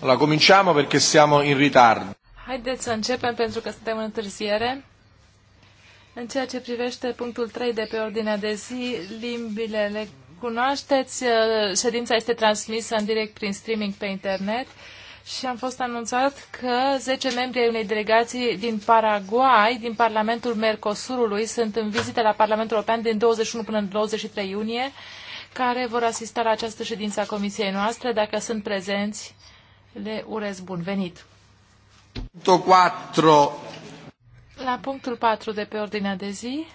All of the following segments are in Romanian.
Allora, cominciamo perché siamo in ritardo. Haideți să începem pentru că suntem în întârziere. În ceea ce privește punctul 3 de pe ordinea de zi, limbile le cunoașteți. Uh, ședința este transmisă în direct prin streaming pe internet și am fost anunțat că 10 membri ai unei delegații din Paraguay, din Parlamentul Mercosurului, sunt în vizită la Parlamentul European din 21 până în 23 iunie, care vor asista la această ședință a comisiei noastre. Dacă sunt prezenți, le urez bun venit. 4. La punctul 4 de pe ordinea de zi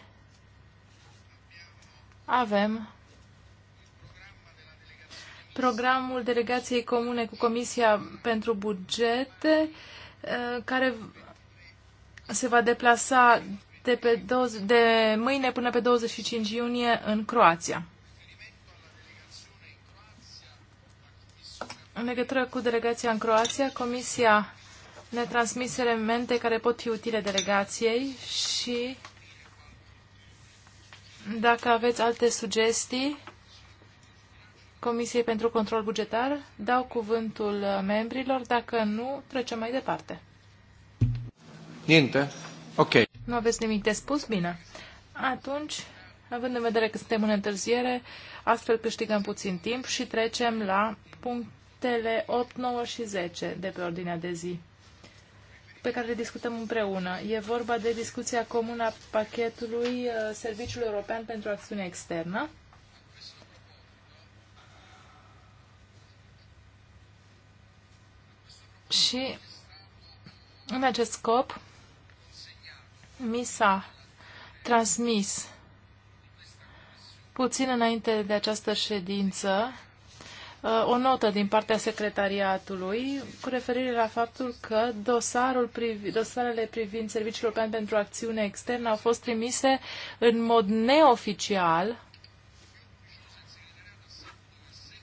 avem programul delegației comune cu Comisia pentru Bugete, uh, care se va deplasa de, pe 20, de mâine până pe 25 iunie în Croația. În legătură cu delegația în Croația, Comisia ne transmis elemente care pot fi utile delegației și dacă aveți alte sugestii Comisiei pentru Control Bugetar, dau cuvântul membrilor. Dacă nu, trecem mai departe. Niente? Ok. Nu aveți nimic de spus? Bine. Atunci, având în vedere că suntem în întârziere, astfel câștigăm puțin timp și trecem la punct punctele 8, 9 și 10 de pe ordinea de zi pe care le discutăm împreună. E vorba de discuția comună a pachetului uh, Serviciul European pentru Acțiune Externă. Și în acest scop mi s-a transmis puțin înainte de această ședință Uh, o notă din partea secretariatului cu referire la faptul că dosarul privi, dosarele privind Serviciul European pentru Acțiune Externă au fost trimise în mod neoficial.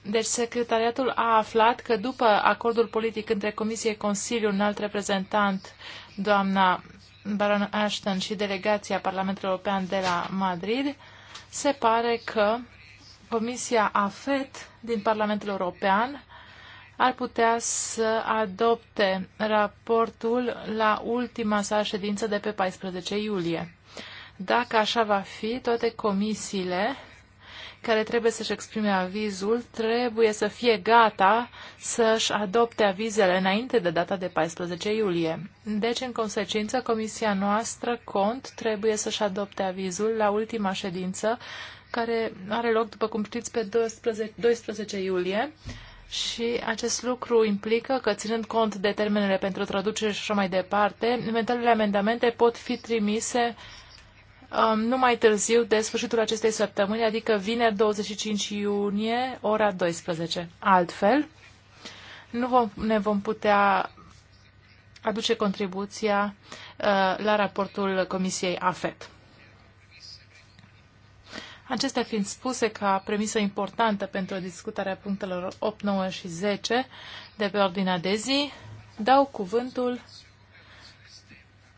Deci secretariatul a aflat că după acordul politic între Comisie, Consiliu, un alt reprezentant, doamna Baron Ashton și delegația Parlamentului European de la Madrid, se pare că Comisia AFET din Parlamentul European ar putea să adopte raportul la ultima sa ședință de pe 14 iulie. Dacă așa va fi, toate comisiile care trebuie să-și exprime avizul trebuie să fie gata să-și adopte avizele înainte de data de 14 iulie. Deci, în consecință, comisia noastră, cont, trebuie să-și adopte avizul la ultima ședință care are loc, după cum știți, pe 12, 12 iulie. Și acest lucru implică că, ținând cont de termenele pentru traducere și așa mai departe, eventualele amendamente pot fi trimise um, nu mai târziu de sfârșitul acestei săptămâni, adică vineri 25 iunie, ora 12. Altfel, nu vom, ne vom putea aduce contribuția uh, la raportul Comisiei AFET. Acestea fiind spuse ca premisă importantă pentru discutarea punctelor 8, 9 și 10 de pe ordinea de zi, dau cuvântul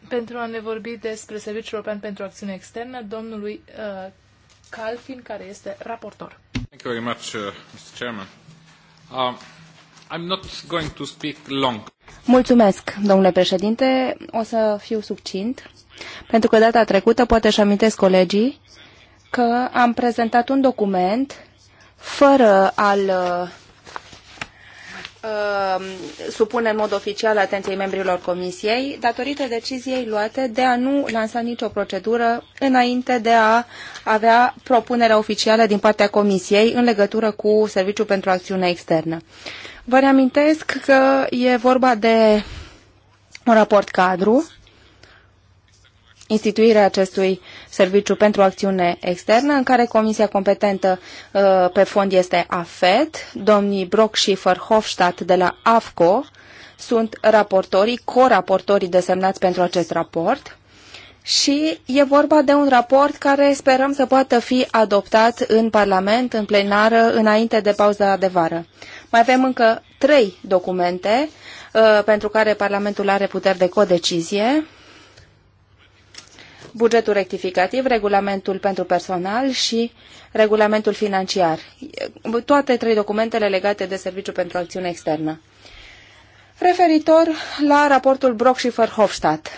pentru a ne vorbi despre Serviciul European pentru Acțiune Externă, domnului uh, Calfin, care este raportor. Thank you very much, uh, Mr. Chairman. Uh, I'm not going to speak long. Mulțumesc, domnule președinte. O să fiu succint, pentru că data trecută, poate și amintesc colegii, că am prezentat un document fără al uh, uh, supune în mod oficial atenției membrilor comisiei, datorită deciziei luate de a nu lansa nicio procedură înainte de a avea propunerea oficială din partea comisiei în legătură cu Serviciul pentru Acțiune Externă. Vă reamintesc că e vorba de un raport cadru instituirea acestui serviciu pentru acțiune externă, în care comisia competentă uh, pe fond este AFET, domnii Brock și Hofstadt de la AFCO sunt raportorii, co-raportorii desemnați pentru acest raport și e vorba de un raport care sperăm să poată fi adoptat în Parlament, în plenară, înainte de pauza de vară. Mai avem încă trei documente uh, pentru care Parlamentul are puteri de codecizie bugetul rectificativ, regulamentul pentru personal și regulamentul financiar. Toate trei documentele legate de serviciu pentru acțiune externă. Referitor la raportul Brock și Verhofstadt.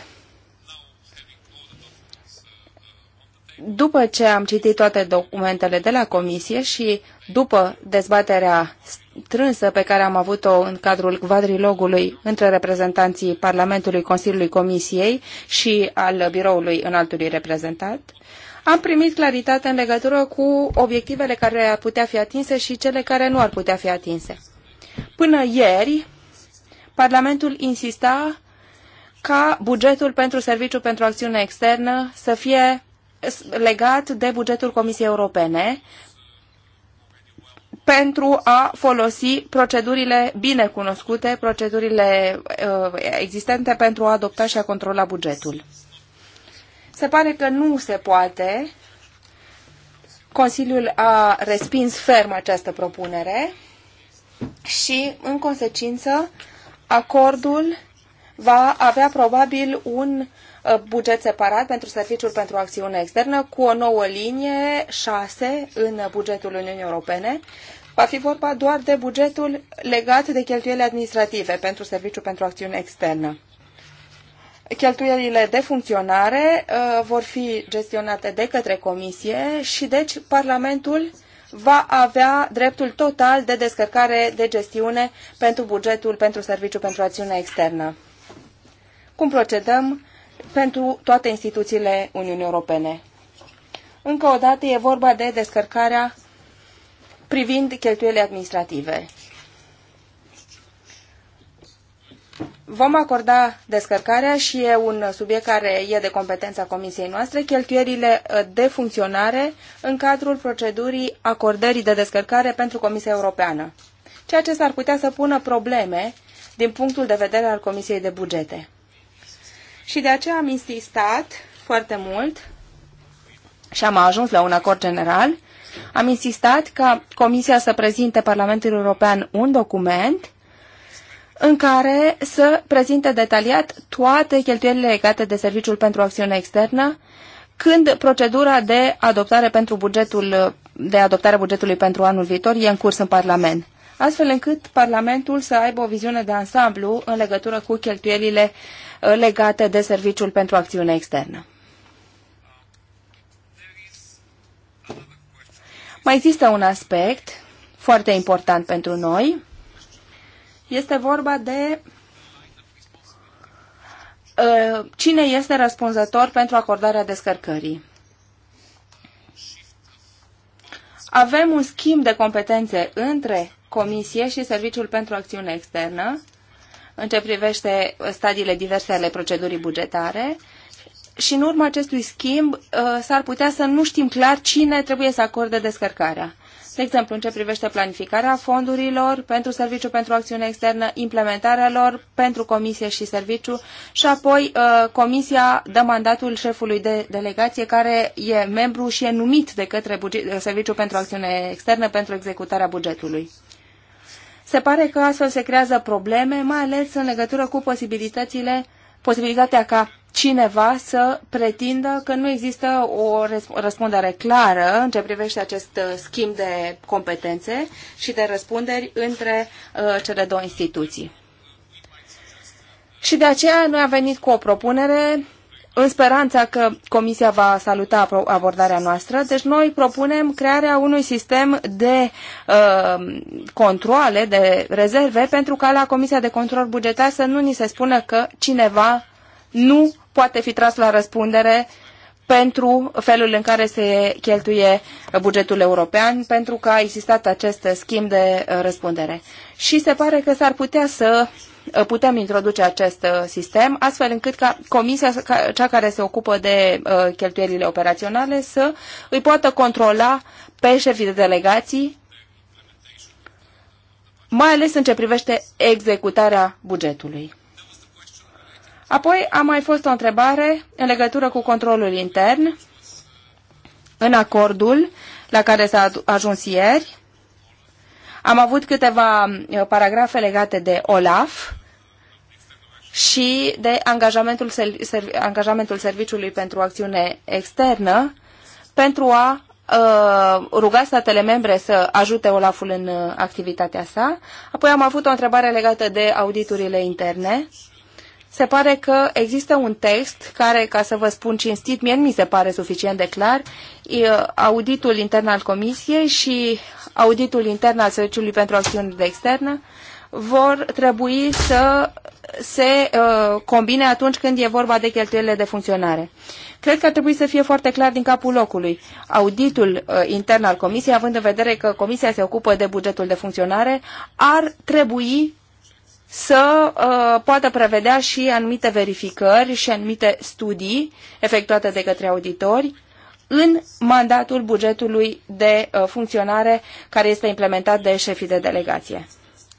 După ce am citit toate documentele de la comisie și după dezbaterea strânsă pe care am avut-o în cadrul quadrilogului între reprezentanții Parlamentului, Consiliului Comisiei și al biroului înaltului reprezentant, am primit claritate în legătură cu obiectivele care ar putea fi atinse și cele care nu ar putea fi atinse. Până ieri, Parlamentul insista ca bugetul pentru Serviciu pentru Acțiune Externă să fie legat de bugetul Comisiei Europene, pentru a folosi procedurile bine cunoscute, procedurile uh, existente pentru a adopta și a controla bugetul. Se pare că nu se poate. Consiliul a respins ferm această propunere și, în consecință, acordul va avea probabil un uh, buget separat pentru Serviciul pentru Acțiune Externă cu o nouă linie 6 în bugetul Uniunii Europene va fi vorba doar de bugetul legat de cheltuielile administrative pentru serviciu pentru acțiune externă. Cheltuielile de funcționare uh, vor fi gestionate de către comisie și deci Parlamentul va avea dreptul total de descărcare de gestiune pentru bugetul pentru serviciu pentru acțiune externă. Cum procedăm pentru toate instituțiile Uniunii Europene? Încă o dată e vorba de descărcarea privind cheltuielile administrative. Vom acorda descărcarea și e un subiect care e de competența comisiei noastre, cheltuierile uh, de funcționare în cadrul procedurii acordării de descărcare pentru Comisia Europeană, ceea ce s-ar putea să pună probleme din punctul de vedere al Comisiei de Bugete. Și de aceea am insistat foarte mult și am ajuns la un acord general am insistat ca Comisia să prezinte Parlamentului European un document în care să prezinte detaliat toate cheltuielile legate de serviciul pentru acțiune externă, când procedura de adoptare pentru bugetul de adoptare bugetului pentru anul viitor e în curs în Parlament, astfel încât Parlamentul să aibă o viziune de ansamblu în legătură cu cheltuielile uh, legate de serviciul pentru acțiune externă. Mai există un aspect foarte important pentru noi. Este vorba de uh, cine este răspunzător pentru acordarea descărcării. Avem un schimb de competențe între Comisie și Serviciul pentru Acțiune Externă în ce privește stadiile diverse ale procedurii bugetare și în urma acestui schimb uh, s-ar putea să nu știm clar cine trebuie să acorde descărcarea. De exemplu, în ce privește planificarea fondurilor pentru serviciu pentru acțiune externă, implementarea lor pentru comisie și serviciu și apoi uh, comisia dă mandatul șefului de delegație care e membru și e numit de către uh, serviciu pentru acțiune externă pentru executarea bugetului. Se pare că astfel se creează probleme, mai ales în legătură cu posibilitățile uh, posibilitatea ca cineva să pretindă că nu există o răspundere clară în ce privește acest uh, schimb de competențe și de răspunderi între uh, cele două instituții. Și de aceea noi am venit cu o propunere în speranța că Comisia va saluta abordarea noastră, deci noi propunem crearea unui sistem de uh, controle, de rezerve, pentru ca la Comisia de Control Bugetar să nu ni se spună că cineva nu poate fi tras la răspundere pentru felul în care se cheltuie bugetul european, pentru că a existat acest schimb de uh, răspundere. Și se pare că s-ar putea să Uh, putem introduce acest uh, sistem, astfel încât ca comisia, cea care se ocupă de uh, cheltuielile operaționale, să îi poată controla pe șefii de delegații, mai ales în ce privește executarea bugetului. Apoi a mai fost o întrebare în legătură cu controlul intern, în acordul la care s-a ajuns ieri. Am avut câteva paragrafe legate de OLAF și de angajamentul, angajamentul Serviciului pentru Acțiune Externă pentru a uh, ruga statele membre să ajute Olaful în uh, activitatea sa. Apoi am avut o întrebare legată de auditurile interne. Se pare că există un text care, ca să vă spun cinstit, mie nu mi se pare suficient de clar, uh, auditul intern al Comisiei și auditul intern al Serviciului pentru Acțiuni de Externă vor trebui să se uh, combine atunci când e vorba de cheltuielile de funcționare. Cred că ar trebui să fie foarte clar din capul locului auditul uh, intern al Comisiei, având în vedere că Comisia se ocupă de bugetul de funcționare, ar trebui să uh, poată prevedea și anumite verificări și anumite studii efectuate de către auditori în mandatul bugetului de uh, funcționare care este implementat de șefii de delegație.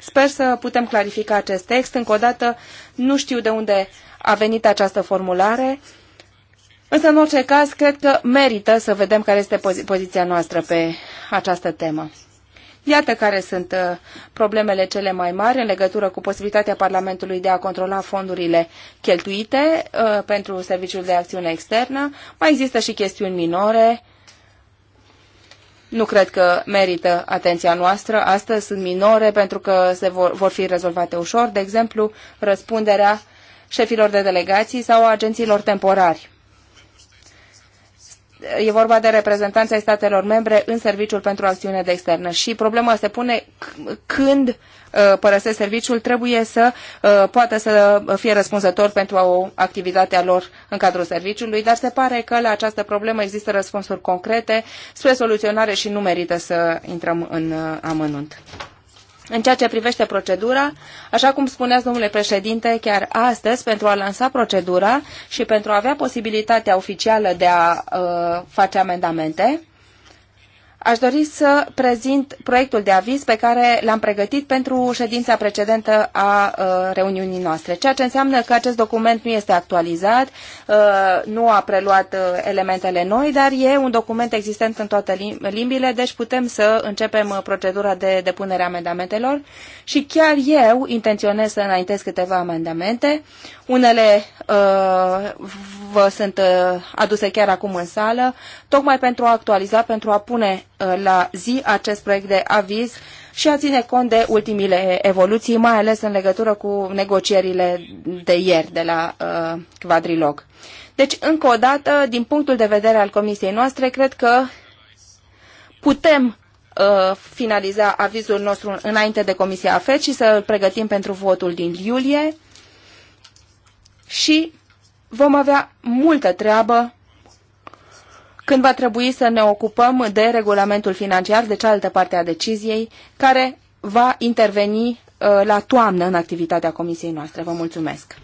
Sper să putem clarifica acest text. Încă o dată, nu știu de unde a venit această formulare, însă, în orice caz, cred că merită să vedem care este pozi poziția noastră pe această temă. Iată care sunt uh, problemele cele mai mari în legătură cu posibilitatea Parlamentului de a controla fondurile cheltuite uh, pentru Serviciul de Acțiune Externă. Mai există și chestiuni minore nu cred că merită atenția noastră. Astăzi sunt minore pentru că se vor, vor fi rezolvate ușor. De exemplu, răspunderea șefilor de delegații sau agenților temporari e vorba de reprezentanța statelor membre în serviciul pentru acțiune de externă și problema se pune când uh, părăsesc serviciul, trebuie să uh, poată să fie răspunzător pentru o activitatea lor în cadrul serviciului, dar se pare că la această problemă există răspunsuri concrete spre soluționare și nu merită să intrăm în uh, amănunt. În ceea ce privește procedura, așa cum spuneați, domnule președinte, chiar astăzi, pentru a lansa procedura și pentru a avea posibilitatea oficială de a uh, face amendamente, Aș dori să prezint proiectul de aviz pe care l-am pregătit pentru ședința precedentă a uh, reuniunii noastre, ceea ce înseamnă că acest document nu este actualizat, uh, nu a preluat uh, elementele noi, dar e un document existent în toate limbile, deci putem să începem procedura de depunere a amendamentelor și chiar eu intenționez să înaintez câteva amendamente. Unele vă sunt aduse chiar acum în sală, tocmai pentru a actualiza, pentru a pune Uh, la zi acest proiect de aviz și a ține cont de ultimile evoluții, mai ales în legătură cu negocierile de ieri de la uh, Quadrilog. Deci, încă o dată, din punctul de vedere al comisiei noastre, cred că putem uh, finaliza avizul nostru înainte de Comisia AFET și să îl pregătim pentru votul din iulie și vom avea multă treabă când va trebui să ne ocupăm de regulamentul financiar, de cealaltă parte a deciziei, care va interveni uh, la toamnă în activitatea comisiei noastre. Vă mulțumesc.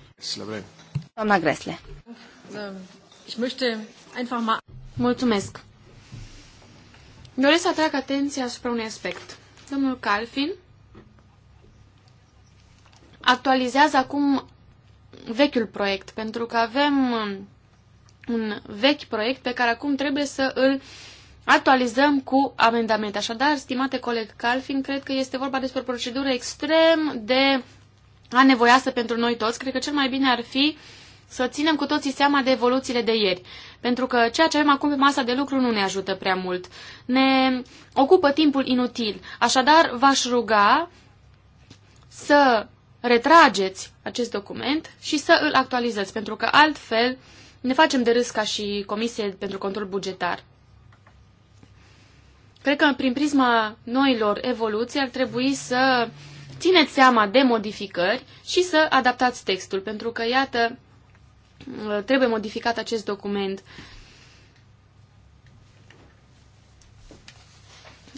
Doamna Gresle. Um, mulțumesc. Doresc să atrag atenția asupra unui aspect. Domnul Calfin actualizează acum vechiul proiect, pentru că avem um, un vechi proiect pe care acum trebuie să îl actualizăm cu amendamente. Așadar, stimate coleg Calfin, cred că este vorba despre o procedură extrem de anevoiasă pentru noi toți. Cred că cel mai bine ar fi să ținem cu toții seama de evoluțiile de ieri. Pentru că ceea ce avem acum pe masa de lucru nu ne ajută prea mult. Ne ocupă timpul inutil. Așadar, v-aș ruga să retrageți acest document și să îl actualizați, pentru că altfel ne facem de râs ca și Comisie pentru Control Bugetar. Cred că prin prisma noilor evoluții ar trebui să țineți seama de modificări și să adaptați textul, pentru că, iată, trebuie modificat acest document.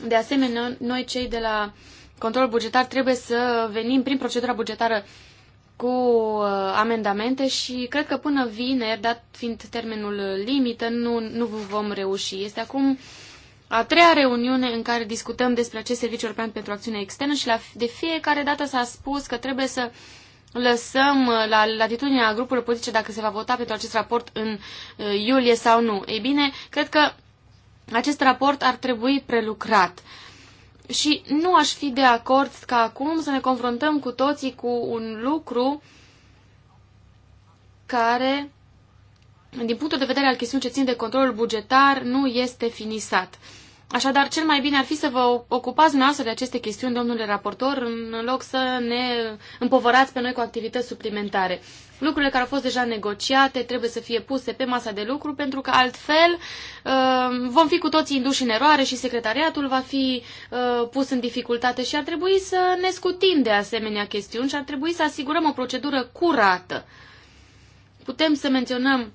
De asemenea, noi cei de la control bugetar trebuie să venim prin procedura bugetară cu uh, amendamente și cred că până vineri, dat fiind termenul limită, nu, nu vom reuși. Este acum a treia reuniune în care discutăm despre acest serviciu european pentru acțiune externă și la, de fiecare dată s-a spus că trebuie să lăsăm uh, la latitudinea grupurilor politice dacă se va vota pentru acest raport în uh, iulie sau nu. Ei bine, cred că acest raport ar trebui prelucrat. Uh, și nu aș fi de acord ca acum să ne confruntăm cu toții cu un lucru care, din punctul de vedere al chestiunii ce țin de controlul bugetar, nu este finisat. Așadar, cel mai bine ar fi să vă ocupați dumneavoastră de aceste chestiuni, domnule raportor, în loc să ne împovărați pe noi cu activități suplimentare. Lucrurile care au fost deja negociate trebuie să fie puse pe masa de lucru, pentru că altfel uh, vom fi cu toții induși în eroare și secretariatul va fi uh, pus în dificultate și ar trebui să ne scutim de asemenea chestiuni și ar trebui să asigurăm o procedură curată. Putem să menționăm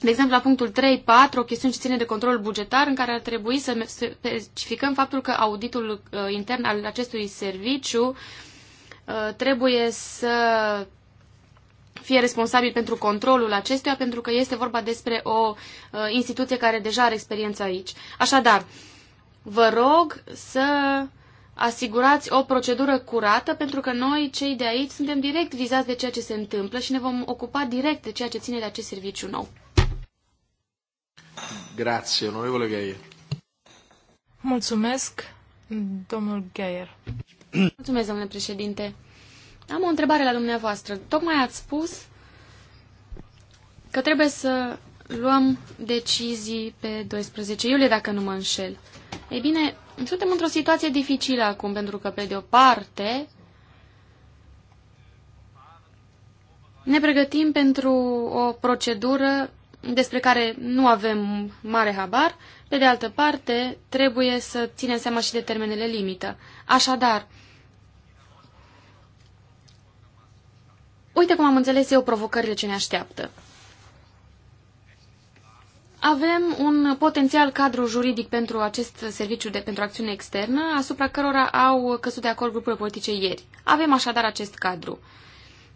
de exemplu, la punctul 4, o chestiune ce ține de control bugetar, în care ar trebui să specificăm faptul că auditul uh, intern al acestui serviciu uh, trebuie să fie responsabil pentru controlul acestuia, pentru că este vorba despre o uh, instituție care deja are experiență aici. Așadar, vă rog să asigurați o procedură curată, pentru că noi, cei de aici, suntem direct vizați de ceea ce se întâmplă și ne vom ocupa direct de ceea ce ține de acest serviciu nou. Grazie, onorevole Geier. Mulțumesc, domnul Geier. Mulțumesc, domnule președinte. Am o întrebare la dumneavoastră. Tocmai ați spus că trebuie să luăm decizii pe 12 iulie, dacă nu mă înșel. Ei bine, suntem într-o situație dificilă acum, pentru că, pe de o parte, ne pregătim pentru o procedură despre care nu avem mare habar, pe de altă parte, trebuie să ținem seama și de termenele limită. Așadar, uite cum am înțeles eu provocările ce ne așteaptă. Avem un potențial cadru juridic pentru acest serviciu de, pentru acțiune externă, asupra cărora au căzut de acord grupurile politice ieri. Avem așadar acest cadru.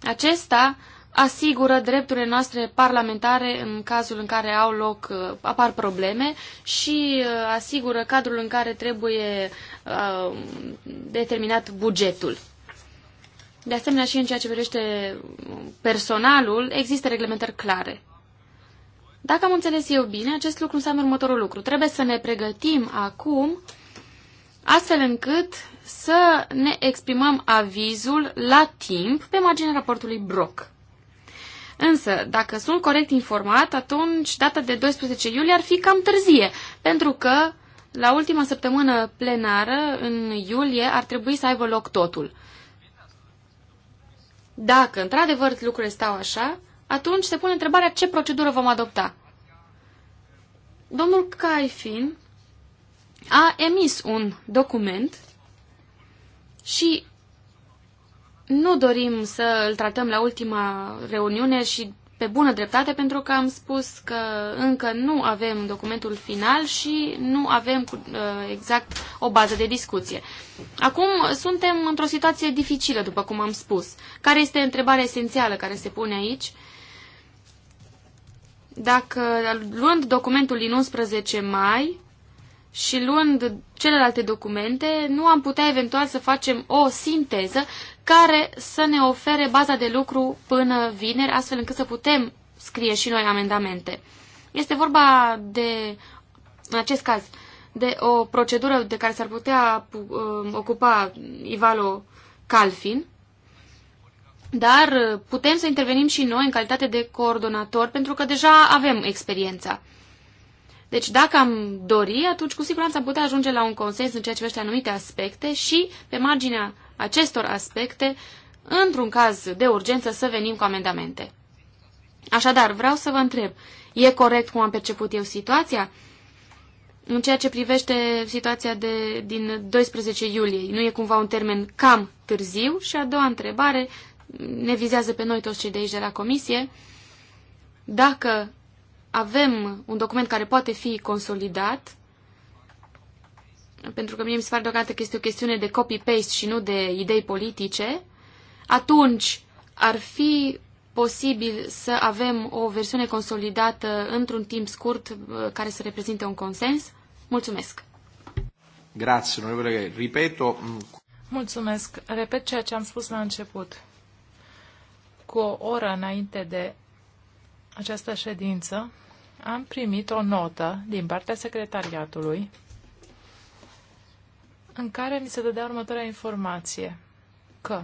Acesta asigură drepturile noastre parlamentare în cazul în care au loc, uh, apar probleme și uh, asigură cadrul în care trebuie uh, determinat bugetul. De asemenea, și în ceea ce privește personalul, există reglementări clare. Dacă am înțeles eu bine, acest lucru înseamnă următorul lucru. Trebuie să ne pregătim acum astfel încât să ne exprimăm avizul la timp pe marginea raportului Brock. Însă, dacă sunt corect informat, atunci data de 12 iulie ar fi cam târzie, pentru că la ultima săptămână plenară, în iulie, ar trebui să aibă loc totul. Dacă, într-adevăr, lucrurile stau așa, atunci se pune întrebarea ce procedură vom adopta. Domnul Caifin a emis un document și nu dorim să îl tratăm la ultima reuniune și pe bună dreptate pentru că am spus că încă nu avem documentul final și nu avem uh, exact o bază de discuție. Acum suntem într-o situație dificilă, după cum am spus. Care este întrebarea esențială care se pune aici? Dacă luând documentul din 11 mai și luând celelalte documente, nu am putea eventual să facem o sinteză care să ne ofere baza de lucru până vineri, astfel încât să putem scrie și noi amendamente. Este vorba de, în acest caz, de o procedură de care s-ar putea uh, ocupa Ivalo Calfin, dar putem să intervenim și noi în calitate de coordonator, pentru că deja avem experiența. Deci dacă am dori, atunci cu siguranță am putea ajunge la un consens în ceea ce privește anumite aspecte și pe marginea acestor aspecte, într-un caz de urgență, să venim cu amendamente. Așadar, vreau să vă întreb, e corect cum am perceput eu situația? În ceea ce privește situația de, din 12 iulie, nu e cumva un termen cam târziu? Și a doua întrebare, ne vizează pe noi toți cei de aici de la comisie, dacă avem un document care poate fi consolidat, pentru că mie mi se pare deocamdată că este o chestiune de copy-paste și nu de idei politice, atunci ar fi posibil să avem o versiune consolidată într-un timp scurt uh, care să reprezinte un consens? Mulțumesc! Grazie, onorevole Ripeto. Mm, Mulțumesc. Repet ceea ce am spus la început. Cu o oră înainte de această ședință, am primit o notă din partea secretariatului în care mi se dădea următoarea informație, că,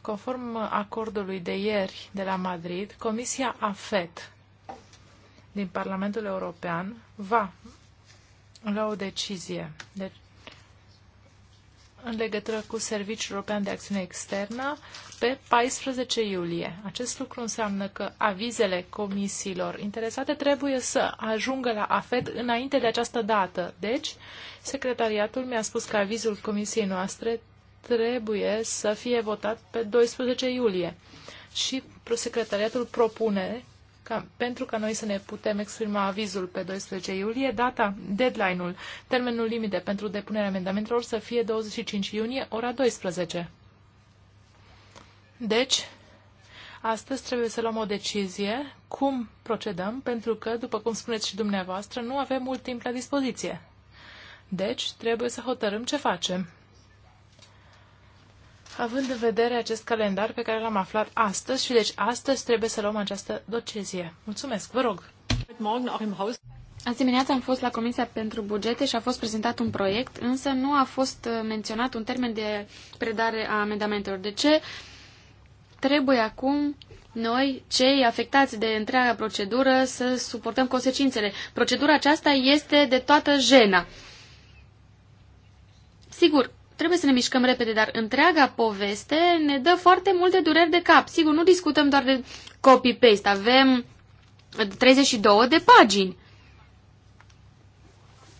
conform acordului de ieri de la Madrid, Comisia AFET din Parlamentul European va lua o decizie deci, în legătură cu Serviciul European de Acțiune Externă pe 14 iulie. Acest lucru înseamnă că avizele comisiilor interesate trebuie să ajungă la AFED înainte de această dată. Deci, secretariatul mi-a spus că avizul comisiei noastre trebuie să fie votat pe 12 iulie. Și secretariatul propune ca, pentru ca noi să ne putem exprima avizul pe 12 iulie, data, deadline-ul, termenul limite pentru depunerea amendamentelor să fie 25 iunie, ora 12. Deci, astăzi trebuie să luăm o decizie cum procedăm, pentru că, după cum spuneți și dumneavoastră, nu avem mult timp la dispoziție. Deci, trebuie să hotărâm ce facem având în vedere acest calendar pe care l-am aflat astăzi și deci astăzi trebuie să luăm această decizie. Mulțumesc, vă rog! Azi dimineața am fost la Comisia pentru Bugete și a fost prezentat un proiect, însă nu a fost uh, menționat un termen de predare a amendamentelor. De ce trebuie acum noi, cei afectați de întreaga procedură, să suportăm consecințele? Procedura aceasta este de toată jena. Sigur, Trebuie să ne mișcăm repede, dar întreaga poveste ne dă foarte multe dureri de cap. Sigur, nu discutăm doar de copy-paste, avem 32 de pagini.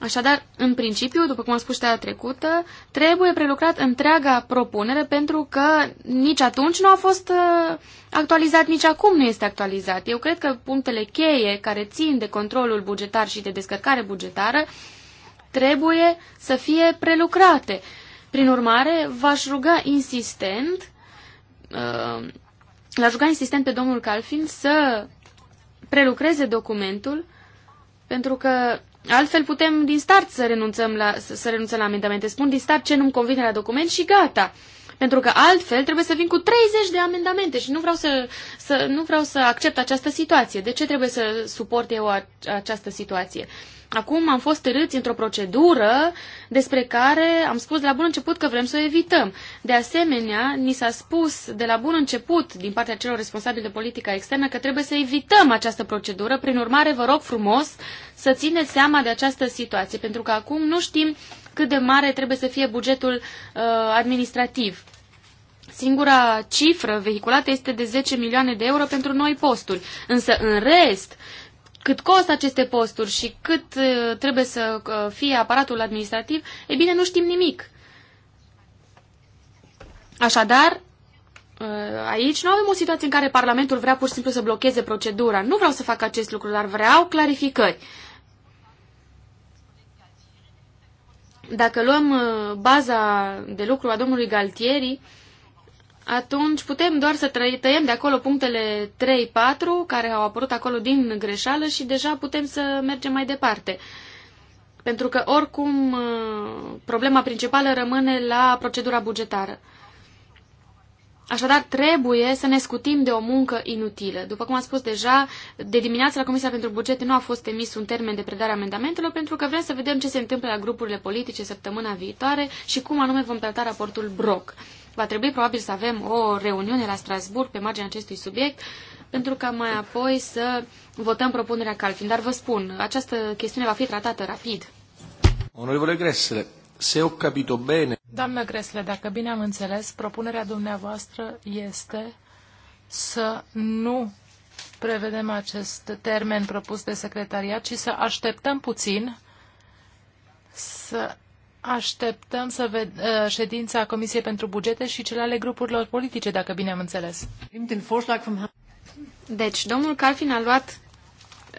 Așadar, în principiu, după cum am spus data trecută, trebuie prelucrat întreaga propunere pentru că nici atunci nu a fost uh, actualizat, nici acum nu este actualizat. Eu cred că punctele cheie care țin de controlul bugetar și de descărcare bugetară trebuie să fie prelucrate. Prin urmare, v-aș ruga insistent, uh, l-aș ruga insistent pe domnul Calfin să prelucreze documentul, pentru că altfel putem din start să renunțăm la, să, să renunțăm la amendamente. Spun din start ce nu-mi convine la document și gata. Pentru că altfel trebuie să vin cu 30 de amendamente și nu vreau să, să, nu vreau să accept această situație. De ce trebuie să suport eu această situație? Acum am fost târâți într-o procedură despre care am spus de la bun început că vrem să o evităm. De asemenea, ni s-a spus de la bun început din partea celor responsabili de politica externă că trebuie să evităm această procedură. Prin urmare, vă rog frumos să țineți seama de această situație, pentru că acum nu știm cât de mare trebuie să fie bugetul uh, administrativ. Singura cifră vehiculată este de 10 milioane de euro pentru noi posturi, însă în rest uh, cât costă aceste posturi și cât uh, trebuie să uh, fie aparatul administrativ, e bine, nu știm nimic. Așadar, uh, aici nu avem o situație în care Parlamentul vrea pur și simplu să blocheze procedura. Nu vreau să fac acest lucru, dar vreau clarificări. Dacă luăm baza de lucru a domnului Galtieri, atunci putem doar să tăiem de acolo punctele 3-4 care au apărut acolo din greșeală și deja putem să mergem mai departe. Pentru că oricum uh, problema principală rămâne la procedura bugetară. Așadar, trebuie să ne scutim de o muncă inutilă. După cum am spus deja, de dimineață la Comisia pentru Bugete nu a fost emis un termen de predare a amendamentelor, pentru că vrem să vedem ce se întâmplă la grupurile politice săptămâna viitoare și cum anume vom trata raportul BROC. Va trebui probabil să avem o reuniune la Strasburg pe marginea acestui subiect, pentru ca mai apoi să votăm propunerea Calfin. Dar vă spun, această chestiune va fi tratată rapid. Onorevole Gresle, se o capito bene. Doamne Gresle, dacă bine am înțeles, propunerea dumneavoastră este să nu prevedem acest termen propus de secretariat, ci să așteptăm puțin să Așteptăm să ved, uh, ședința Comisiei pentru Bugete și cele ale grupurilor politice, dacă bine am înțeles. Deci, domnul Calfin a luat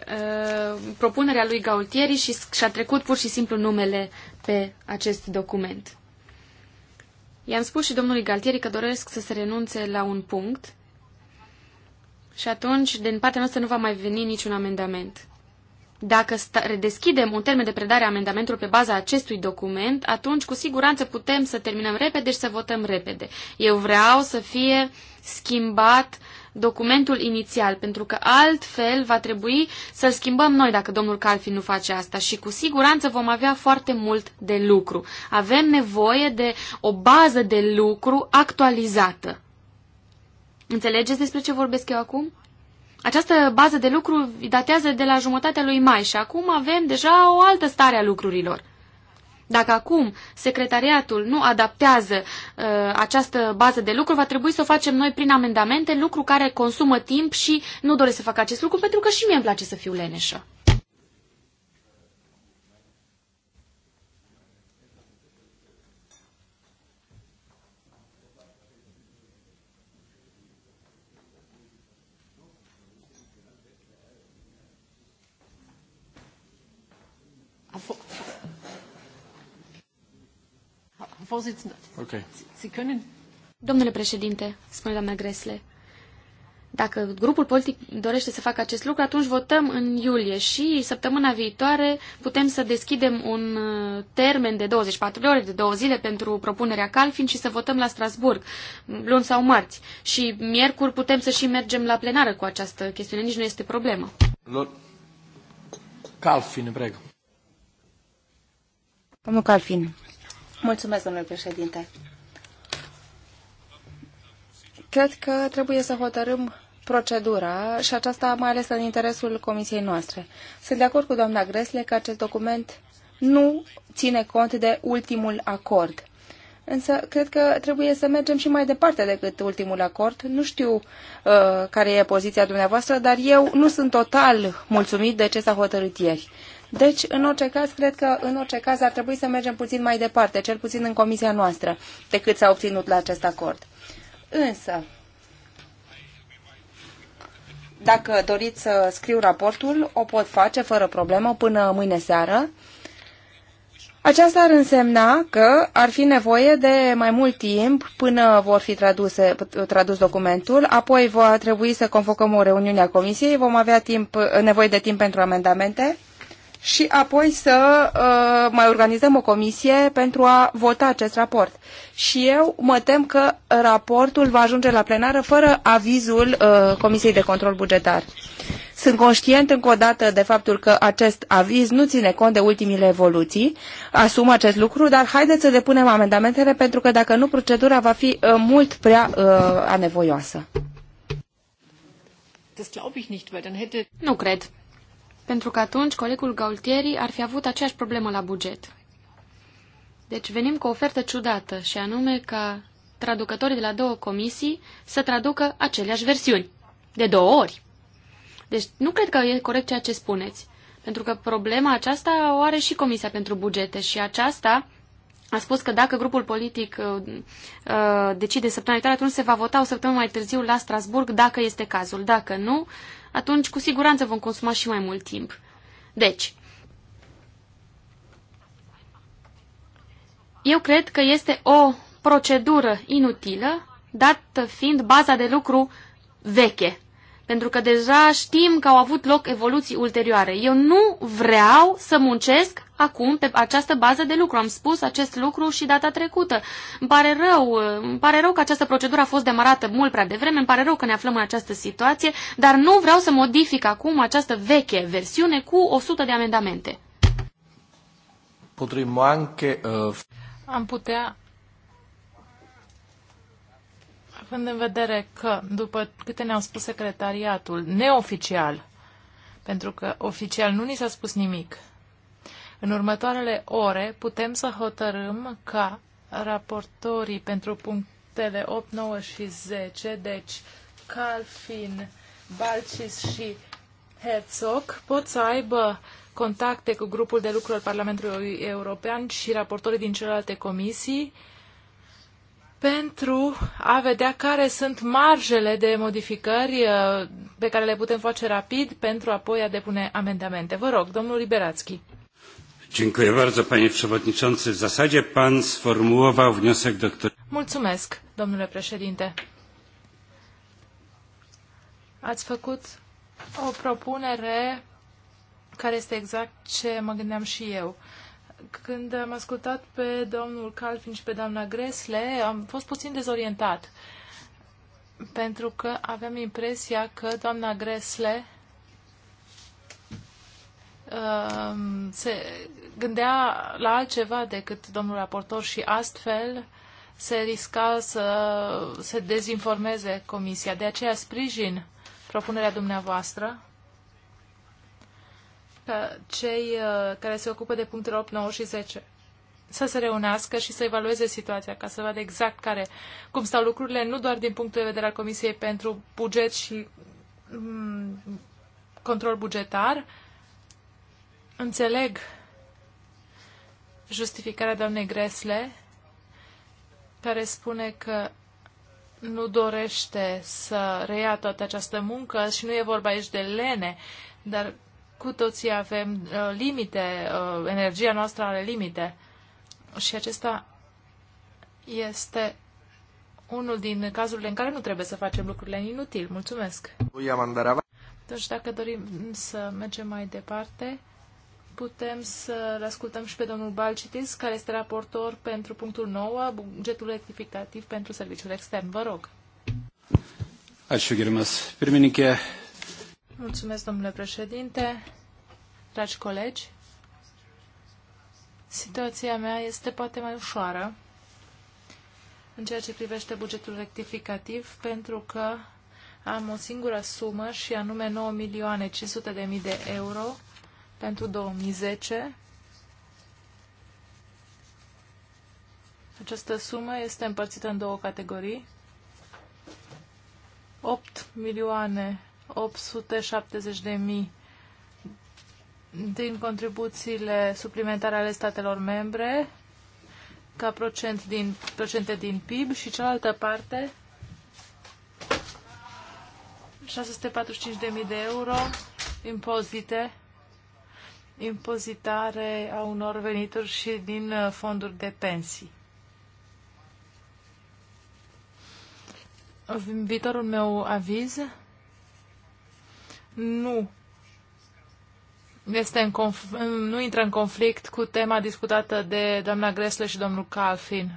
uh, propunerea lui Gaultieri și și-a trecut pur și simplu numele pe acest document. I-am spus și domnului Galtieri că doresc să se renunțe la un punct și atunci, din partea noastră, nu va mai veni niciun amendament. Dacă redeschidem un termen de predare a amendamentului pe baza acestui document, atunci cu siguranță putem să terminăm repede și să votăm repede. Eu vreau să fie schimbat documentul inițial, pentru că altfel va trebui să-l schimbăm noi dacă domnul Calfi nu face asta și cu siguranță vom avea foarte mult de lucru. Avem nevoie de o bază de lucru actualizată. Înțelegeți despre ce vorbesc eu acum? Această bază de lucru datează de la jumătatea lui mai și acum avem deja o altă stare a lucrurilor. Dacă acum secretariatul nu adaptează uh, această bază de lucru, va trebui să o facem noi prin amendamente, lucru care consumă timp și nu doresc să fac acest lucru pentru că și mie îmi place să fiu leneșă. Domnule președinte, spune doamna Gresle, dacă grupul politic dorește să facă acest lucru, atunci votăm în iulie și săptămâna viitoare putem să deschidem un uh, termen de 24 de ore, de două zile pentru propunerea Calfin și să votăm la Strasburg, mm, luni sau marți. Și miercuri putem să și mergem la plenară cu această chestiune, nici nu este problemă. Calfin, preg. Domnul Calfin. Mulțumesc, domnule președinte. Cred că trebuie să hotărâm procedura și aceasta mai ales în interesul comisiei noastre. Sunt de acord cu doamna Gresle că acest document nu ține cont de ultimul acord. Însă, cred că trebuie să mergem și mai departe decât ultimul acord. Nu știu uh, care e poziția dumneavoastră, dar eu nu sunt total mulțumit de ce s-a hotărât ieri. Deci, în orice caz, cred că în orice caz ar trebui să mergem puțin mai departe, cel puțin în comisia noastră, decât s-a obținut la acest acord. Însă, dacă doriți să scriu raportul, o pot face fără problemă până mâine seară. Aceasta ar însemna că ar fi nevoie de mai mult timp până vor fi traduse, tradus documentul, apoi va trebui să convocăm o reuniune a comisiei, vom avea timp, nevoie de timp pentru amendamente și apoi să uh, mai organizăm o comisie pentru a vota acest raport. Și eu mă tem că raportul va ajunge la plenară fără avizul uh, Comisiei de Control Bugetar. Sunt conștient încă o dată de faptul că acest aviz nu ține cont de ultimile evoluții, asum acest lucru, dar haideți să depunem amendamentele pentru că dacă nu, procedura va fi uh, mult prea uh, anevoioasă. Nu cred pentru că atunci colegul Gaultieri ar fi avut aceeași problemă la buget. Deci venim cu o ofertă ciudată, și anume ca traducătorii de la două comisii să traducă aceleași versiuni, de două ori. Deci nu cred că e corect ceea ce spuneți, pentru că problema aceasta o are și Comisia pentru Bugete și aceasta a spus că dacă grupul politic uh, uh, decide săptămâna viitoare, atunci se va vota o săptămână mai târziu la Strasburg, dacă este cazul. Dacă nu, atunci cu siguranță vom consuma și mai mult timp. Deci, eu cred că este o procedură inutilă, dată fiind baza de lucru veche pentru că deja știm că au avut loc evoluții ulterioare. Eu nu vreau să muncesc acum pe această bază de lucru. Am spus acest lucru și data trecută. Îmi pare rău, îmi pare rău că această procedură a fost demarată mult prea devreme, îmi pare rău că ne aflăm în această situație, dar nu vreau să modific acum această veche versiune cu 100 de amendamente. Uh, Am putea având în vedere că, după câte ne-au spus secretariatul, neoficial, pentru că oficial nu ni s-a spus nimic, în următoarele ore putem să hotărâm ca raportorii pentru punctele 8, 9 și 10, deci Calfin, Balcis și Herzog, pot să aibă contacte cu grupul de lucru al Parlamentului European și raportorii din celelalte comisii, pentru a vedea care sunt marjele de modificări uh, pe care le putem face rapid pentru apoi a depune amendamente. Vă rog, domnul Liberațchi. Dziękuję bardzo, panie przewodniczący. W zasadzie pan sformułował wniosek do doktor... Mulțumesc, domnule președinte. Ați făcut o propunere care este exact ce mă gândeam și eu. Când am ascultat pe domnul Calvin și pe doamna Gresle, am fost puțin dezorientat, pentru că aveam impresia că doamna Gresle uh, se gândea la altceva decât domnul raportor și astfel se risca să se dezinformeze comisia. De aceea sprijin propunerea dumneavoastră pe cei uh, care se ocupă de punctele 8, 9 și 10 să se reunească și să evalueze situația, ca să vadă exact care, cum stau lucrurile, nu doar din punctul de vedere al Comisiei pentru buget și mm, control bugetar. Înțeleg justificarea doamnei Gresle, care spune că nu dorește să reia toată această muncă și nu e vorba aici de lene, dar cu toții avem uh, limite, uh, energia noastră are limite. Și acesta este unul din cazurile în care nu trebuie să facem lucrurile în inutil. Mulțumesc! Deci dacă dorim să mergem mai departe, putem să ascultăm și pe domnul Balcitis, care este raportor pentru punctul 9, bugetul rectificativ pentru serviciul extern. Vă rog! Ačiū, gerimas pirmininkė. Mulțumesc, domnule președinte, dragi colegi. Situația mea este poate mai ușoară în ceea ce privește bugetul rectificativ, pentru că am o singură sumă și anume 9 milioane 500 de mii de euro pentru 2010. Această sumă este împărțită în două categorii. 8 milioane 870.000 din contribuțiile suplimentare ale statelor membre ca procent din, procente din PIB și cealaltă parte 645.000 de euro impozite, impozitare a unor venituri și din uh, fonduri de pensii. În viitorul meu aviz nu este în conf- nu intră în conflict cu tema discutată de doamna Gresle și domnul Calfin,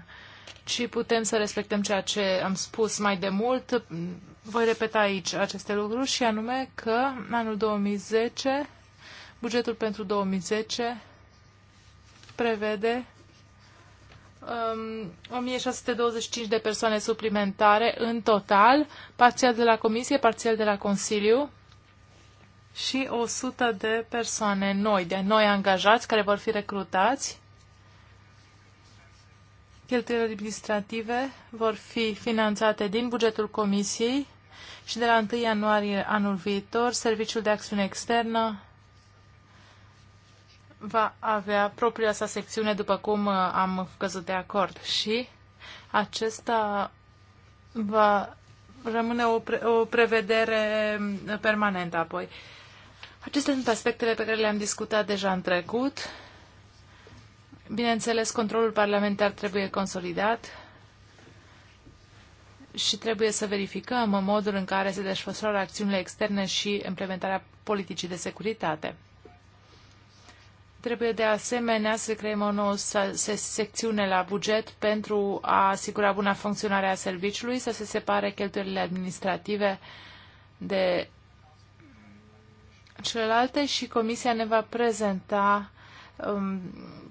ci putem să respectăm ceea ce am spus mai de mult. Voi repeta aici aceste lucruri și anume că în anul 2010, bugetul pentru 2010 prevede um, 1625 de persoane suplimentare în total, parțial de la Comisie, parțial de la Consiliu, și 100 de persoane noi, de noi angajați care vor fi recrutați. Cheltuielile administrative vor fi finanțate din bugetul Comisiei și de la 1 ianuarie anul viitor, Serviciul de Acțiune Externă va avea propria sa secțiune, după cum uh, am căzut de acord. Și acesta va rămâne o, pre- o prevedere mm, permanentă apoi. Acestea sunt aspectele pe care le-am discutat deja în trecut. Bineînțeles, controlul parlamentar trebuie consolidat și trebuie să verificăm modul în care se desfășoară acțiunile externe și implementarea politicii de securitate. Trebuie de asemenea să creăm o nouă secțiune la buget pentru a asigura buna funcționare a serviciului, să se separe cheltuielile administrative de celelalte și Comisia ne va prezenta um,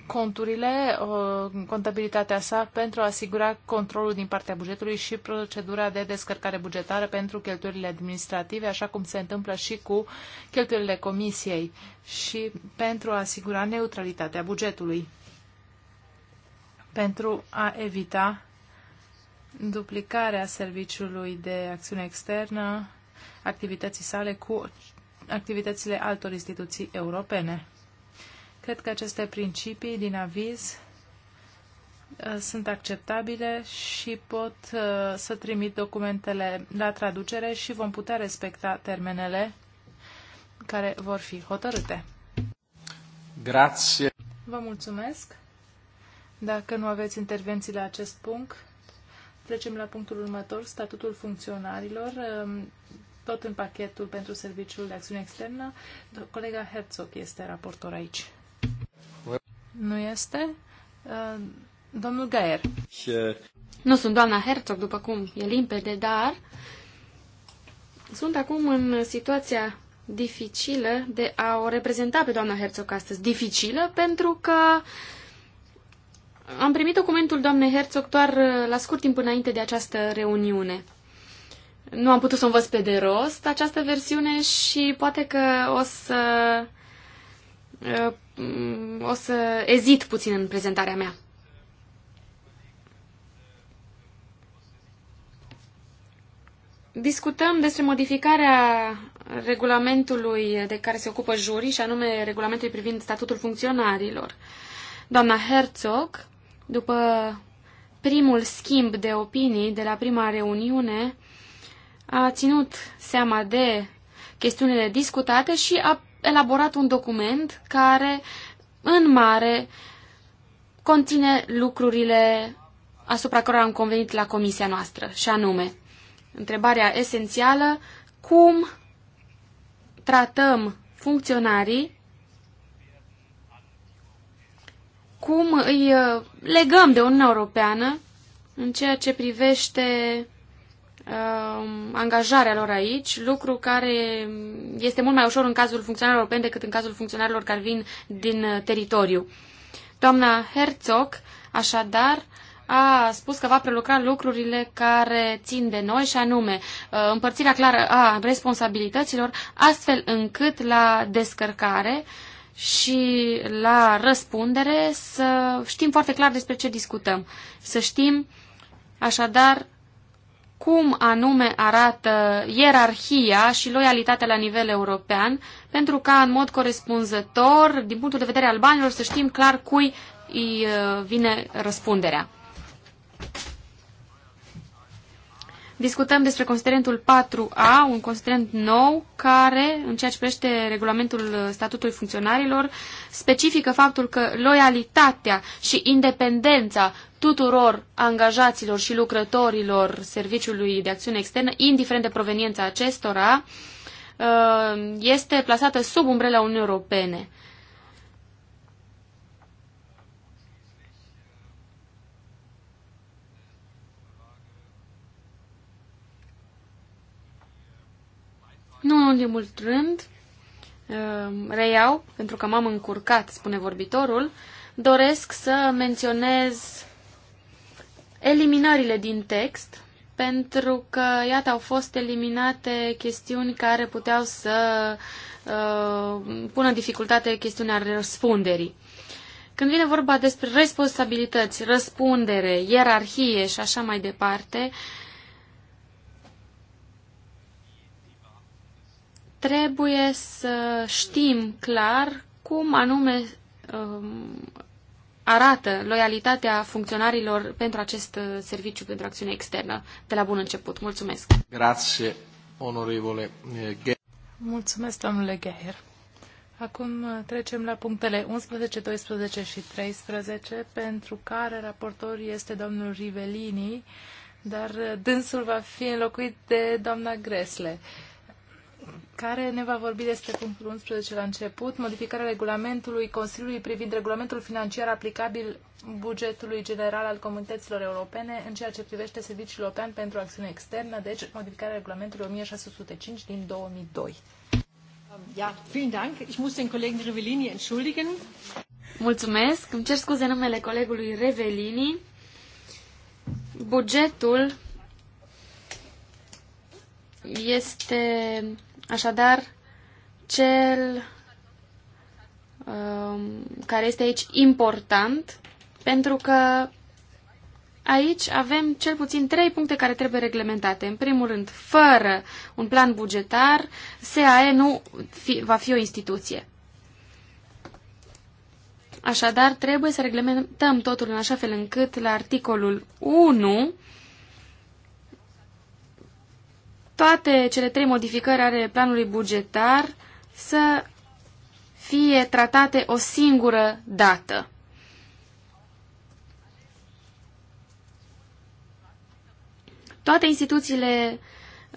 conturile, uh, contabilitatea sa pentru a asigura controlul din partea bugetului și procedura de descărcare bugetară pentru cheltuielile administrative, așa cum se întâmplă și cu cheltuielile comisiei și pentru a asigura neutralitatea bugetului pentru a evita duplicarea serviciului de acțiune externă activității sale cu activitățile altor instituții europene. Cred că aceste principii din aviz uh, sunt acceptabile și pot uh, să trimit documentele la traducere și vom putea respecta termenele care vor fi hotărâte. Grație. Vă mulțumesc. Dacă nu aveți intervenții la acest punct, trecem la punctul următor, statutul funcționarilor. Um, tot în pachetul pentru Serviciul de Acțiune Externă. Colega Herzog este raportor aici. Nu este? Uh, domnul Gaer. Nu sunt doamna Herzog, după cum e limpede, dar sunt acum în situația dificilă de a o reprezenta pe doamna Herzog astăzi. Dificilă pentru că am primit documentul doamnei Herzog doar uh, la scurt timp înainte de această reuniune nu am putut să o învăț pe de rost această versiune și poate că o să uh, o să ezit puțin în prezentarea mea. Discutăm despre modificarea regulamentului de care se ocupă jurii, și anume regulamentul privind statutul funcționarilor. Doamna Herzog, după primul schimb de opinii de la prima reuniune, a ținut seama de chestiunile discutate și a elaborat un document care, în mare, conține lucrurile asupra cărora am convenit la comisia noastră, și anume, întrebarea esențială, cum tratăm funcționarii, cum îi uh, legăm de Uniunea Europeană în ceea ce privește Um, angajarea lor aici, lucru care este mult mai ușor în cazul funcționarilor europeni decât în cazul funcționarilor care vin din uh, teritoriu. Doamna Herzog, așadar, a spus că va prelucra lucrurile care țin de noi și anume uh, împărțirea clară a responsabilităților, astfel încât la descărcare și la răspundere să știm foarte clar despre ce discutăm. Să știm așadar cum anume arată ierarhia și loialitatea la nivel european, pentru ca în mod corespunzător, din punctul de vedere al banilor, să știm clar cui îi uh, vine răspunderea. Discutăm despre considerentul 4A, un considerent nou care, în ceea ce privește regulamentul uh, statutului funcționarilor, specifică faptul că loialitatea și independența tuturor angajaților și lucrătorilor Serviciului de Acțiune Externă, indiferent de proveniența acestora, uh, este plasată sub umbrela Uniunii Europene. Nu în ultimul rând, uh, reiau, pentru că m-am încurcat, spune vorbitorul, doresc să menționez eliminările din text, pentru că, iată, au fost eliminate chestiuni care puteau să uh, pună dificultate chestiunea răspunderii. Când vine vorba despre responsabilități, răspundere, ierarhie și așa mai departe, uh, trebuie să știm clar cum anume um, arată loialitatea funcționarilor pentru acest uh, serviciu pentru acțiune externă de la bun început. Mulțumesc! Grazie, onorevole eh, Mulțumesc, domnule Gheher. Acum uh, trecem la punctele 11, 12 și 13, pentru care raportor este domnul Rivelini, dar uh, dânsul va fi înlocuit de doamna Gresle care ne va vorbi despre punctul 11 la început, modificarea regulamentului Consiliului privind regulamentul financiar aplicabil bugetului general al comunităților europene în ceea ce privește serviciul european pentru acțiune externă, deci modificarea regulamentului 1605 din 2002. Ja, vielen Dank. Ich muss den Kollegen Rivellini entschuldigen. Mulțumesc. Îmi cer scuze numele colegului Revelini. Bugetul este Așadar, cel um, care este aici important, pentru că aici avem cel puțin trei puncte care trebuie reglementate. În primul rând, fără un plan bugetar, SAE nu fi, va fi o instituție. Așadar, trebuie să reglementăm totul în așa fel încât la articolul 1 toate cele trei modificări ale planului bugetar să fie tratate o singură dată. Toate instituțiile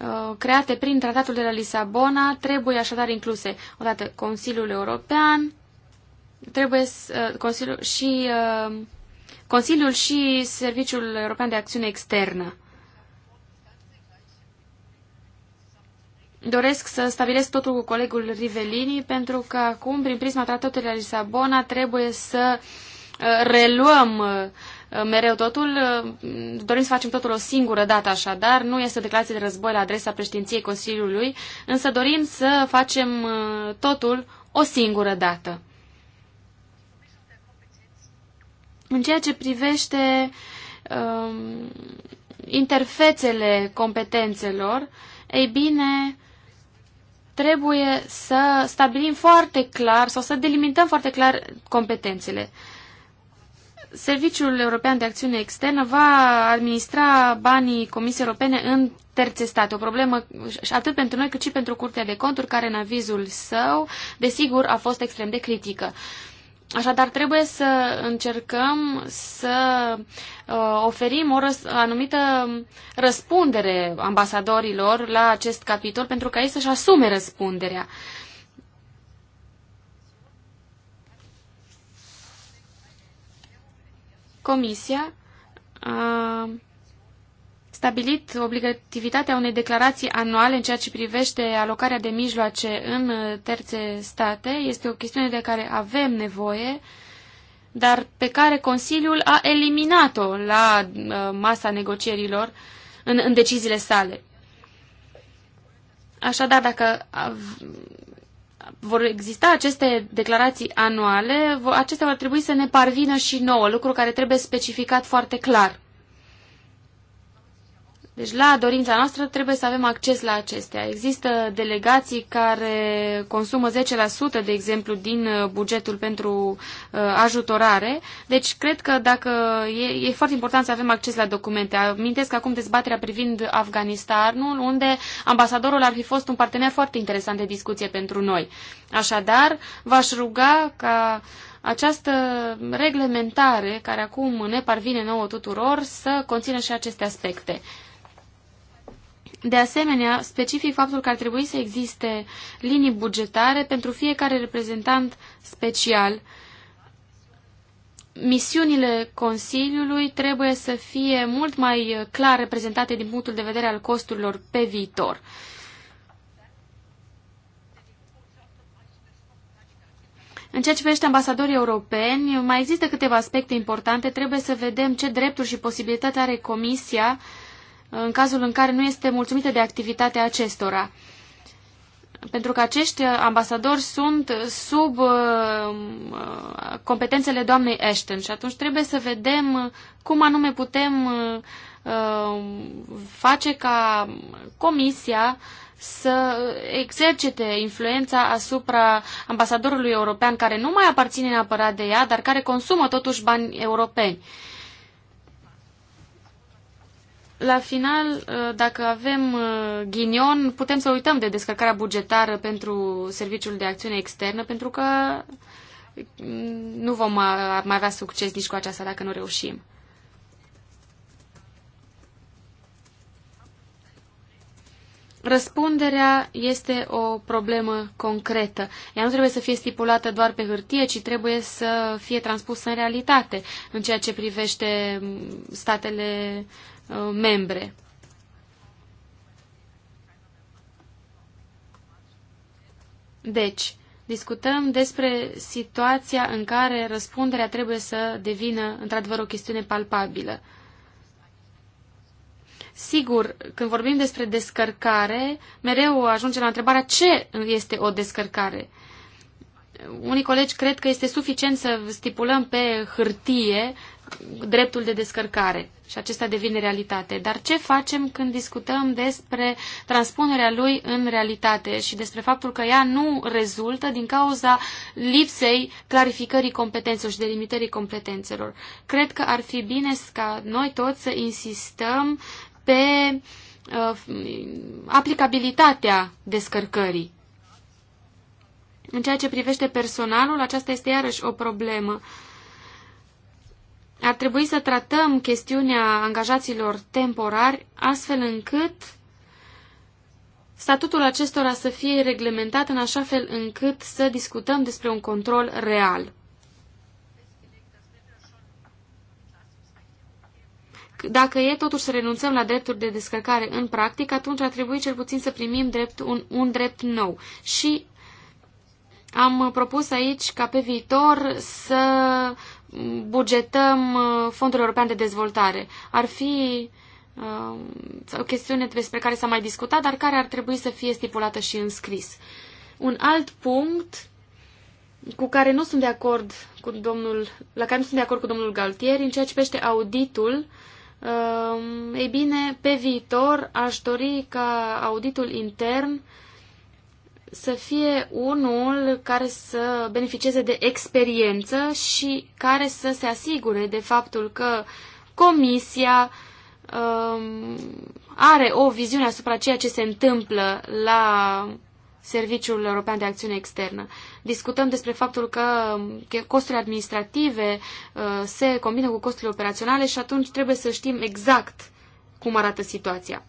uh, create prin tratatul de la Lisabona trebuie așadar incluse odată Consiliul European, trebuie uh, Consiliul și uh, Consiliul și Serviciul European de Acțiune Externă. doresc să stabilesc totul cu colegul Rivelini, pentru că acum, prin prisma tratatului la Lisabona, trebuie să uh, reluăm uh, mereu totul. Uh, dorim să facem totul o singură dată așadar, nu este o declarație de război la adresa președinției Consiliului, însă dorim să facem totul o singură dată. În ceea ce privește um, interfețele competențelor, ei bine, trebuie să stabilim foarte clar sau să delimităm foarte clar competențele. Serviciul European de Acțiune Externă va administra banii Comisiei Europene în terțe state. O problemă atât pentru noi cât și pentru Curtea de Conturi, care în avizul său, desigur, a fost extrem de critică. Uh, Așadar, trebuie să încercăm să uh, oferim o răs- anumită răspundere ambasadorilor la acest capitol pentru ca ei să-și asume răspunderea. Comisia uh, stabilit obligativitatea unei declarații anuale în ceea ce privește alocarea de mijloace în uh, terțe state. Este o chestiune de care avem nevoie, dar pe care Consiliul a eliminat-o la uh, masa negocierilor în, în deciziile sale. Așadar, dacă vor exista aceste declarații anuale, acestea vor trebui să ne parvină și nouă, lucru care trebuie specificat foarte clar. Deci la dorința noastră trebuie să avem acces la acestea. Există delegații care consumă 10%, de exemplu, din uh, bugetul pentru uh, ajutorare. Deci cred că dacă e, e foarte important să avem acces la documente. Amintesc acum dezbaterea privind Afganistanul, unde ambasadorul ar fi fost un partener foarte interesant de discuție pentru noi. Așadar, v-aș ruga ca această reglementare, care acum ne parvine nouă tuturor, să conțină și aceste aspecte. De asemenea, specific faptul că ar trebui să existe linii bugetare pentru fiecare reprezentant special. Misiunile Consiliului trebuie să fie mult mai clar reprezentate din punctul de vedere al costurilor pe viitor. În ceea ce privește ambasadorii europeni, mai există câteva aspecte importante. Trebuie să vedem ce drepturi și posibilități are Comisia uh, în cazul în care nu este mulțumită de activitatea acestora. Pentru că acești ambasadori sunt sub uh, uh, competențele doamnei Ashton și atunci trebuie să vedem cum anume putem uh, face ca Comisia să exercite influența asupra ambasadorului european care nu mai aparține neapărat de ea, dar care consumă totuși bani europeni la final, uh, dacă avem uh, ghinion, putem să uităm de descărcarea bugetară pentru Serviciul de Acțiune Externă, pentru că mm, nu vom mai avea succes nici cu aceasta dacă nu reușim. Răspunderea este o problemă concretă. Ea nu trebuie să fie stipulată doar pe hârtie, ci trebuie să fie transpusă în realitate în ceea ce privește statele uh, membre. Deci, discutăm despre situația în care răspunderea trebuie să devină într-adevăr o chestiune palpabilă. Sigur, când vorbim despre descărcare, mereu ajungem la întrebarea ce este o descărcare. Unii colegi cred că este suficient să stipulăm pe hârtie dreptul de descărcare și acesta devine realitate. Dar ce facem când discutăm despre transpunerea lui în realitate și despre faptul că ea nu rezultă din cauza lipsei clarificării competențelor și delimitării competențelor? Cred că ar fi bine ca noi toți să insistăm pe uh, aplicabilitatea descărcării. În ceea ce privește personalul, aceasta este iarăși o problemă. Ar trebui să tratăm chestiunea angajaților temporari astfel încât statutul acestora să fie reglementat în așa fel încât să discutăm despre un control real. dacă e totuși să renunțăm la drepturi de descărcare în practic, atunci ar trebui cel puțin să primim drept un, un drept nou. Și am propus aici ca pe viitor să bugetăm uh, Fondul European de Dezvoltare. Ar fi uh, o chestiune despre care s-a mai discutat, dar care ar trebui să fie stipulată și în scris. Un alt punct cu care nu sunt de acord cu domnul, la care nu sunt de acord cu domnul Galtieri în ceea ce pește auditul uh, Ehm, ei bine, pe viitor aș dori ca auditul intern să fie unul care să beneficieze de experiență și care să se asigure de faptul că comisia um, are o viziune asupra ceea ce se întâmplă la Serviciul European de Acțiune Externă. Discutăm despre faptul că costurile administrative uh, se combină cu costurile operaționale și atunci trebuie să știm exact cum arată situația.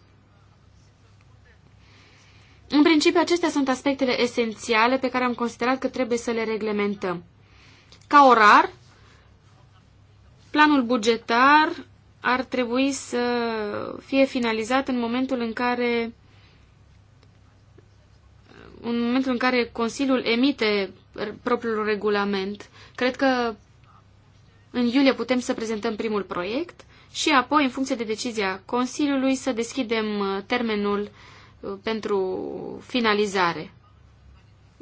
În principiu, acestea sunt aspectele esențiale pe care am considerat că trebuie să le reglementăm. Ca orar, planul bugetar ar trebui să fie finalizat în momentul în care în momentul în care Consiliul emite propriul regulament, cred că în iulie putem să prezentăm primul proiect și apoi, în funcție de decizia Consiliului, să deschidem uh, termenul uh, pentru finalizare.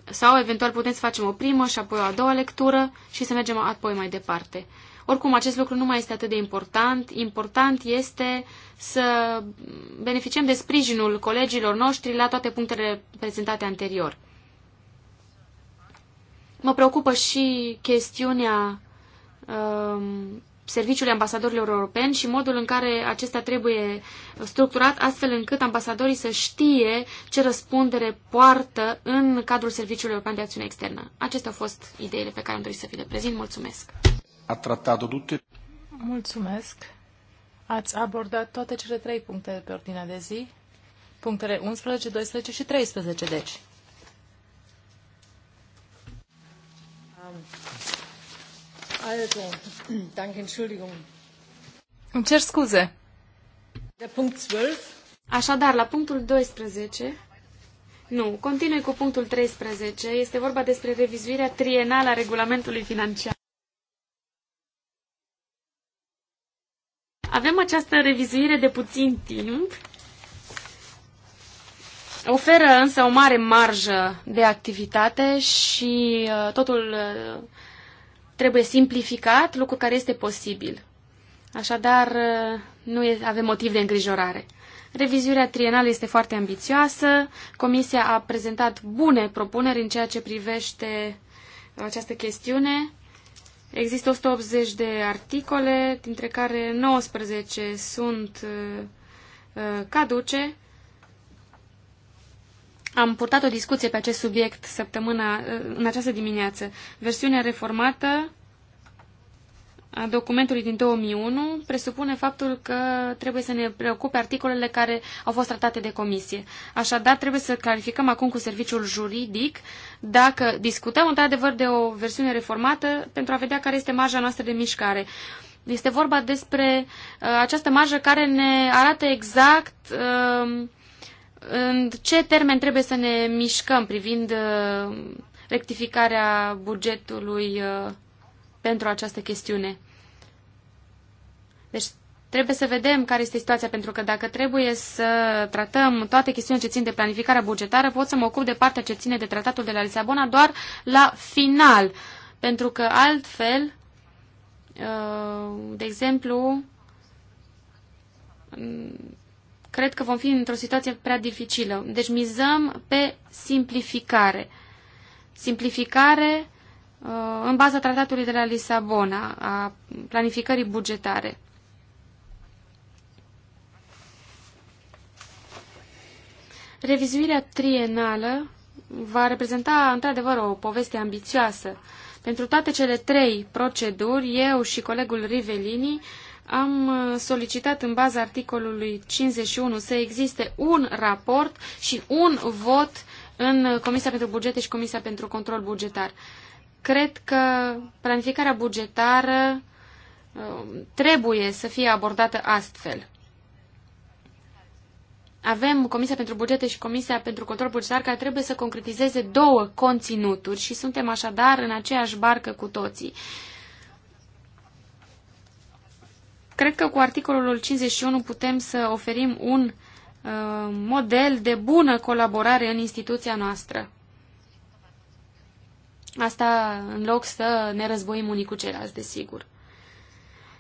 Sau, eventual, putem să facem o primă și apoi o a doua lectură și să mergem apoi mai departe. Oricum, acest lucru nu mai este atât de important. Important este să beneficiem de sprijinul colegilor noștri la toate punctele prezentate anterior. Mă preocupă și chestiunea um, serviciului ambasadorilor europeni și modul în care acesta trebuie structurat astfel încât ambasadorii să știe ce răspundere poartă în cadrul Serviciului European de Acțiune Externă. Acestea au fost ideile pe care am dorit să vi le prezint. Mulțumesc! ha trattato tutte. Mulțumesc. Ați abordat toate cele trei puncte pe ordinea de zi. Punctele 11, 12 și 13, deci. Um, also, danke, Entschuldigung. Îmi cer scuze. De punct 12. Așadar, la punctul 12, nu, continui cu punctul 13, este vorba despre revizuirea trienală a regulamentului financiar. Avem această revizuire de puțin timp, oferă însă o mare marjă de activitate și uh, totul uh, trebuie simplificat, lucru care este posibil. Așadar, uh, nu avem motiv de îngrijorare. Revizuirea trienală este foarte ambițioasă. Comisia a prezentat bune propuneri în ceea ce privește această chestiune. Există 180 de articole, dintre care 19 sunt uh, uh, caduce. Am purtat o discuție pe acest subiect săptămâna, uh, în această dimineață. Versiunea reformată a documentului din 2001 presupune faptul că trebuie să ne preocupe articolele care au fost tratate de comisie. Așadar, trebuie să clarificăm acum cu serviciul juridic dacă discutăm într-adevăr de o versiune reformată pentru a vedea care este marja noastră de mișcare. Este vorba despre uh, această marjă care ne arată exact uh, în ce termen trebuie să ne mișcăm privind uh, rectificarea bugetului uh, pentru această chestiune. Deci Trebuie să vedem care este situația, pentru că dacă trebuie să tratăm toate chestiunile ce țin de planificarea bugetară, pot să mă ocup de partea ce ține de tratatul de la Lisabona doar la final, pentru că altfel, uh, de exemplu, cred că vom fi într-o situație prea dificilă. Deci mizăm pe simplificare. Simplificare uh, în baza tratatului de la Lisabona, a planificării bugetare. Revizuirea trienală va reprezenta într-adevăr o poveste ambițioasă. Pentru toate cele trei proceduri, eu și colegul Rivelini am uh, solicitat în baza articolului 51 să existe un raport și un vot în Comisia pentru Bugete și Comisia pentru Control Bugetar. Cred că planificarea bugetară uh, trebuie să fie abordată astfel avem Comisia pentru Bugete și Comisia pentru Control Bugetar care trebuie să concretizeze două conținuturi și suntem așadar în aceeași barcă cu toții. Cred că cu articolul 51 putem să oferim un uh, model de bună colaborare în instituția noastră. Asta în loc să ne războim unii cu ceilalți, desigur.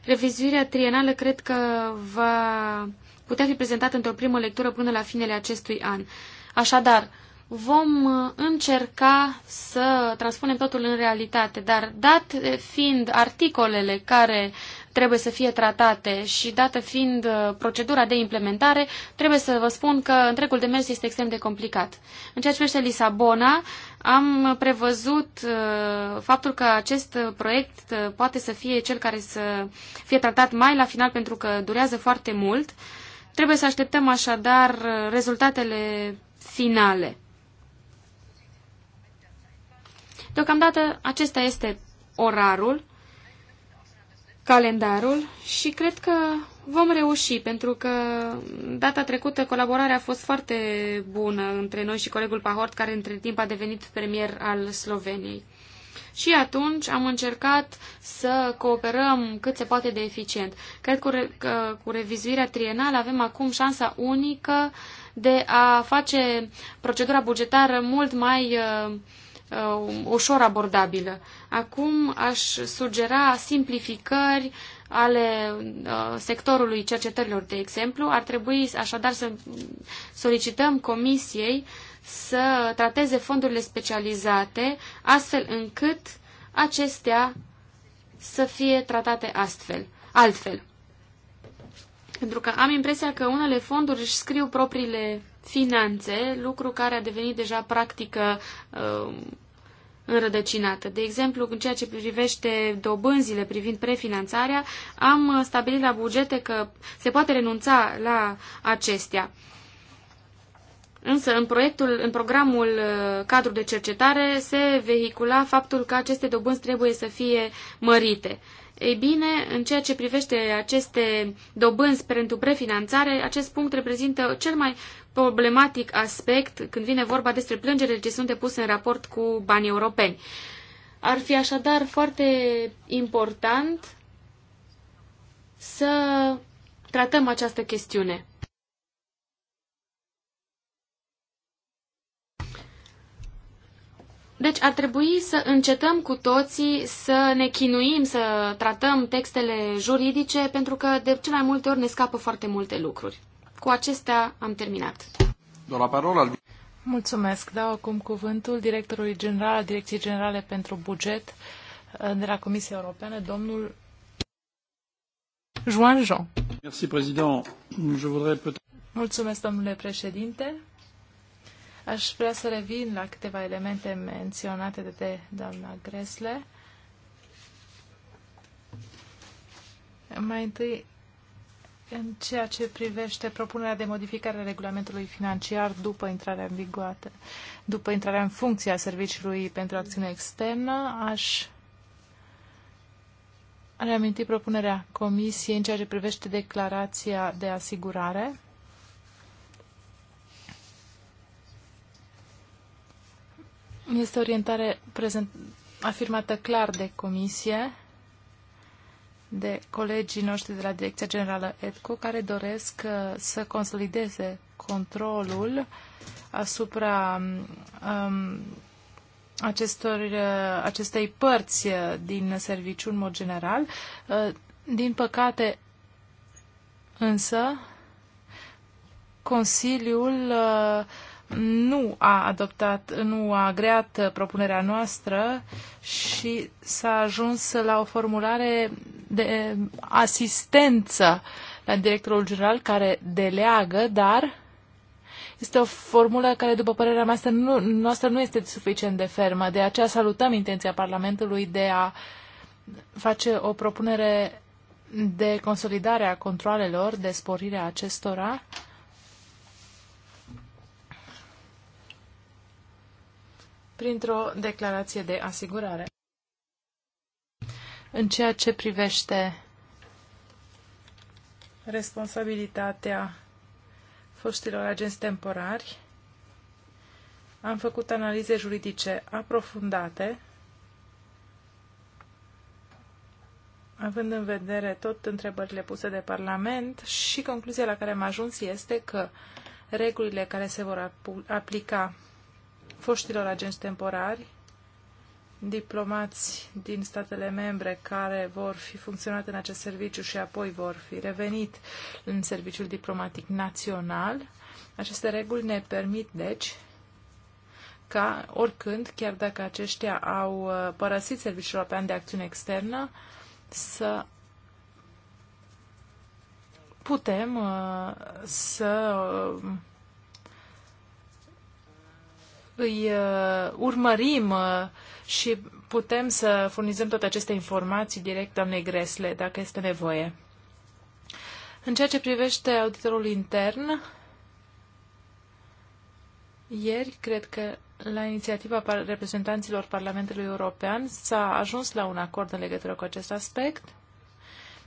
Revizuirea trienală cred că va putea fi prezentat într-o primă lectură până la finele acestui an. Așadar, vom uh, încerca să transpunem totul în realitate, dar dat eh, fiind articolele care trebuie să fie tratate și dată fiind uh, procedura de implementare, trebuie să vă spun că întregul demers este extrem de complicat. În ceea ce privește Lisabona, am prevăzut uh, faptul că acest proiect poate să fie cel care să fie tratat mai la final pentru că durează foarte mult. Trebuie să așteptăm așadar uh, rezultatele finale. Deocamdată acesta este orarul, calendarul și cred că vom reuși, pentru că data trecută colaborarea a fost foarte bună între noi și colegul Pahort, care între timp a devenit premier al Sloveniei. Și atunci am încercat să cooperăm cât se poate de eficient. Cred că cu revizuirea trienală avem acum șansa unică de a face procedura bugetară mult mai uh, uh, ușor abordabilă. Acum aș sugera simplificări ale uh, sectorului cercetărilor, de exemplu. Ar trebui așadar să solicităm comisiei uh, să trateze fondurile specializate astfel încât acestea să fie tratate astfel, altfel. Pentru că am impresia că unele fonduri își scriu propriile finanțe, lucru care a devenit deja practică uh, înrădăcinată. De exemplu, în ceea ce privește dobânzile privind prefinanțarea, am stabilit la bugete că se poate renunța la acestea. Uh, Însă în proiectul, în programul uh, cadru de cercetare se vehicula faptul că aceste dobânzi trebuie să fie mărite. Ei bine, în ceea ce privește aceste dobânzi pentru prefinanțare, acest punct reprezintă cel mai problematic aspect când vine vorba despre plângerile ce sunt depuse în raport cu banii europeni. Ar fi așadar foarte important să tratăm această chestiune. Deci ar trebui să încetăm cu toții să ne chinuim, să tratăm textele juridice, pentru că de cel mai multe ori ne scapă foarte multe lucruri. Cu acestea am terminat. Doamna parola. Mulțumesc. Dau acum cuvântul directorului general al Direcției Generale pentru Buget uh, de la Comisia Europeană, domnul Juan Jean. Merci, président. Je voudrais peut Mulțumesc, domnule președinte. Aș vrea să revin la câteva elemente menționate de doamna Gresle. Mai întâi, în ceea ce privește propunerea de modificare a regulamentului financiar după intrarea în vigoare, după intrarea în funcție a serviciului pentru acțiune externă, aș reaminti propunerea Comisiei în ceea ce privește declarația de asigurare Este o orientare prezent, afirmată clar de comisie, de colegii noștri de la Direcția Generală EDCO, care doresc uh, să consolideze controlul asupra um, acestor, uh, acestei părți uh, din serviciu în mod general. Din păcate, însă, Consiliul uh, nu a adoptat, nu a agreat propunerea noastră și s-a ajuns la o formulare de asistență la directorul general care deleagă, dar este o formulă care, după părerea noastră nu, noastră, nu este suficient de fermă. De aceea salutăm intenția Parlamentului de a face o propunere de consolidare a controlelor, de sporirea acestora printr-o declarație de asigurare. În ceea ce privește responsabilitatea foștilor agenți temporari, am făcut analize juridice aprofundate, având în vedere tot întrebările puse de Parlament și concluzia la care am ajuns este că regulile care se vor aplica foștilor agenți temporari, diplomați din statele membre care vor fi funcționat în acest serviciu și apoi vor fi revenit în serviciul diplomatic național. Aceste reguli ne permit, deci, ca oricând, chiar dacă aceștia au uh, părăsit Serviciul European de Acțiune Externă, să putem uh, să uh, îi uh, urmărim uh, și putem să furnizăm toate aceste informații direct doamnei Gresle, dacă este nevoie. În ceea ce privește auditorul intern, ieri, cred că la inițiativa reprezentanților Parlamentului European s-a ajuns la un acord în legătură cu acest aspect.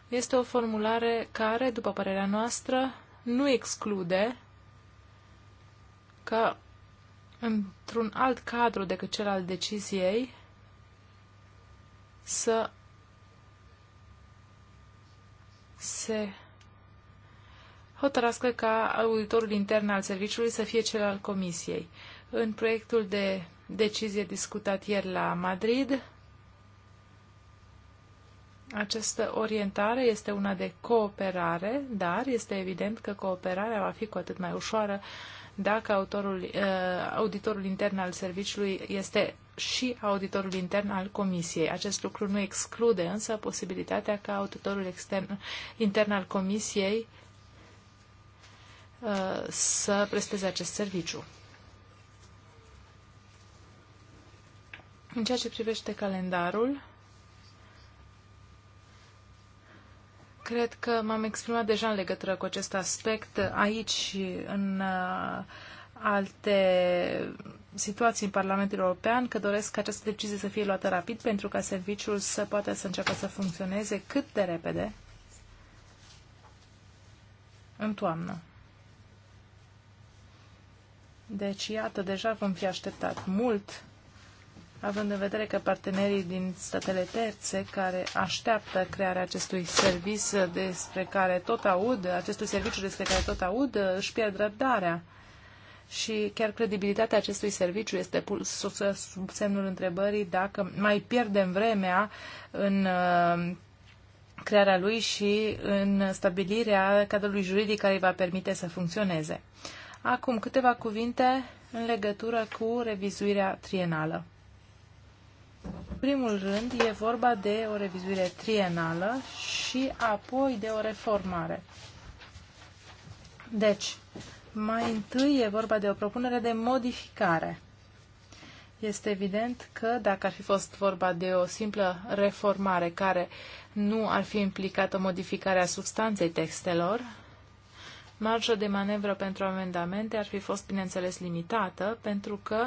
Este o formulare care, după părerea noastră, nu exclude că într-un alt cadru decât cel al deciziei, să se hotărască ca auditorul intern al serviciului să fie cel al comisiei. În proiectul de decizie discutat ieri la Madrid, această orientare este una de cooperare, dar este evident că cooperarea va fi cu atât mai ușoară dacă autorul, uh, auditorul intern al serviciului este și auditorul intern al Comisiei. Acest lucru nu exclude însă posibilitatea ca auditorul extern, intern al Comisiei uh, să presteze acest serviciu. În ceea ce privește calendarul, Cred că m-am exprimat deja în legătură cu acest aspect aici, în uh, alte situații în Parlamentul European, că doresc ca această decizie să fie luată rapid pentru ca serviciul să poată să înceapă să funcționeze cât de repede în toamnă. Deci, iată, deja vom fi așteptat mult având în vedere că partenerii din statele terțe care așteaptă crearea acestui serviciu despre care tot aud, acestui serviciu despre care tot aud, își pierd răbdarea. Și chiar credibilitatea acestui serviciu este pusă sub semnul întrebării dacă mai pierdem vremea în uh, crearea lui și în stabilirea cadrului juridic care îi va permite să funcționeze. Acum câteva cuvinte în legătură cu revizuirea trienală primul rând, e vorba de o revizuire trienală și apoi de o reformare. Deci, mai întâi e vorba de o propunere de modificare. Este evident că dacă ar fi fost vorba de o simplă reformare care nu ar fi modificare modificarea substanței textelor, marja de manevră pentru amendamente ar fi fost, bineînțeles, limitată, pentru că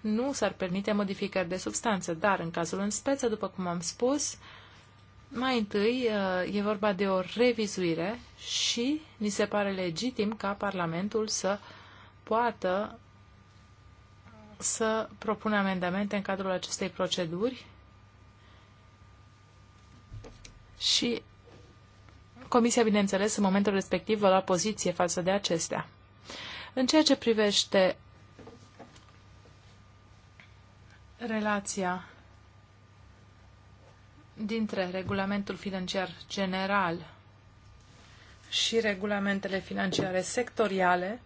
nu s-ar permite modificări de substanță, dar în cazul în speță, după cum am spus, mai întâi uh, e vorba de o revizuire și ni se pare legitim ca Parlamentul să poată să propună amendamente în cadrul acestei proceduri și Comisia, bineînțeles, în momentul respectiv va lua poziție față de acestea. În ceea ce privește relația dintre regulamentul financiar general și regulamentele financiare sectoriale,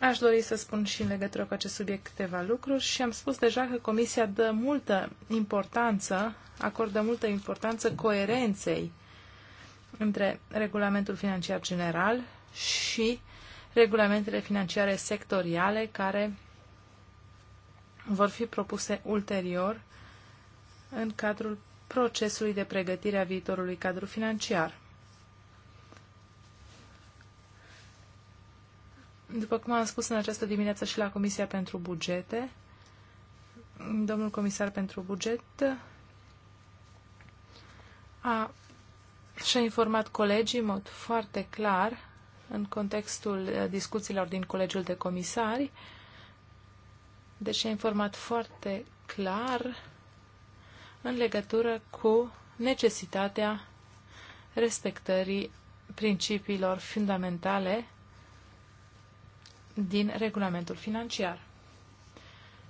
Aș dori să spun și în legătură cu acest subiect câteva lucruri și am spus deja că Comisia dă multă importanță, acordă multă importanță coerenței între regulamentul financiar general și uh, regulamentele financiare sectoriale care vor fi propuse ulterior în cadrul procesului de pregătire a viitorului cadru financiar. După cum am spus în această dimineață și la Comisia pentru Bugete, domnul comisar pentru buget a, și-a informat colegii în mod foarte clar în contextul uh, discuțiilor din Colegiul de Comisari, deci a informat foarte clar în legătură cu necesitatea respectării principiilor fundamentale din regulamentul financiar.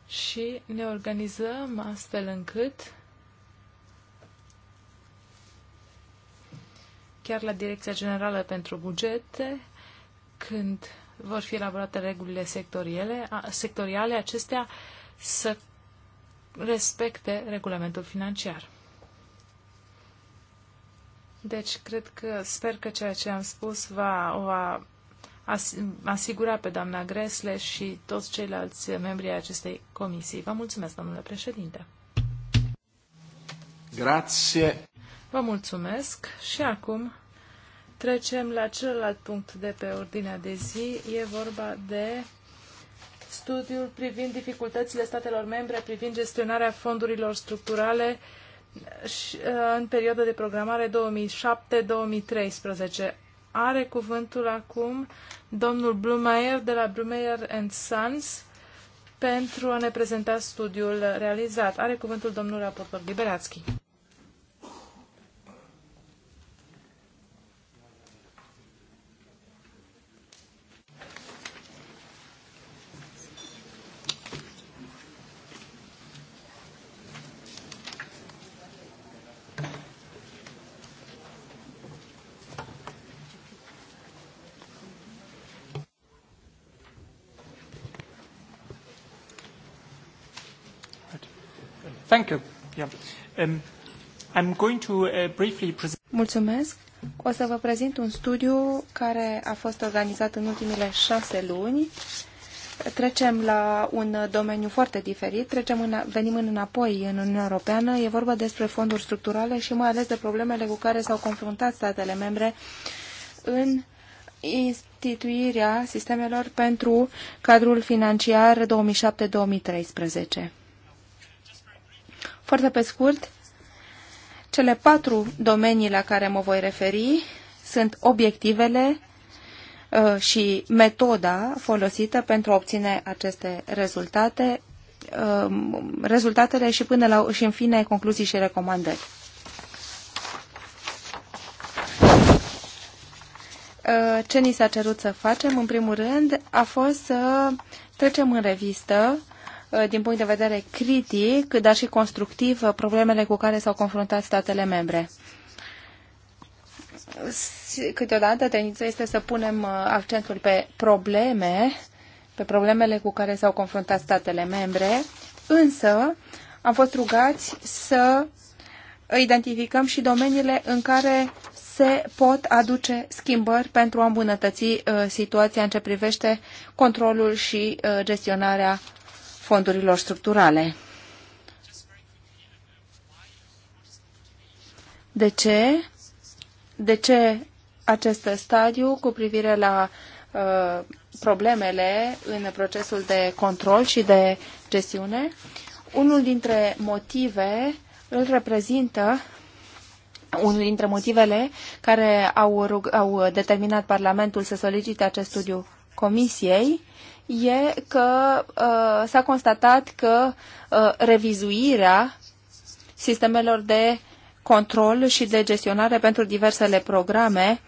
Și ne organizăm astfel încât chiar la Direcția Generală pentru Bugete, când vor fi elaborate regulile sectoriale, sectoriale acestea să respecte regulamentul financiar. Deci, cred că, sper că ceea ce am spus va, va asigura pe doamna Gresle și toți ceilalți membri ai acestei comisii. Vă mulțumesc, domnule președinte. Grazie. Vă mulțumesc și acum trecem la celălalt punct de pe ordinea de zi. E vorba de studiul privind dificultățile statelor membre privind gestionarea fondurilor structurale uh, în perioada de programare 2007-2013. Are cuvântul acum domnul Blumeyer de la Blumeyer Sons pentru a ne prezenta studiul realizat. Are cuvântul domnul raportor Liberațchi. Thank you. Yeah. Um, I'm going to uh, briefly present... Mulțumesc. O să vă prezint un studiu care a fost organizat în ultimile șase luni. Trecem la un domeniu foarte diferit, Trecem în, venim înapoi în Uniunea Europeană. E vorba despre fonduri structurale și mai ales de problemele cu care s-au confruntat statele membre în instituirea sistemelor pentru cadrul financiar 2007-2013. Foarte pe scurt, cele patru domenii la care mă voi referi sunt obiectivele uh, și metoda folosită pentru a obține aceste rezultate, uh, rezultatele și până la și în fine concluzii și recomandări. Uh, ce ni s-a cerut să facem, în primul rând, a fost să trecem în revistă uh, Uh, din punct de vedere critic, dar și constructiv, uh, problemele cu care s-au confruntat statele membre câteodată tendința este să punem uh, accentul pe probleme, pe problemele cu care s-au confruntat statele membre, însă am fost rugați să identificăm și domeniile în care se pot aduce schimbări pentru a îmbunătăți situația în ce privește controlul și gestionarea fondurilor structurale. De ce? De ce acest stadiu cu privire la uh, problemele în procesul de control și de gestiune? Unul dintre motive îl reprezintă unul dintre motivele care au, au determinat Parlamentul să solicite acest studiu Comisiei e că uh, s-a constatat că uh, revizuirea sistemelor de control și de gestionare pentru diversele programe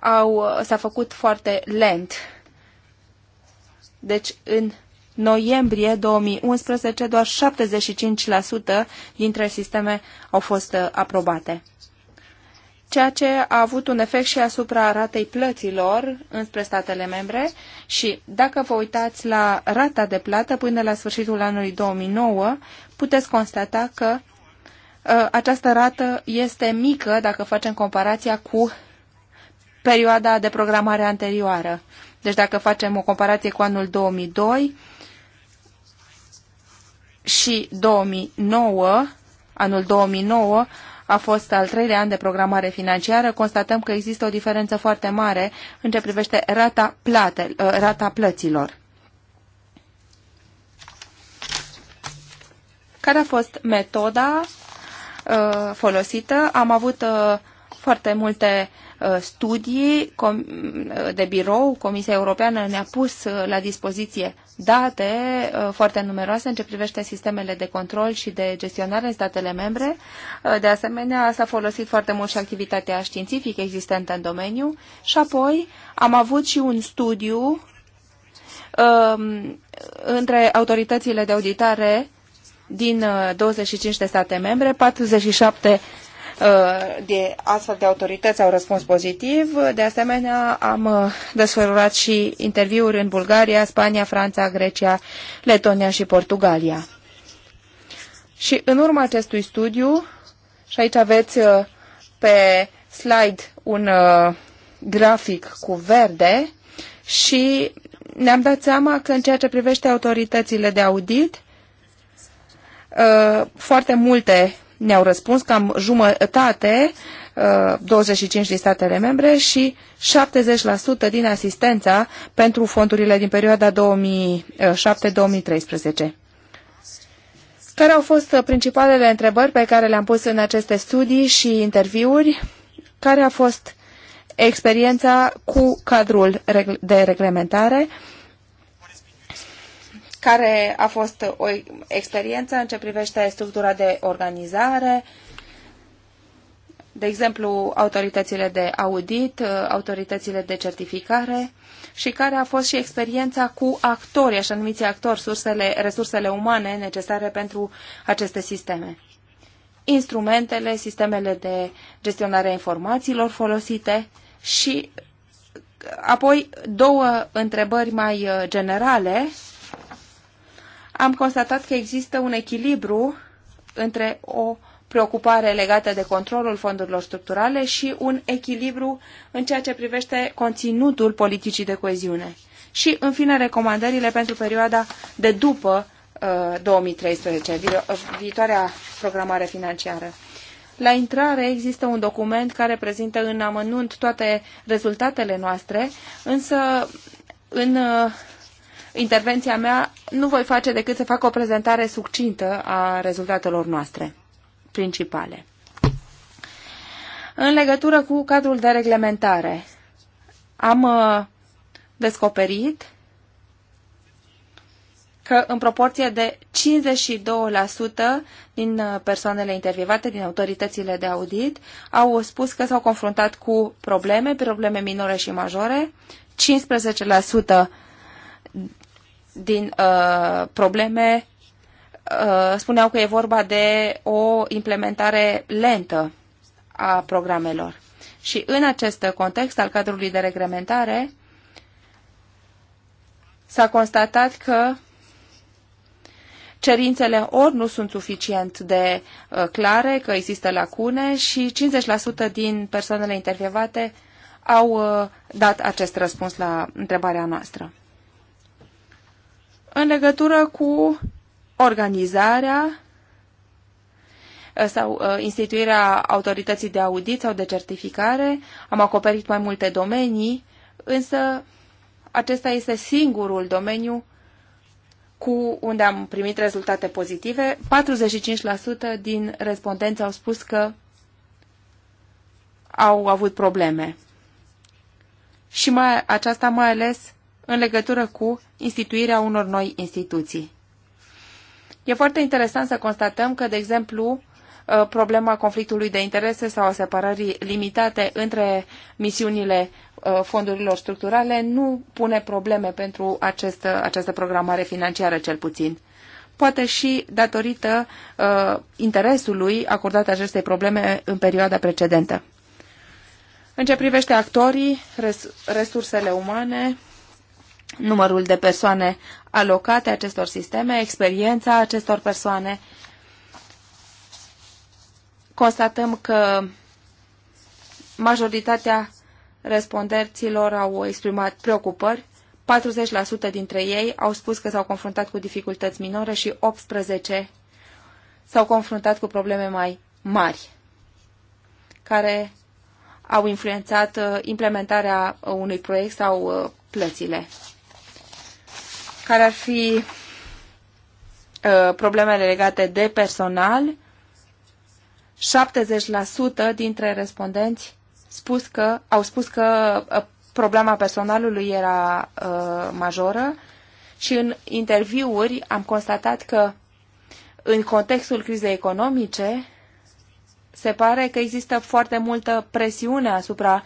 au, uh, s-a făcut foarte lent. Deci, în noiembrie 2011, doar 75% dintre sisteme au fost uh, aprobate ceea ce a avut un efect și asupra ratei plăților înspre statele membre și dacă vă uitați la rata de plată până la sfârșitul anului 2009, puteți constata că uh, această rată este mică dacă facem comparația cu perioada de programare anterioară. Deci dacă facem o comparație cu anul 2002 și 2009, anul 2009, a fost al treilea an de programare financiară, constatăm că există o diferență foarte mare în ce privește rata, plate, uh, rata plăților. Care a fost metoda uh, folosită? Am avut uh, foarte multe studii de birou. Comisia Europeană ne-a pus la dispoziție date uh, foarte numeroase în ce privește sistemele de control și de gestionare în statele membre. Uh, de asemenea, s-a folosit foarte mult și activitatea științifică existentă în domeniu și apoi am avut și un studiu um, între autoritățile de auditare din 25 uh, de state membre, 47 Uh, de astfel de autorități au răspuns pozitiv. De asemenea, am uh, desfășurat și interviuri în Bulgaria, Spania, Franța, Grecia, Letonia și Portugalia. Și în urma acestui studiu, și aici aveți uh, pe slide un grafic cu verde și ne-am dat seama că în ceea ce privește autoritățile de audit, foarte multe ne-au răspuns cam jumătate, 25 uh, din statele membre și 70% din asistența pentru fondurile din perioada 2007-2013. Care au fost principalele întrebări pe care le-am pus în aceste studii și interviuri? Care a fost experiența cu cadrul de reglementare? care a fost o experiență în ce privește structura de organizare, de exemplu, autoritățile de audit, autoritățile de certificare și care a fost și experiența cu actori, așa numiți actori, sursele, resursele umane necesare pentru aceste sisteme. Instrumentele, sistemele de gestionare a informațiilor folosite și apoi două întrebări mai uh, generale am constatat că există un echilibru între o preocupare legată de controlul fondurilor structurale și un echilibru în ceea ce privește conținutul politicii de coeziune. Și, în fine, recomandările pentru perioada de după 2013, uh, uh, viitoarea programare financiară. La intrare există un document care prezintă în amănunt toate rezultatele noastre, însă în uh, intervenția mea nu voi face decât să fac o prezentare succintă a rezultatelor noastre principale. În legătură cu cadrul de reglementare, am uh, descoperit că în proporție de 52% din uh, persoanele intervievate, din autoritățile de audit, au spus că s-au confruntat cu probleme, probleme minore și majore, 15% din uh, probleme uh, spuneau că e vorba de o implementare lentă a programelor. Și în acest context al cadrului de reglementare s-a constatat că cerințele ori nu sunt suficient de uh, clare, că există lacune și 50% din persoanele intervievate au uh, dat acest răspuns la întrebarea noastră în legătură cu organizarea uh, sau uh, instituirea autorității de audit sau de certificare. Am acoperit mai multe domenii, însă acesta este singurul domeniu cu unde am primit rezultate pozitive. 45% din respondenți au spus că au avut probleme. Și mai, aceasta mai ales în legătură cu instituirea unor noi instituții. E foarte interesant să constatăm că, de exemplu, uh, problema conflictului de interese sau a separării limitate între misiunile uh, fondurilor structurale nu pune probleme pentru acest, uh, această programare financiară, cel puțin. Poate și datorită uh, interesului acordat acestei probleme în perioada precedentă. În ce privește actorii, res, resursele umane, numărul de persoane alocate acestor sisteme, experiența acestor persoane. Constatăm că majoritatea respondenților au exprimat preocupări 40% dintre ei au spus că s-au confruntat cu dificultăți minore și 18 s-au confruntat cu probleme mai mari, care au influențat uh, implementarea uh, unui proiect sau uh, plățile care ar fi uh, problemele legate de personal, 70% dintre respondenți spus că, au spus că uh, problema personalului era uh, majoră și în interviuri am constatat că în contextul crizei economice se pare că există foarte multă presiune asupra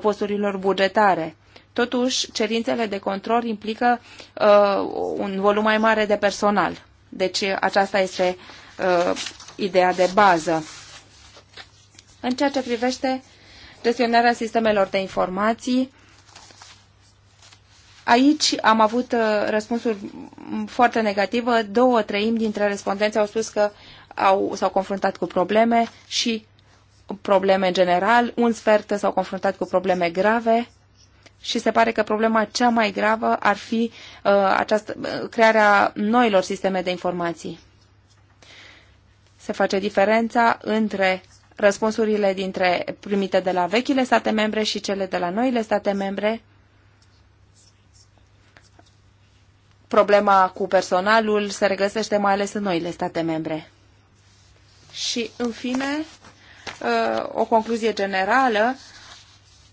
posturilor bugetare. Totuși, cerințele de control implică uh, un volum mai mare de personal. Deci aceasta este uh, ideea de bază. În ceea ce privește gestionarea sistemelor de informații, Aici am avut uh, răspunsuri foarte negative. Două treimi dintre respondenți au spus că au, s-au confruntat cu probleme și probleme în general. Un sfert s-au confruntat cu probleme grave și se pare că problema cea mai gravă ar fi uh, această, uh, crearea noilor sisteme de informații. Se face diferența între răspunsurile dintre primite de la vechile state membre și cele de la noile state membre, problema cu personalul se regăsește mai ales în noile state membre. Și, în fine, uh, o concluzie generală,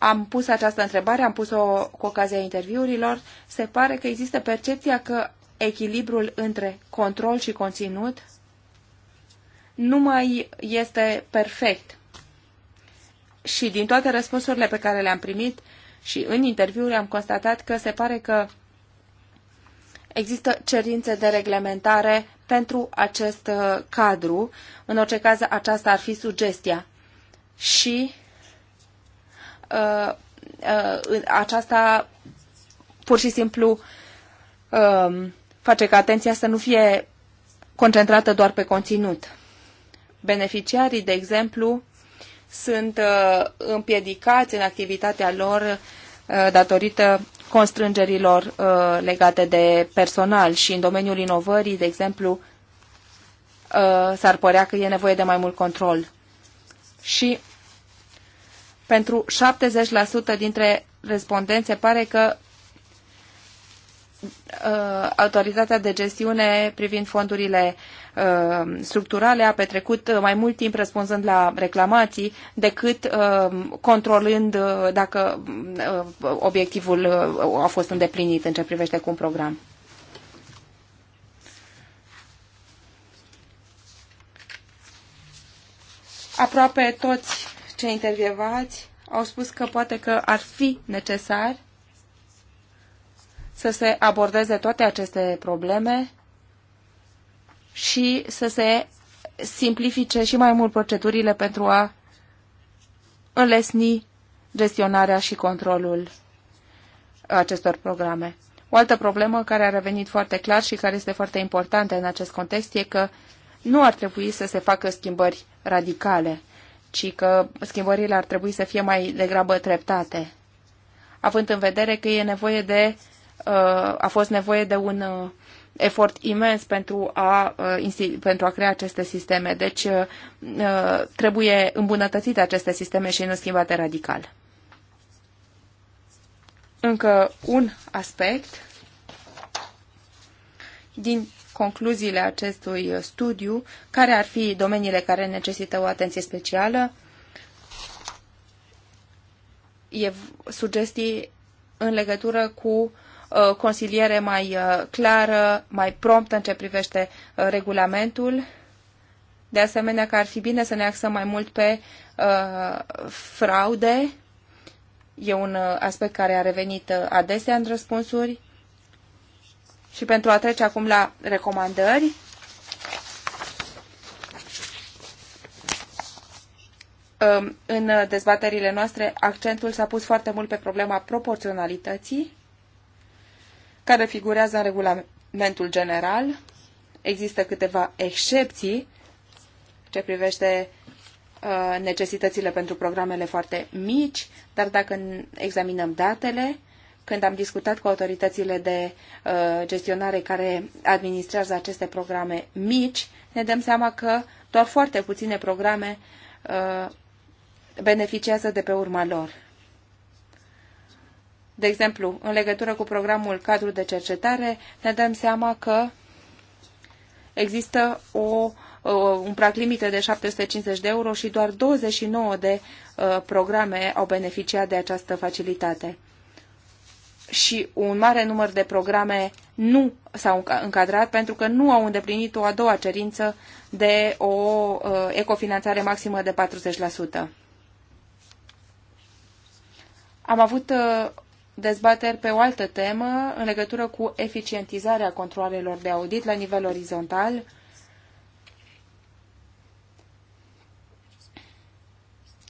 am pus această întrebare, am pus-o cu ocazia interviurilor. Se pare că există percepția că echilibrul între control și conținut nu mai este perfect. Și din toate răspunsurile pe care le-am primit și în interviuri am constatat că se pare că există cerințe de reglementare pentru acest uh, cadru. În orice caz, aceasta ar fi sugestia. Și uh, uh, aceasta pur și simplu uh, face ca atenția să nu fie concentrată doar pe conținut. Beneficiarii, de exemplu, sunt uh, împiedicați în activitatea lor uh, datorită constrângerilor uh, legate de personal și în domeniul inovării, de exemplu, uh, s-ar părea că e nevoie de mai mult control. Și pentru 70% dintre respondențe pare că uh, autoritatea de gestiune privind fondurile uh, structurale a petrecut uh, mai mult timp răspunzând la reclamații decât controlând dacă obiectivul a fost îndeplinit în ce privește cu un program. Aproape toți cei intervievați au spus că poate că ar fi necesar să se abordeze toate aceste probleme și să se simplifice și mai mult procedurile pentru a înlesni gestionarea și controlul acestor programe. O altă problemă care a revenit foarte clar și care este foarte importantă în acest context e că nu ar trebui să se facă schimbări radicale ci că schimbările ar trebui să fie mai degrabă treptate, având în vedere că e nevoie de, uh, a fost nevoie de un uh, efort imens pentru a, uh, pentru a crea aceste sisteme. Deci trebuie îmbunătățite aceste sisteme și nu schimbate radical. Încă un aspect din concluziile acestui studiu, care ar fi domeniile care necesită o atenție specială, e sugestii în legătură cu uh, consiliere mai uh, clară, mai promptă în ce privește uh, regulamentul. De asemenea, că ar fi bine să ne axăm mai mult pe uh, fraude. E un aspect care a revenit adesea în răspunsuri și pentru a trece acum la recomandări, um, în dezbaterile noastre, accentul s-a pus foarte mult pe problema proporționalității, care figurează în regulamentul general. Există câteva excepții ce privește uh, necesitățile pentru programele foarte mici, dar dacă examinăm datele, când am discutat cu autoritățile de uh, gestionare care administrează aceste programe mici, ne dăm seama că doar foarte puține programe uh, beneficiază de pe urma lor. De exemplu, în legătură cu programul cadru de cercetare, ne dăm seama că există o, un prag limită de 750 de euro și doar 29 de uh, programe au beneficiat de această facilitate și un mare număr de programe nu s-au încadrat pentru că nu au îndeplinit o a doua cerință de o uh, ecofinanțare maximă de 40%. Am avut uh, dezbateri pe o altă temă în legătură cu eficientizarea controlelor de audit la nivel orizontal.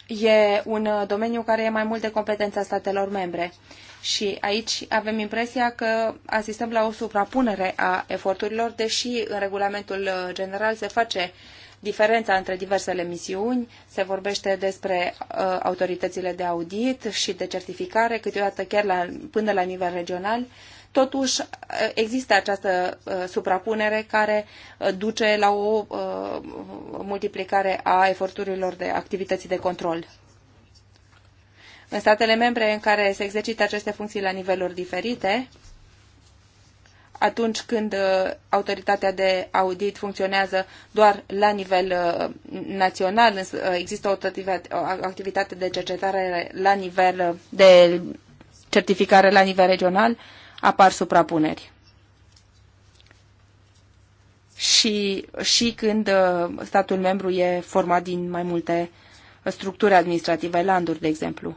E un uh, domeniu care e mai mult de competența statelor membre. Și aici avem impresia că asistăm la o suprapunere a eforturilor, deși în regulamentul uh, general se face diferența între diversele misiuni, se vorbește despre uh, autoritățile de audit și de certificare, câteodată chiar la, până la nivel regional. Totuși, uh, există această uh, suprapunere care uh, duce la o uh, multiplicare a eforturilor de activității de control. În statele membre în care se exercită aceste funcții la niveluri diferite, atunci când uh, autoritatea de audit funcționează doar la nivel uh, național, uh, există o activitate de cercetare la nivel de certificare la nivel regional, apar suprapuneri. Și, și când statul membru e format din mai multe structuri administrative, landuri, de exemplu.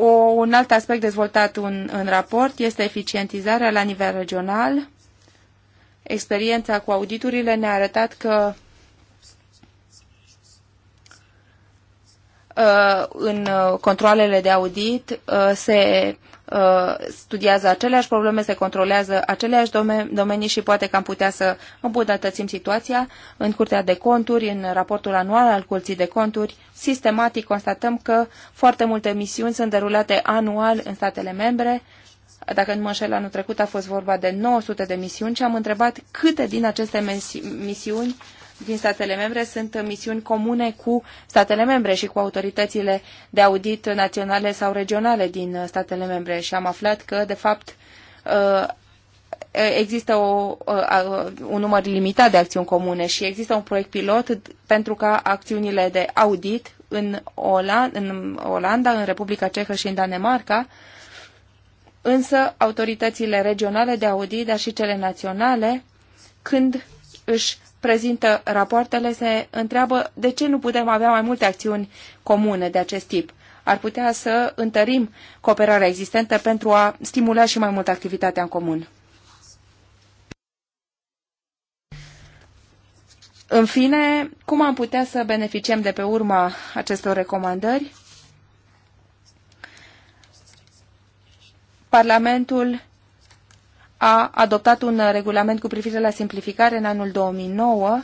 O, un alt aspect dezvoltat un, în raport este eficientizarea la nivel regional. Experiența cu auditurile ne-a arătat că Uh, în uh, controlele de audit uh, se studiază aceleași probleme, se controlează aceleași domenii și poate că am putea să îmbunătățim situația. În Curtea de Conturi, în raportul anual al Curții de Conturi, sistematic constatăm că foarte multe misiuni sunt derulate anual în statele membre. Dacă nu mă înșel, anul trecut a fost vorba de 900 de misiuni și am întrebat câte din aceste misiuni din statele membre sunt misiuni comune cu statele membre și cu autoritățile de audit naționale sau regionale din statele membre și am aflat că, de fapt, uh, există o, uh, uh, un număr limitat de acțiuni comune și există un proiect pilot pentru ca acțiunile de audit în, Oland, în Olanda, în Republica Cehă și în Danemarca, însă autoritățile regionale de audit, dar și cele naționale, când își prezintă rapoartele se întreabă de ce nu putem avea mai multe acțiuni comune de acest tip. Ar putea să întărim cooperarea existentă pentru a stimula și mai mult activitatea în comun. În fine, cum am putea să beneficiem de pe urma acestor recomandări? Parlamentul a adoptat un regulament cu privire la simplificare în anul 2009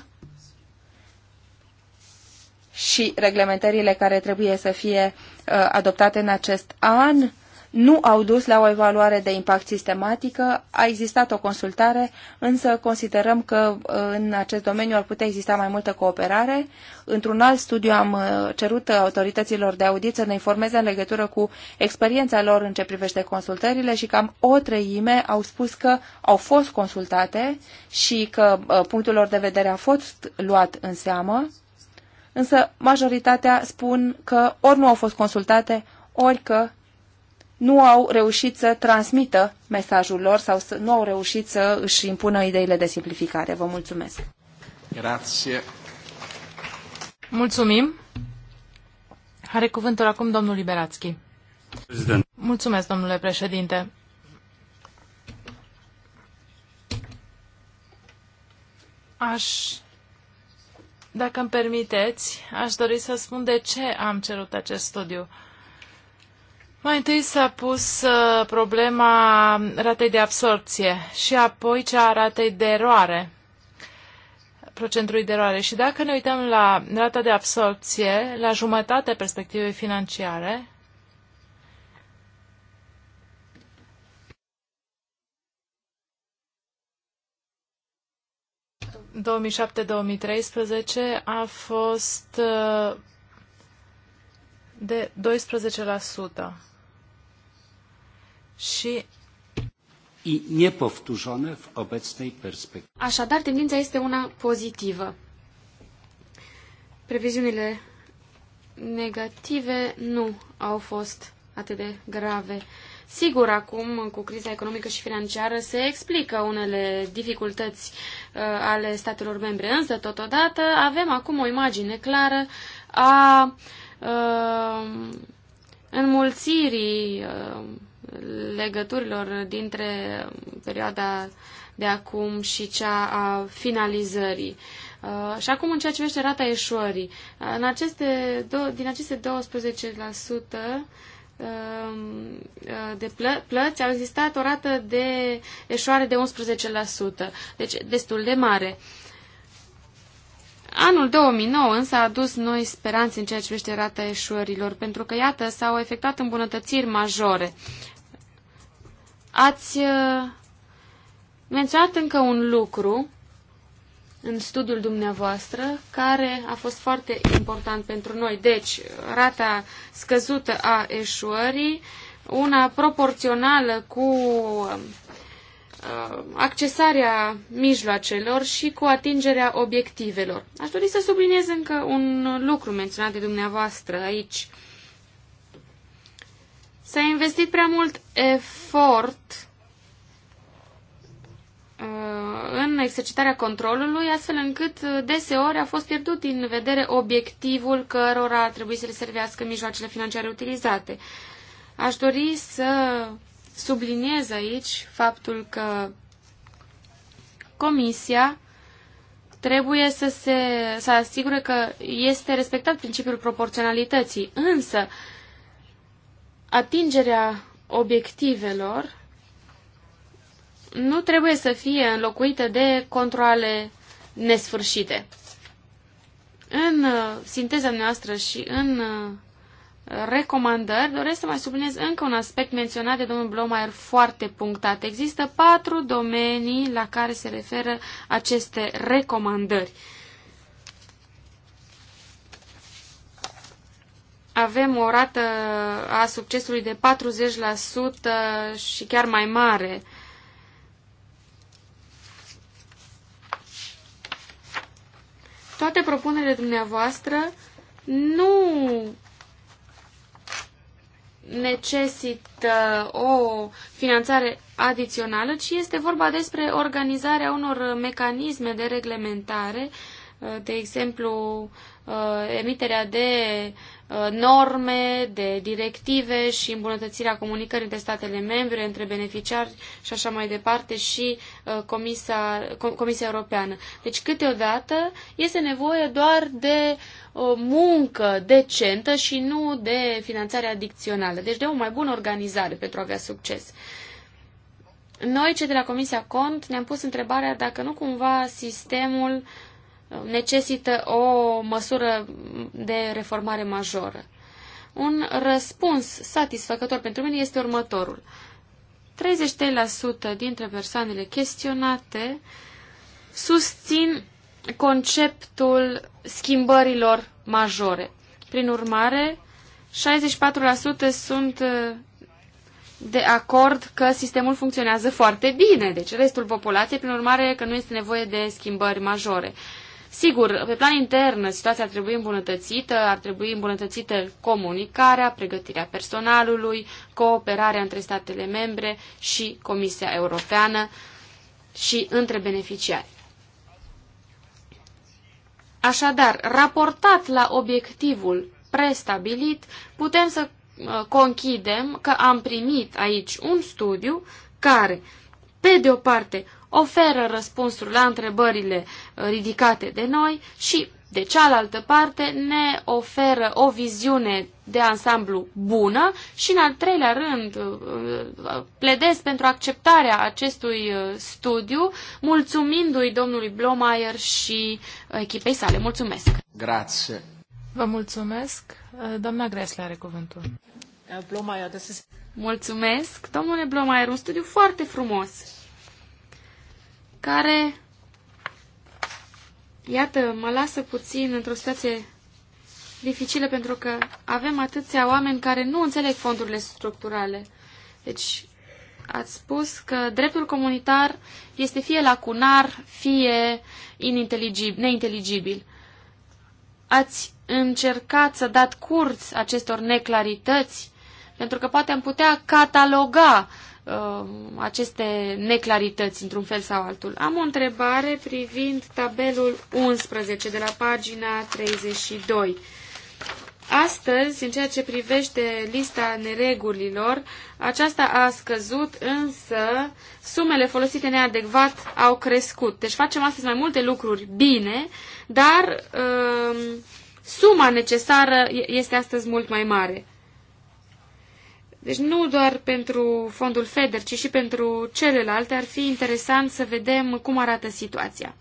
și reglementările care trebuie să fie uh, adoptate în acest an nu au dus la o evaluare de impact sistematică. A existat o consultare, însă considerăm că uh, în acest domeniu ar putea exista mai multă cooperare. Într-un alt studiu am uh, cerut autorităților de audit să ne informeze în legătură cu experiența lor în ce privește consultările și cam o treime au spus că au fost consultate și că uh, punctul lor de vedere a fost luat în seamă. Însă majoritatea spun că ori nu au fost consultate, ori că nu au reușit să transmită mesajul lor sau să, nu au reușit să își impună ideile de simplificare. Vă mulțumesc! Grazie. Mulțumim! Are cuvântul acum domnul Liberațchi. Prezident. Mulțumesc, domnule președinte. Aș, dacă îmi permiteți, aș dori să spun de ce am cerut acest studiu. Uh, mai întâi s-a pus uh, problema ratei de absorpție și apoi cea a ratei de eroare, procentului de eroare. Și dacă ne uităm la rata de absorpție, la jumătate perspectivei financiare, ...2007-2013 a fost uh, de 12% și i niepowtórzone în obecnej perspektywie. Așadar, tendința este una pozitivă. Previziunile negative nu au fost atât de grave. Sigur, acum, cu criza economică și financiară, se explică unele dificultăți uh, ale statelor membre, însă, totodată, avem acum o imagine clară a uh, înmulțirii uh, legăturilor dintre perioada de acum și cea a finalizării. Uh, și acum în ceea ce vește rata eșuării. Uh, în aceste, din aceste 12%, um, uh, de plă- plăți au existat o rată de eșoare de 11%, deci destul de mare. Anul 2009 însă a adus noi speranțe în ceea ce privește rata eșuărilor, pentru că, iată, s-au efectuat îmbunătățiri majore. Ați uh, menționat încă un lucru în studiul dumneavoastră, care a fost foarte important pentru noi. Deci, rata scăzută a eșuării, una proporțională cu uh, accesarea mijloacelor și cu atingerea obiectivelor. Aș dori să subliniez încă un lucru menționat de dumneavoastră aici. S-a investit prea mult efort uh, în exercitarea controlului, astfel încât uh, deseori a fost pierdut din vedere obiectivul cărora trebuie să le servească mijloacele financiare utilizate. Aș dori să subliniez aici faptul că Comisia trebuie să se să asigure că este respectat principiul proporționalității, însă atingerea obiectivelor nu trebuie să fie înlocuită de controle nesfârșite. În uh, sinteza noastră și în uh, recomandări, doresc să mai subliniez încă un aspect menționat de domnul Blomayer foarte punctat. Există patru domenii la care se referă aceste recomandări. Uh, avem o rată a succesului de 40% și chiar mai mare. Toate propunerile dumneavoastră nu necesită o finanțare adițională, ci este vorba despre organizarea unor mecanisme de reglementare, de exemplu Uh, emiterea de uh, norme, de directive și îmbunătățirea comunicării între statele membre, între beneficiari și așa mai departe și uh, Comisia, Comisia Europeană. Deci câteodată este nevoie doar de o muncă decentă și nu de finanțare adicțională, deci de o mai bună organizare pentru a avea succes. Noi, cei de la Comisia Cont, ne-am pus întrebarea dacă nu cumva sistemul uh, necesită o măsură de reformare majoră. Un răspuns satisfăcător pentru mine este următorul. 33% dintre persoanele chestionate susțin conceptul schimbărilor majore. Prin urmare, 64% sunt uh, de acord că sistemul funcționează foarte bine, deci restul populației, prin urmare, că nu este nevoie de schimbări majore. Sigur, pe plan intern situația ar trebui îmbunătățită, ar trebui îmbunătățită comunicarea, pregătirea personalului, cooperarea între statele membre și Comisia Europeană și între beneficiari. Așadar, raportat la obiectivul prestabilit, putem să uh, conchidem că am primit aici un studiu care, pe de o parte, oferă răspunsuri la întrebările uh, ridicate de noi și, de cealaltă parte, ne oferă o viziune de ansamblu bună și, în al treilea rând, uh, uh, pledez pentru acceptarea acestui studiu, mulțumindu-i domnului Blomayer și echipei sale. Mulțumesc! Grație! Vă mulțumesc! Doamna Gresle are cuvântul. Blomayer, this is... Mulțumesc! Domnule Blomayer, un studiu foarte frumos! care, iată, mă lasă puțin într-o situație dificilă pentru că avem atâția oameni care nu înțeleg fondurile structurale. Deci, ați spus că dreptul comunitar este fie lacunar, fie ininteligibil, neinteligibil. Ați încercat să dați curs acestor neclarități? Pentru că poate am putea cataloga Uh, aceste neclarități într-un fel sau altul. Am o întrebare privind tabelul 11 de la pagina 32. Astăzi, în ceea ce privește lista neregulilor, aceasta a scăzut, însă sumele folosite neadecvat au crescut. Deci facem astăzi mai multe lucruri bine, dar uh, suma necesară este astăzi mult mai mare. Deci nu doar pentru fondul FEDER, ci și pentru celelalte ar fi interesant să vedem cum arată situația.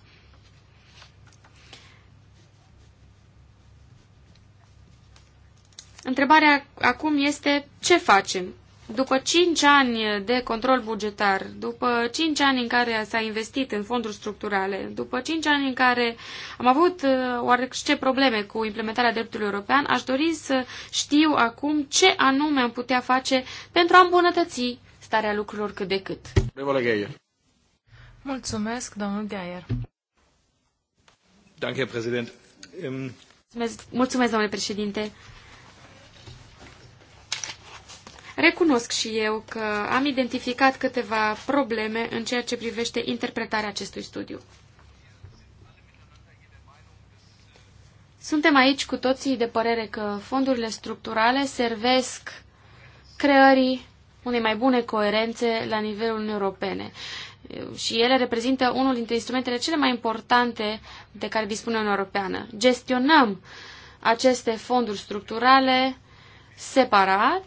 Întrebarea acum este ce facem? După 5 ani de control bugetar, după 5 ani în care s-a investit în fonduri structurale, după 5 ani în care am avut uh, oarece probleme cu implementarea dreptului european, aș dori să știu acum ce anume am putea face pentru a îmbunătăți starea lucrurilor cât de cât. Mulțumesc, domnul Gaier. mulțumesc, domnule președinte. Recunosc și eu că am identificat câteva probleme în ceea ce privește interpretarea acestui studiu. Suntem aici cu toții de părere că fondurile structurale servesc creării unei mai bune coerențe la nivelul Uniunii Europene. Și ele reprezintă unul dintre instrumentele cele mai importante de care dispune Uniunea Europeană. Gestionăm aceste fonduri structurale separat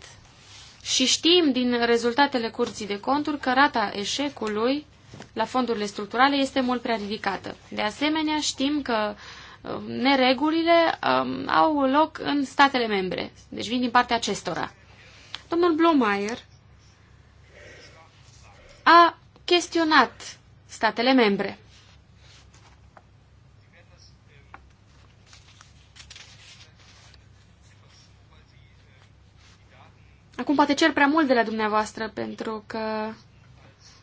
și știm din rezultatele curții de conturi că rata eșecului la fondurile structurale este mult prea ridicată. De asemenea, știm că um, neregulile um, au loc în statele membre, deci vin din partea acestora. Domnul Blomayer a chestionat statele membre. Acum poate cer prea mult de la dumneavoastră, pentru că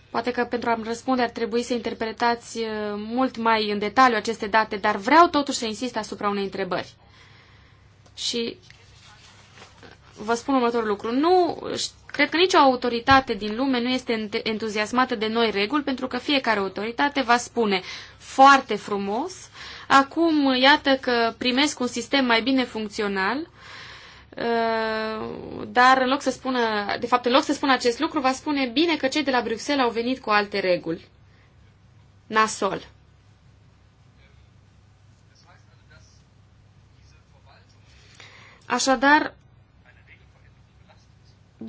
poate că pentru a-mi răspunde ar trebui să interpretați uh, mult mai în detaliu aceste date, dar vreau totuși să insist asupra unei întrebări. Și vă spun următorul lucru. Nu, cred că nicio autoritate din lume nu este entuziasmată de noi reguli, pentru că fiecare autoritate va spune foarte frumos, acum iată că primesc un sistem mai bine funcțional, Uh, dar în loc să spună, de fapt, în loc să spună acest lucru, va spune bine că cei de la Bruxelles au venit cu alte reguli. Nasol. Așadar,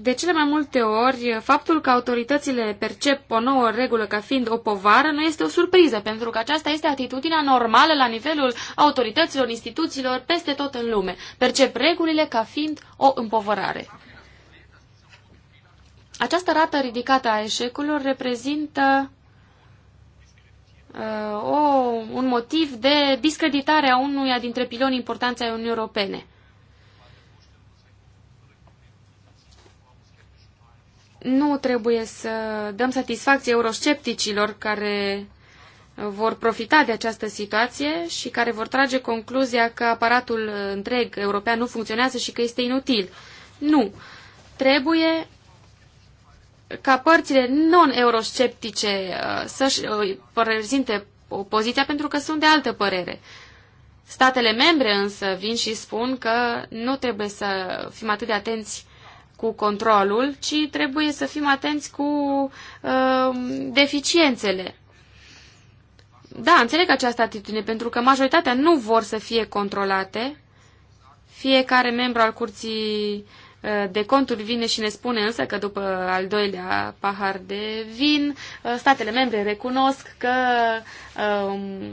de cele mai multe ori, faptul că autoritățile percep o nouă regulă ca fiind o povară nu este o surpriză, pentru că aceasta este atitudinea normală la nivelul autorităților, instituțiilor, peste tot în lume. Percep regulile ca fiind o împovărare. Această rată ridicată a eșecurilor reprezintă uh, o, un motiv de discreditare a unuia dintre pilonii importanței Uniunii Europene. nu trebuie să dăm satisfacție euroscepticilor care vor profita de această situație și care vor trage concluzia că aparatul întreg european nu funcționează și că este inutil. Nu. Trebuie ca părțile non-eurosceptice uh, să-și uh, prezinte poziția pentru că sunt de altă părere. Statele membre însă vin și spun că nu trebuie să fim atât de atenți cu controlul, ci trebuie să fim atenți cu uh, deficiențele. Da, înțeleg această atitudine, pentru că majoritatea nu vor să fie controlate. Fiecare membru al curții uh, de conturi vine și ne spune însă că după al doilea pahar de vin, uh, statele membre recunosc că um,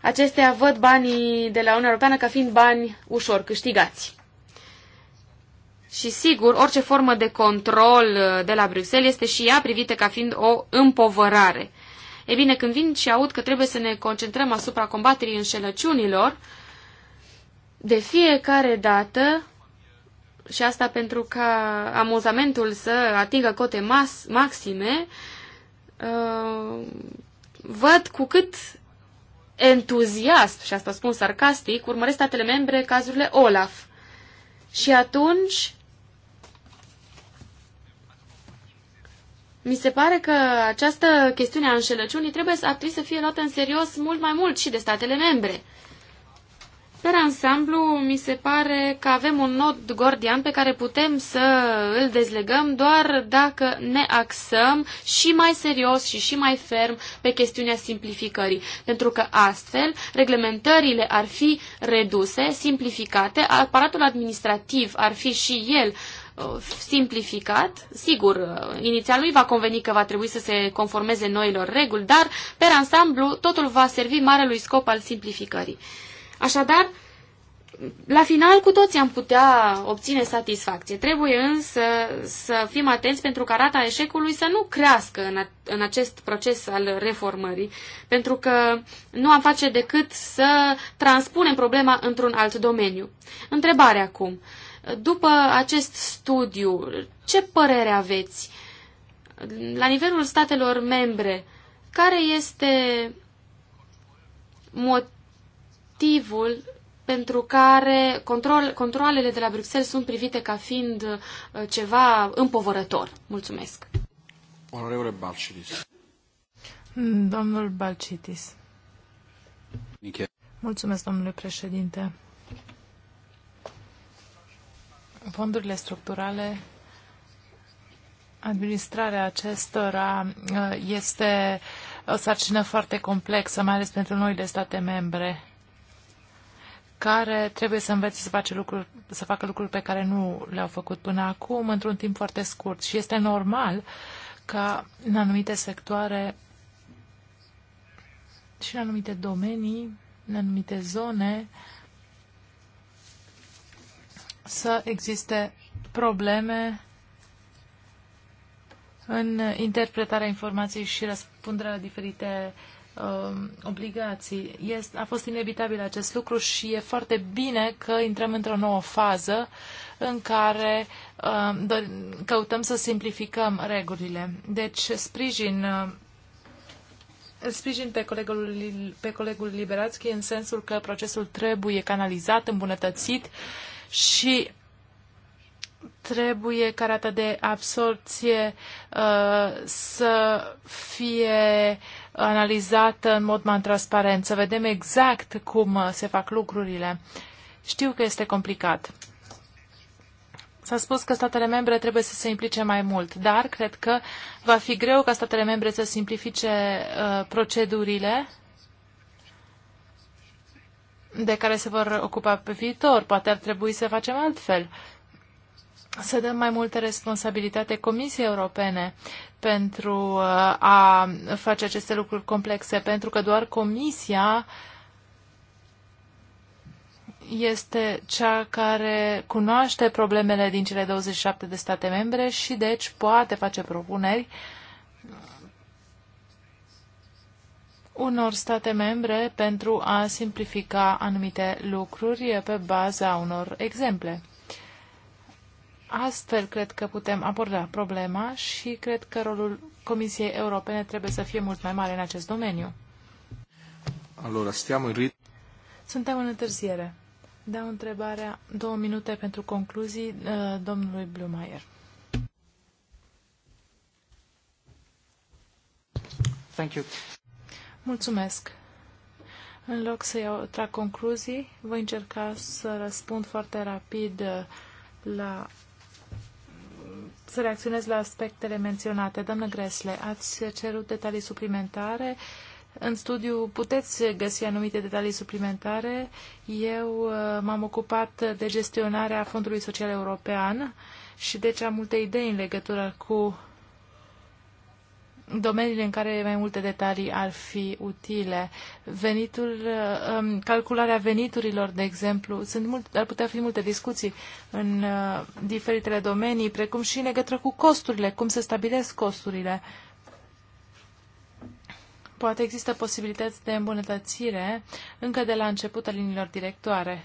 acestea văd banii de la Uniunea Europeană ca fiind bani ușor câștigați. Și sigur, orice formă de control uh, de la Bruxelles este și ea privită ca fiind o împovărare. E bine, când vin și aud că trebuie să ne concentrăm asupra combaterii înșelăciunilor, de fiecare dată, și asta pentru ca amuzamentul să atingă cote mas, maxime, uh, văd cu cât entuziasm, și asta spun sarcastic, urmăresc statele membre cazurile Olaf. Și atunci Mi se pare că această chestiune a înșelăciunii trebuie să, ar trebui să fie luată în serios mult mai mult și de statele membre. Per ansamblu, mi se pare că avem un nod gordian pe care putem să îl dezlegăm doar dacă ne axăm și mai serios și și mai ferm pe chestiunea simplificării. Pentru că astfel, reglementările ar fi reduse, simplificate, aparatul administrativ ar fi și el Uh, simplificat. Sigur, uh, inițial lui va conveni că va trebui să se conformeze noilor reguli, dar, pe ansamblu, totul va servi marelui scop al simplificării. Așadar, la final cu toții am putea obține satisfacție. Trebuie însă să fim atenți pentru ca rata eșecului să nu crească în, a, în acest proces al reformării, pentru că nu am face decât să transpunem problema într-un alt domeniu. Întrebare acum. După acest studiu, ce părere aveți la nivelul statelor membre? Care este motivul pentru care control, controlele de la Bruxelles sunt privite ca fiind uh, ceva împovărător? Mulțumesc. Onorevole Balcitis. Domnul Balcitis. Mulțumesc, domnule președinte fondurile structurale, administrarea acestora uh, este o sarcină foarte complexă, mai ales pentru noi de state membre, care trebuie să învețe să, face lucruri, să facă lucruri pe care nu le-au făcut până acum, într-un timp foarte scurt. Și este normal ca în anumite sectoare și în anumite domenii, în anumite zone, uh, să existe probleme în interpretarea informației și răspunderea la diferite uh, obligații. Este, a fost inevitabil acest lucru și e foarte bine că intrăm într-o nouă fază în care uh, căutăm să simplificăm regulile. Deci sprijin uh, um, îl sprijin pe colegul, pe colegul Liberațchi în sensul că procesul trebuie canalizat, îmbunătățit și trebuie ca rata de absorție uh, să fie analizată în mod mai transparent, să vedem exact cum uh, se fac lucrurile. Știu că este complicat. S-a spus că statele membre trebuie să se implice mai mult, dar cred că va fi greu ca statele membre să simplifice uh, procedurile de care se vor ocupa pe viitor. Poate ar trebui să facem altfel. Să dăm mai multă responsabilitate Comisiei Europene pentru uh, a face aceste lucruri complexe, pentru că doar Comisia este cea care cunoaște problemele din cele 27 de state membre și deci poate face propuneri uh, unor state membre pentru a simplifica anumite lucruri pe baza unor exemple. Astfel cred că putem aborda problema și cred că rolul Comisiei Europene trebuie să fie mult mai mare în acest domeniu. Allora, stiamo in rit- Suntem în întârziere. Dau întrebarea două minute pentru concluzii uh, domnului Blumeier. Thank you. Mulțumesc! În loc să iau, trag concluzii, voi încerca să răspund foarte rapid uh, la să reacționez la aspectele menționate. Doamnă Gresle, ați cerut detalii suplimentare. În studiu puteți găsi anumite detalii suplimentare. Eu uh, m-am ocupat de gestionarea Fondului Social European și deci am multe idei în legătură cu domeniile în care mai multe detalii ar fi utile. Venitul, um, calcularea veniturilor, de exemplu, sunt mult, ar putea fi multe discuții în uh, diferitele domenii, precum și legătură cu costurile, cum se stabilesc costurile. Poate există posibilități de îmbunătățire încă de la începutul liniilor directoare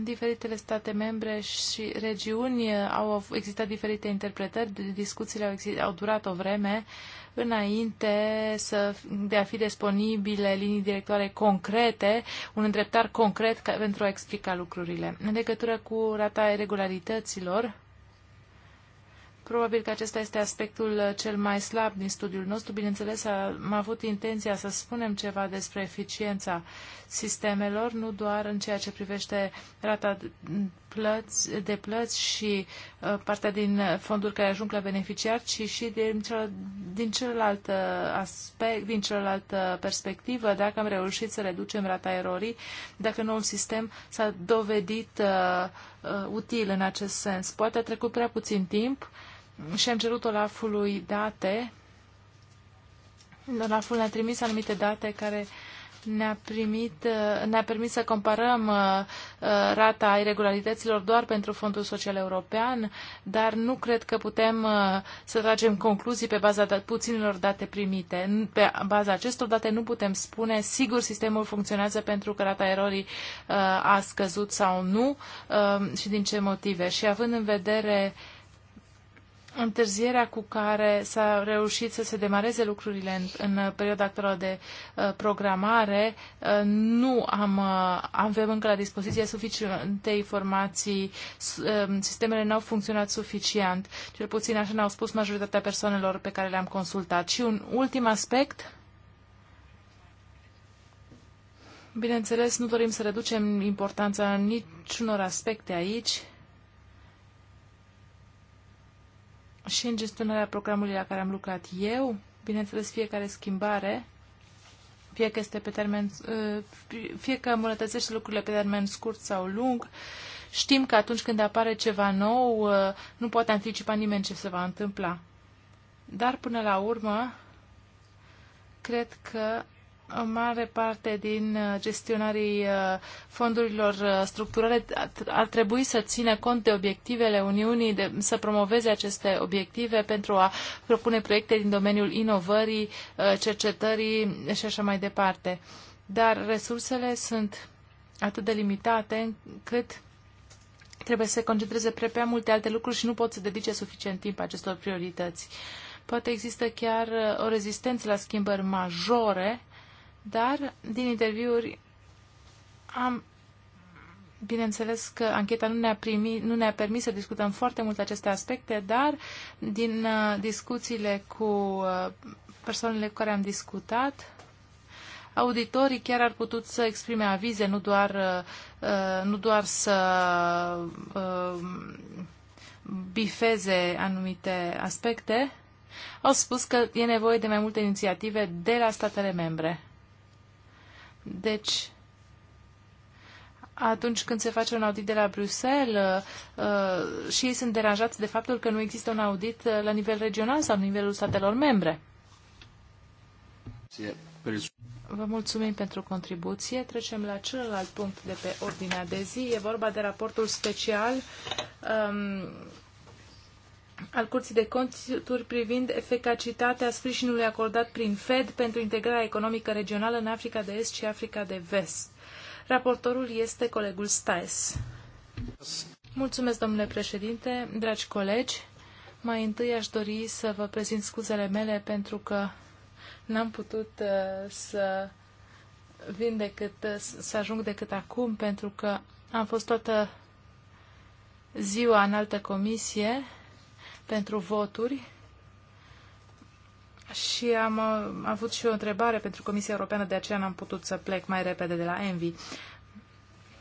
diferitele state membre și regiuni au existat diferite interpretări, discuțiile au, existat, au durat o vreme înainte să, de a fi disponibile linii directoare concrete, un îndreptar concret ca, pentru a explica lucrurile. În legătură cu rata irregularităților, Probabil că acesta este aspectul uh, cel mai slab din studiul nostru. Bineînțeles, am avut intenția să spunem ceva despre eficiența sistemelor, nu doar în ceea ce privește rata plăți, de plăți și uh, partea din fonduri care ajung la beneficiar, ci și din, cel, din celălalt aspect, din celălaltă perspectivă, dacă am reușit să reducem rata erorii, dacă noul sistem s-a dovedit uh, uh, util în acest sens. Poate a trecut prea puțin timp și am cerut Olafului date. Olaful ne-a trimis anumite date care uh, ne-a, primit, uh, ne-a permis să comparăm uh, uh, rata irregularităților doar pentru Fondul Social European, dar nu cred că putem să tragem concluzii pe baza puținilor date primite. Pe baza acestor date nu putem spune sigur sistemul funcționează pentru că rata erorii a scăzut sau nu și din ce motive. Și având în vedere întârzierea cu care s-a reușit să se demareze lucrurile în, în perioada actuală de uh, programare, uh, nu am, uh, avem încă la dispoziție suficiente informații, uh, sistemele nu au funcționat suficient, cel puțin așa ne-au spus majoritatea persoanelor pe care le-am consultat. Și un ultim aspect, bineînțeles, nu dorim să reducem importanța niciunor aspecte aici, și în gestionarea programului la care am lucrat eu, bineînțeles fiecare schimbare, fie că este pe termen, uh, fie că îmbunătățește lucrurile pe termen scurt sau lung, știm că atunci când apare ceva nou, uh, nu poate anticipa nimeni ce se va întâmpla. Dar până la urmă, cred că o mare parte din uh, gestionarii uh, fondurilor uh, structurale ar trebui să țină cont de obiectivele Uniunii, de, să promoveze aceste obiective pentru a propune proiecte din domeniul inovării, cercetării și așa mai departe. Dar resursele sunt atât de limitate încât trebuie să se concentreze pe prea multe alte lucruri și nu pot să dedice suficient timp acestor priorități. Poate există chiar o rezistență la schimbări majore dar din interviuri am Bineînțeles că ancheta nu ne-a, primit, nu ne-a permis să discutăm foarte mult aceste aspecte, dar din uh, discuțiile cu uh, persoanele cu care am discutat, auditorii chiar ar putea să exprime avize, nu doar, uh, nu doar să bifeze anumite aspecte. Au spus că e nevoie de mai multe inițiative de la statele membre. Deci, atunci când se face un audit de la Bruxelles uh, uh, și ei sunt deranjați de faptul că nu există un audit uh, la nivel regional sau la nivelul statelor membre. Vă mulțumim pentru contribuție. Trecem la celălalt punct de pe ordinea de zi. E vorba de raportul special um, al Curții de Conturi privind eficacitatea sprijinului acordat prin FED pentru integrarea economică regională în Africa de Est și Africa de Vest. Raportorul este colegul Staes. Mulțumesc, domnule președinte, dragi colegi. Mai întâi aș dori să vă prezint scuzele mele pentru că n-am putut uh, să vin decât, uh, să ajung decât acum, pentru că am fost toată ziua în altă comisie pentru voturi și uh, am avut și o întrebare pentru Comisia Europeană, de aceea n-am putut să plec mai repede de la Envi.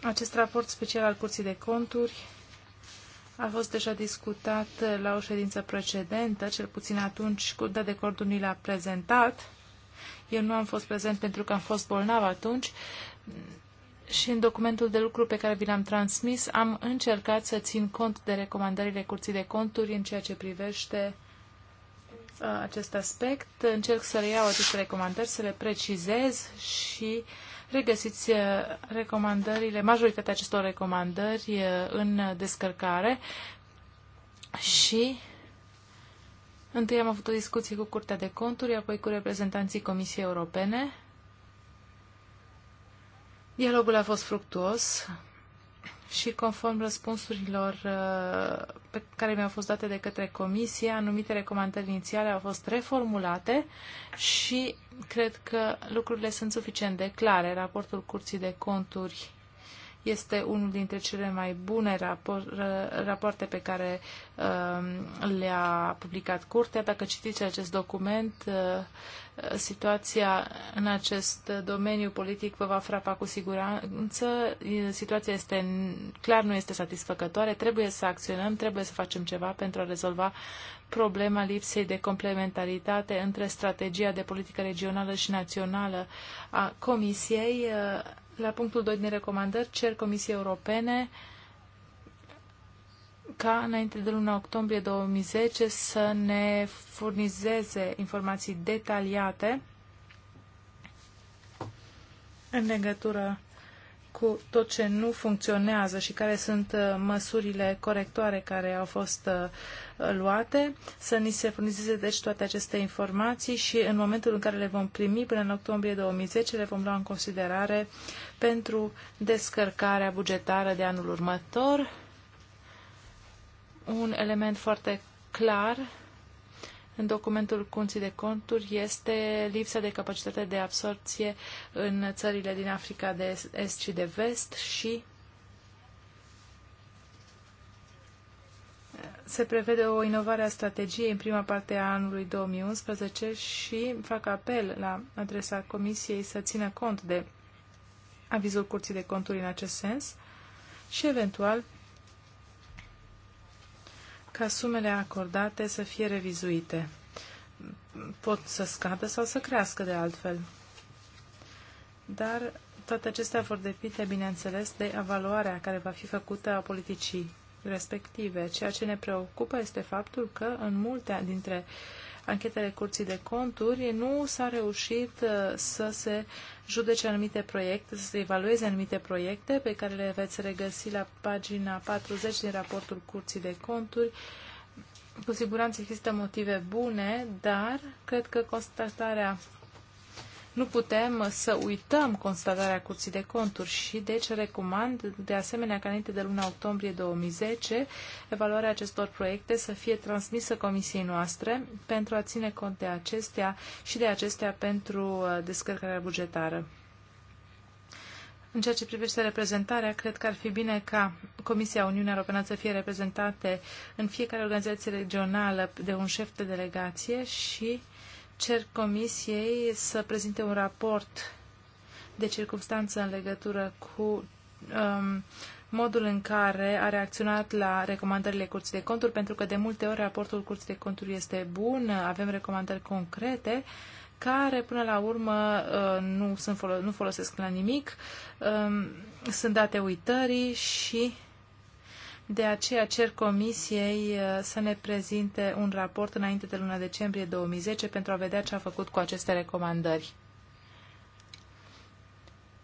Acest raport special al Curții de Conturi a fost deja discutat la o ședință precedentă, cel puțin atunci Curtea de Conturi nu l-a prezentat. Eu nu am fost prezent pentru că am fost bolnav atunci și în documentul de lucru pe care vi l-am transmis am încercat să țin cont de recomandările Curții de Conturi în ceea ce privește acest aspect. Încerc să reiau aceste recomandări, să le precizez și regăsiți recomandările, majoritatea acestor recomandări în descărcare și întâi am avut o discuție cu Curtea de Conturi, apoi cu reprezentanții Comisiei Europene Dialogul a fost fructuos și conform răspunsurilor uh, pe care mi-au fost date de către comisie, anumite recomandări inițiale au fost reformulate și cred că lucrurile sunt suficient de clare. Raportul Curții de Conturi este unul dintre cele mai bune rapoarte pe care um, le-a publicat Curtea. Dacă citiți acest document, uh, situația în acest domeniu politic vă va frapa cu siguranță. Situația este clar nu este satisfăcătoare. Trebuie să acționăm, trebuie să facem ceva pentru a rezolva problema lipsei de complementaritate între strategia de politică regională și națională a Comisiei uh, la punctul 2 din recomandări cer Comisiei Europene ca înainte de luna octombrie 2010 să ne furnizeze informații detaliate în legătură cu tot ce nu funcționează și care sunt uh, măsurile corectoare care au fost uh, luate, să ni se furnizeze deci toate aceste informații și în momentul în care le vom primi până în octombrie 2010 le vom lua în considerare pentru descărcarea bugetară de anul următor. Un element foarte clar în documentul Cunții de Conturi este lipsa de capacitate de absorție în țările din Africa de Est și de Vest și se prevede o inovare a strategiei în prima parte a anului 2011 și fac apel la adresa Comisiei să țină cont de avizul Curții de Conturi în acest sens și eventual ca sumele acordate să fie revizuite. Pot să scadă sau să crească de altfel. Dar toate acestea vor depinde, bineînțeles, de evaluarea care va fi făcută a politicii respective. Ceea ce ne preocupă este faptul că în multe dintre uh, anchetele Curții de Conturi, nu s-a reușit uh, să se judece anumite proiecte, să se evalueze anumite proiecte pe care le veți regăsi la pagina 40 din raportul Curții de Conturi. Cu siguranță există motive bune, dar cred că constatarea nu putem să uităm constatarea Curții de Conturi și deci recomand de asemenea că înainte de luna octombrie 2010 evaluarea acestor proiecte să fie transmisă comisiei noastre pentru a ține cont de acestea și de acestea pentru uh, descărcarea bugetară. În ceea ce privește reprezentarea, cred că ar fi bine ca Comisia Uniunea Europeană să fie reprezentate în fiecare organizație regională de un șef de delegație și cer comisiei să prezinte un raport de circunstanță în legătură cu um, modul în care a reacționat la recomandările Curții de Conturi, pentru că de multe ori raportul Curții de Conturi este bun, avem recomandări concrete, care până la urmă uh, nu, sunt, nu folosesc la nimic, um, sunt date uitării și de aceea cer Comisiei uh, să ne prezinte un raport înainte de luna decembrie 2010 pentru a vedea ce a făcut cu aceste recomandări.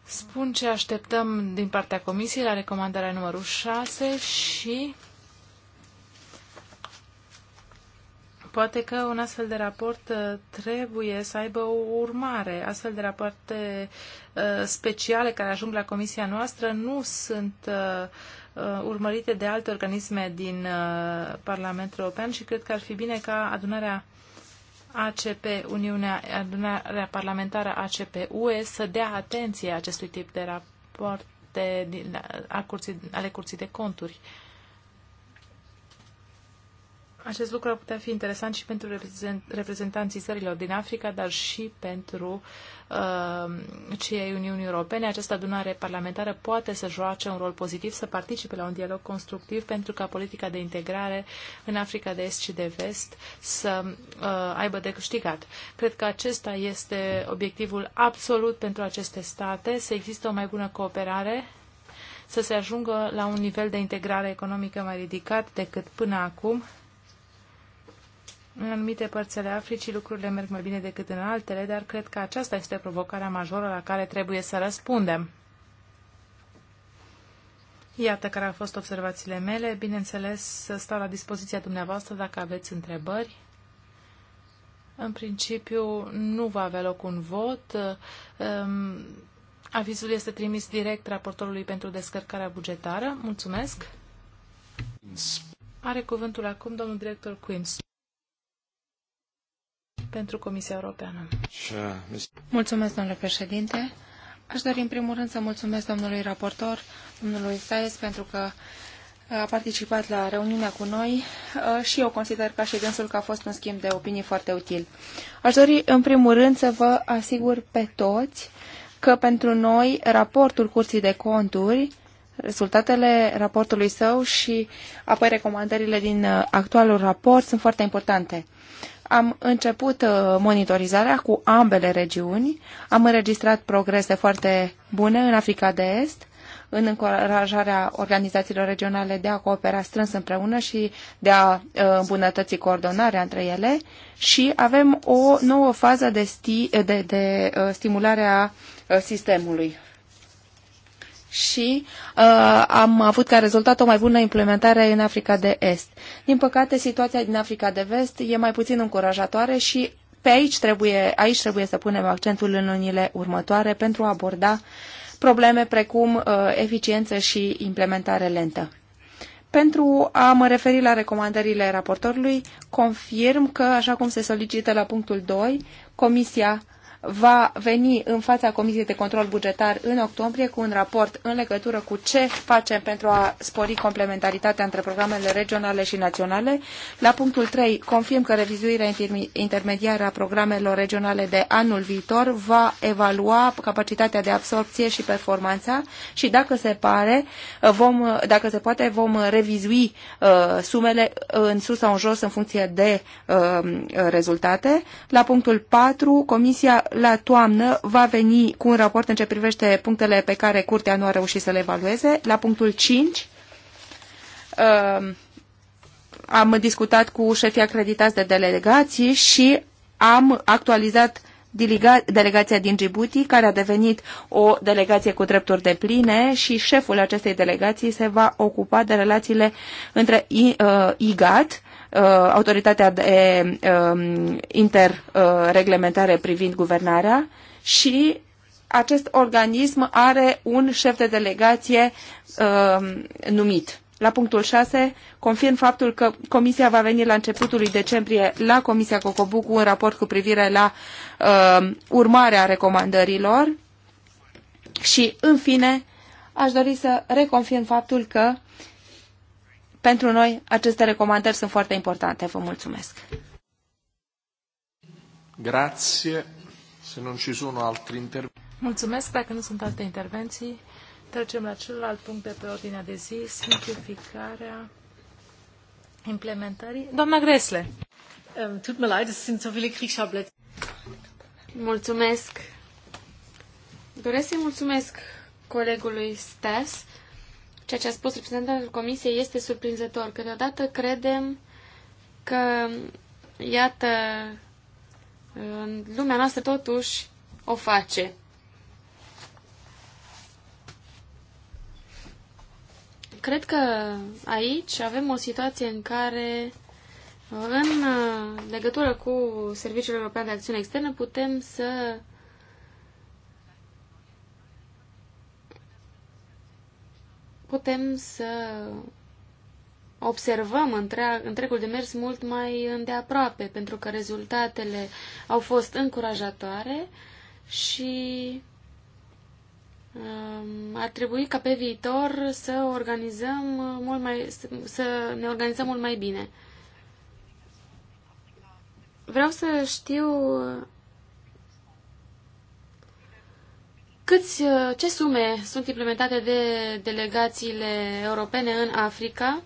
Spun ce așteptăm din partea Comisiei la recomandarea numărul 6 și poate că un astfel de raport uh, trebuie să aibă o urmare. Astfel de rapoarte uh, speciale care ajung la Comisia noastră nu sunt Uh, urmărite de alte organisme din uh, Parlamentul European și cred că ar fi bine ca adunarea ACP, Uniunea, adunarea parlamentară ACP-UE să dea atenție acestui tip de rapoarte din, a curții, ale Curții de Conturi. Acest lucru ar putea fi interesant și pentru reprezentanții țărilor din Africa, dar și pentru uh, cei ai Uniunii Europene. Această adunare parlamentară poate să joace un rol pozitiv, să participe la un dialog constructiv pentru ca politica de integrare în Africa de Est și de Vest să uh, aibă de câștigat. Cred că acesta este obiectivul absolut pentru aceste state, să există o mai bună cooperare să se ajungă la un nivel de integrare economică mai ridicat decât până acum în anumite părți ale Africii lucrurile merg mai bine decât în altele, dar cred că aceasta este provocarea majoră la care trebuie să răspundem. Iată care au fost observațiile mele. Bineînțeles, stau la dispoziția dumneavoastră dacă aveți întrebări. În principiu, nu va avea loc un vot. Ehm, avizul este trimis direct raportorului pentru descărcarea bugetară. Mulțumesc! Are cuvântul acum domnul director Quims pentru Comisia Europeană. Uh, mulțumesc, domnule președinte. Aș dori în primul rând să mulțumesc domnului raportor, domnului Saez, pentru că a participat la reuniunea cu noi uh, și eu consider ca și dânsul că a fost un schimb de opinii foarte util. Aș dori în primul rând să vă asigur pe toți că pentru noi raportul Curții de Conturi rezultatele raportului său și apoi recomandările din uh, actualul raport sunt foarte importante. Am început uh, monitorizarea cu ambele regiuni, am înregistrat progrese foarte bune în Africa de Est, în încurajarea organizațiilor regionale de a coopera strâns împreună și de a uh, îmbunătăți coordonarea între ele și avem o nouă fază de, sti, de, de stimulare a sistemului și uh, am avut ca rezultat o mai bună implementare în Africa de Est. Din păcate, situația din Africa de Vest e mai puțin încurajatoare și pe aici trebuie, aici trebuie să punem accentul în lunile următoare pentru a aborda probleme precum uh, eficiență și implementare lentă. Pentru a mă referi la recomandările raportorului, confirm că, așa cum se solicită la punctul 2, Comisia va veni în fața Comisiei de Control Bugetar în octombrie cu un raport în legătură cu ce facem pentru a spori complementaritatea între programele regionale și naționale. La punctul 3, confirm că revizuirea intermediară a programelor regionale de anul viitor va evalua capacitatea de absorpție și performanța și dacă se pare, vom, dacă se poate, vom revizui uh, sumele în sus sau în jos în funcție de uh, rezultate. La punctul 4, Comisia la toamnă va veni cu un raport în ce privește punctele pe care curtea nu a reușit să le evalueze. La punctul 5 uh, am discutat cu șefii acreditați de delegații și am actualizat delegația din Djibouti, care a devenit o delegație cu drepturi de pline și șeful acestei delegații se va ocupa de relațiile între IGAT uh, Uh, autoritatea de um, interreglementare privind guvernarea și acest organism are un șef de delegație um, numit. La punctul 6, confirm faptul că Comisia va veni la începutul lui decembrie la Comisia Cocobu cu un raport cu privire la uh, urmarea recomandărilor. Și, în fine, aș dori să reconfirm faptul că pentru noi aceste recomandări sunt foarte importante. Vă mulțumesc. Grazie. Se non ci sono altri interventi. Mulțumesc. Dacă nu sunt alte intervenții, trecem la celălalt punct de pe ordinea de zi, simplificarea implementării. Doamna Gresle. Ehm, tut mir leid, es sind so viele Kriegsschauplätze. Mulțumesc. Doresc să-i mulțumesc colegului Stas ceea ce a spus reprezentantul Comisiei este surprinzător. Câteodată credem că, iată, lumea noastră totuși o face. Cred că aici avem o situație în care, în legătură cu Serviciul European de Acțiune Externă, putem să putem să observăm întreag, întregul demers mult mai îndeaproape, pentru că rezultatele au fost încurajatoare și um, ar trebui ca pe viitor să organizăm mult mai, să ne organizăm mult mai bine. Vreau să știu Câți, uh, ce sume sunt implementate de delegațiile europene în Africa?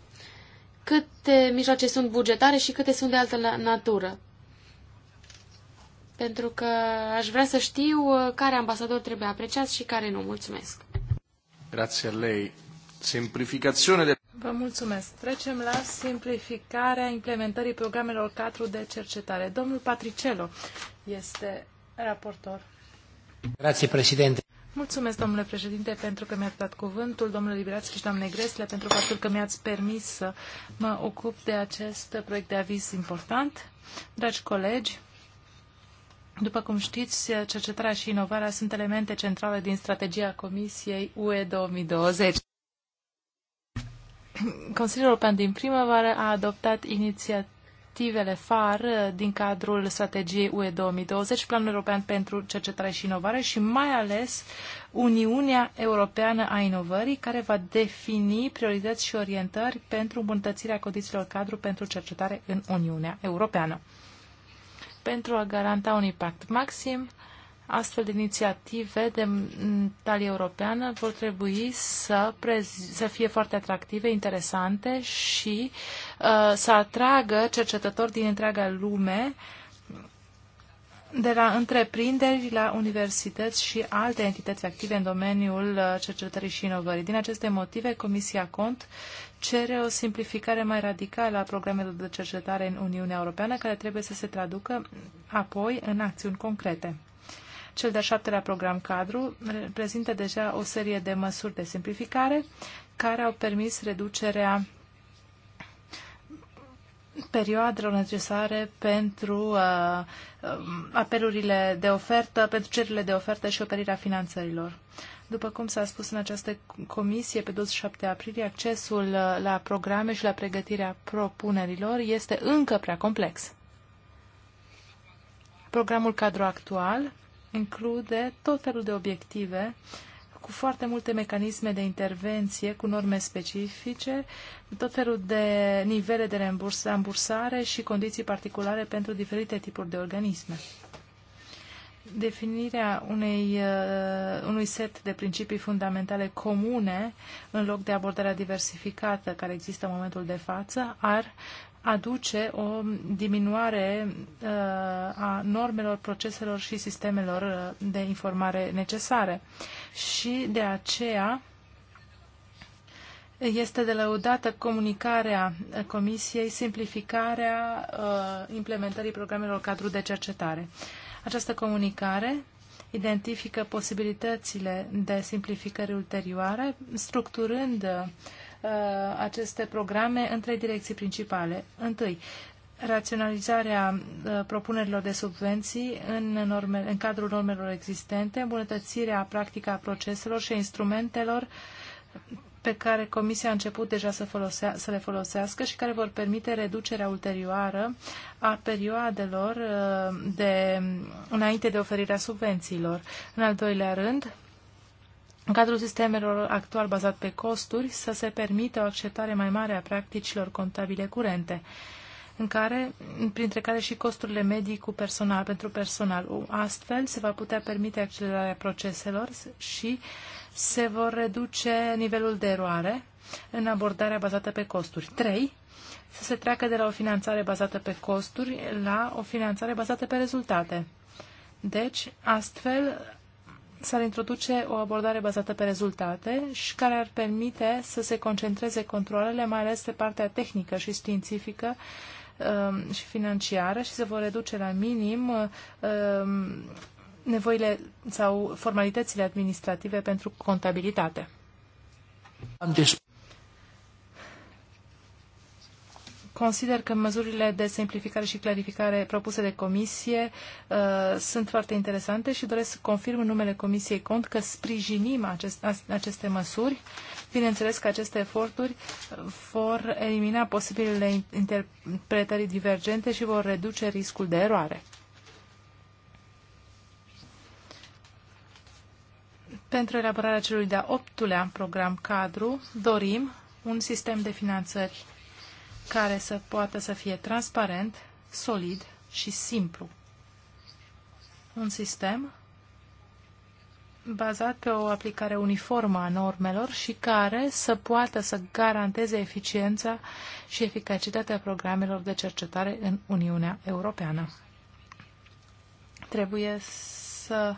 Câte mijloace sunt bugetare și câte sunt de altă natură? Pentru că aș vrea să știu uh, care ambasador trebuie apreciat și care nu. Mulțumesc. Grazie a lei. Simplificazione de... Vă mulțumesc. Trecem la simplificarea implementării programelor 4 de cercetare. Domnul Patricello este raportor. Grazie, președinte. Mulțumesc, domnule președinte, pentru că mi-ați dat cuvântul, domnule Liberațchi și doamne Gresle, pentru faptul că mi-ați permis să mă ocup de acest proiect de aviz important. Dragi colegi, după cum știți, cercetarea și inovarea sunt elemente centrale din strategia Comisiei UE 2020. Consiliul European din primăvară a adoptat inițiativa obiectivele far uh, din cadrul strategiei UE 2020, Planul European pentru Cercetare și Inovare și mai ales Uniunea Europeană a Inovării, care va defini priorități și orientări pentru îmbunătățirea condițiilor cadru pentru cercetare în Uniunea Europeană. Pentru a garanta un impact maxim, astfel de inițiative de talie europeană vor trebui să, să fie foarte atractive, interesante și uh, să atragă cercetători din întreaga lume de la întreprinderi la universități și alte entități active în domeniul uh, cercetării și inovării. Din aceste motive, Comisia Cont cere o simplificare mai radicală a programelor de cercetare în Uniunea Europeană, care trebuie să se traducă apoi în acțiuni concrete. Cel de-al șaptelea program cadru reprezintă deja o serie de măsuri de simplificare care au permis reducerea perioadelor necesare pentru uh, uh apelurile de ofertă, pentru cererile de ofertă și oferirea finanțărilor. După cum s-a spus în această comisie, pe 27 aprilie, accesul uh, la programe și la pregătirea propunerilor este încă prea complex. Programul cadru actual include tot felul de obiective cu foarte multe mecanisme de intervenție, cu norme specifice, tot felul de nivele de rambursare și condiții particulare pentru diferite tipuri de organisme. Definirea unei, uh, unui set de principii fundamentale comune în loc de abordarea diversificată care există în momentul de față ar aduce o diminuare uh, a normelor, proceselor și sistemelor uh, de informare necesare. Și de aceea este de lăudată comunicarea Comisiei, simplificarea uh, implementării programelor cadru de cercetare. Această comunicare identifică posibilitățile de simplificări ulterioare, structurând uh, Uh, aceste programe în trei direcții principale. Întâi, raționalizarea uh, propunerilor de subvenții în, norme, în cadrul normelor existente, îmbunătățirea practică a proceselor și a instrumentelor pe care Comisia a început deja să, folosea, să le folosească și care vor permite reducerea ulterioară a perioadelor uh, de, înainte de oferirea subvențiilor. În al doilea rând, în cadrul sistemelor actual bazat pe costuri, să se permită o acceptare mai mare a practicilor contabile curente, în care, printre care și costurile medii cu personal pentru personal. Astfel, se va putea permite accelerarea proceselor și se vor reduce nivelul de eroare în abordarea bazată pe costuri. 3. Să se treacă de la o finanțare bazată pe costuri la o finanțare bazată pe rezultate. Deci, astfel, s-ar introduce o abordare bazată pe rezultate și care ar permite să se concentreze controlele, mai ales pe partea tehnică și științifică um, și financiară și se vor reduce la minim um, nevoile sau formalitățile administrative pentru contabilitate. Consider că măsurile de simplificare și clarificare propuse de comisie uh, sunt foarte interesante și doresc să confirm în numele Comisiei Cont că sprijinim acest, aceste măsuri. Bineînțeles că aceste eforturi uh, vor elimina posibilele interpretări divergente și vor reduce riscul de eroare. Pentru elaborarea celui de-a optulea program cadru dorim un sistem de finanțări care să poată să fie transparent, solid și simplu. Un sistem bazat pe o aplicare uniformă a normelor și care să poată să garanteze eficiența și eficacitatea programelor de cercetare în Uniunea Europeană. Trebuie să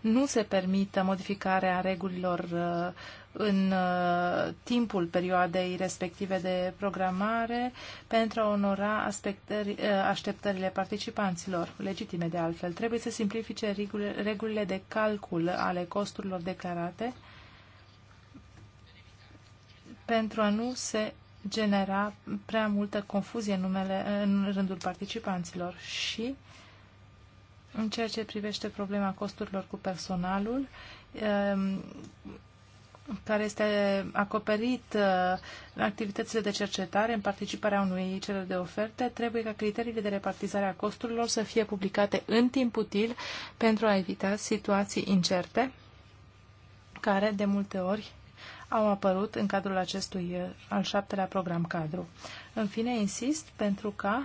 nu se permită modificarea regulilor uh, în uh, timpul perioadei respective de programare pentru a onora uh, așteptările participanților, legitime de altfel. Trebuie să simplifice regulile de calcul ale costurilor declarate pentru a nu se genera prea multă confuzie în, numele, în rândul participanților și în ceea ce privește problema costurilor cu personalul, um, care este acoperit uh, în activitățile de cercetare, în participarea unui cerere de oferte, trebuie ca criteriile de repartizare a costurilor să fie publicate în timp util pentru a evita situații incerte, care de multe ori au apărut în cadrul acestui uh, al șaptelea program cadru. În fine, insist pentru ca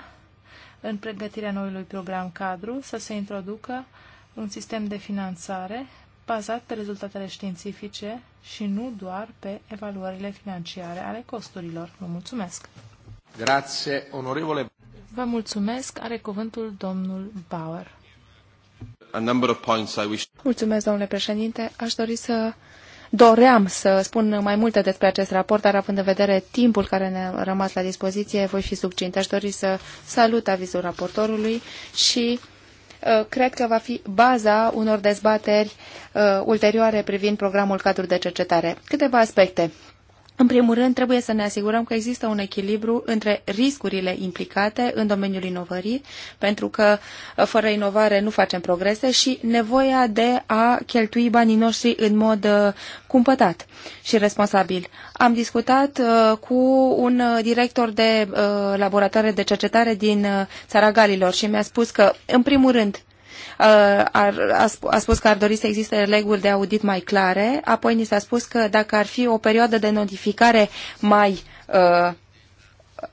în pregătirea noului program cadru să se introducă un sistem de finanțare bazat pe rezultatele științifice și nu doar pe evaluările financiare ale costurilor. Vă mulțumesc! Grazie, onorevole. Vă mulțumesc. Are cuvântul domnul Bauer. A number of points I wish... Mulțumesc, domnule președinte. Aș dori să doream să spun mai multe despre acest raport, dar având în vedere timpul care ne-a rămas la dispoziție, voi fi succint. Aș dori să salut avizul raportorului și Uh, cred că va fi baza unor dezbateri uh, ulterioare privind programul cadru de cercetare. Câteva aspecte în primul rând, trebuie să ne asigurăm că există un echilibru între riscurile implicate în domeniul inovării, pentru că uh, fără inovare nu facem progrese și nevoia de a cheltui banii noștri în mod uh, cumpătat și responsabil. Am discutat uh, cu un director de laboratoare de cercetare din țara Galilor și mi-a spus că, în primul rând, Uh, a spus că ar dori să existe reguli de audit mai clare, apoi ni s-a spus că dacă ar fi o perioadă de notificare mai uh,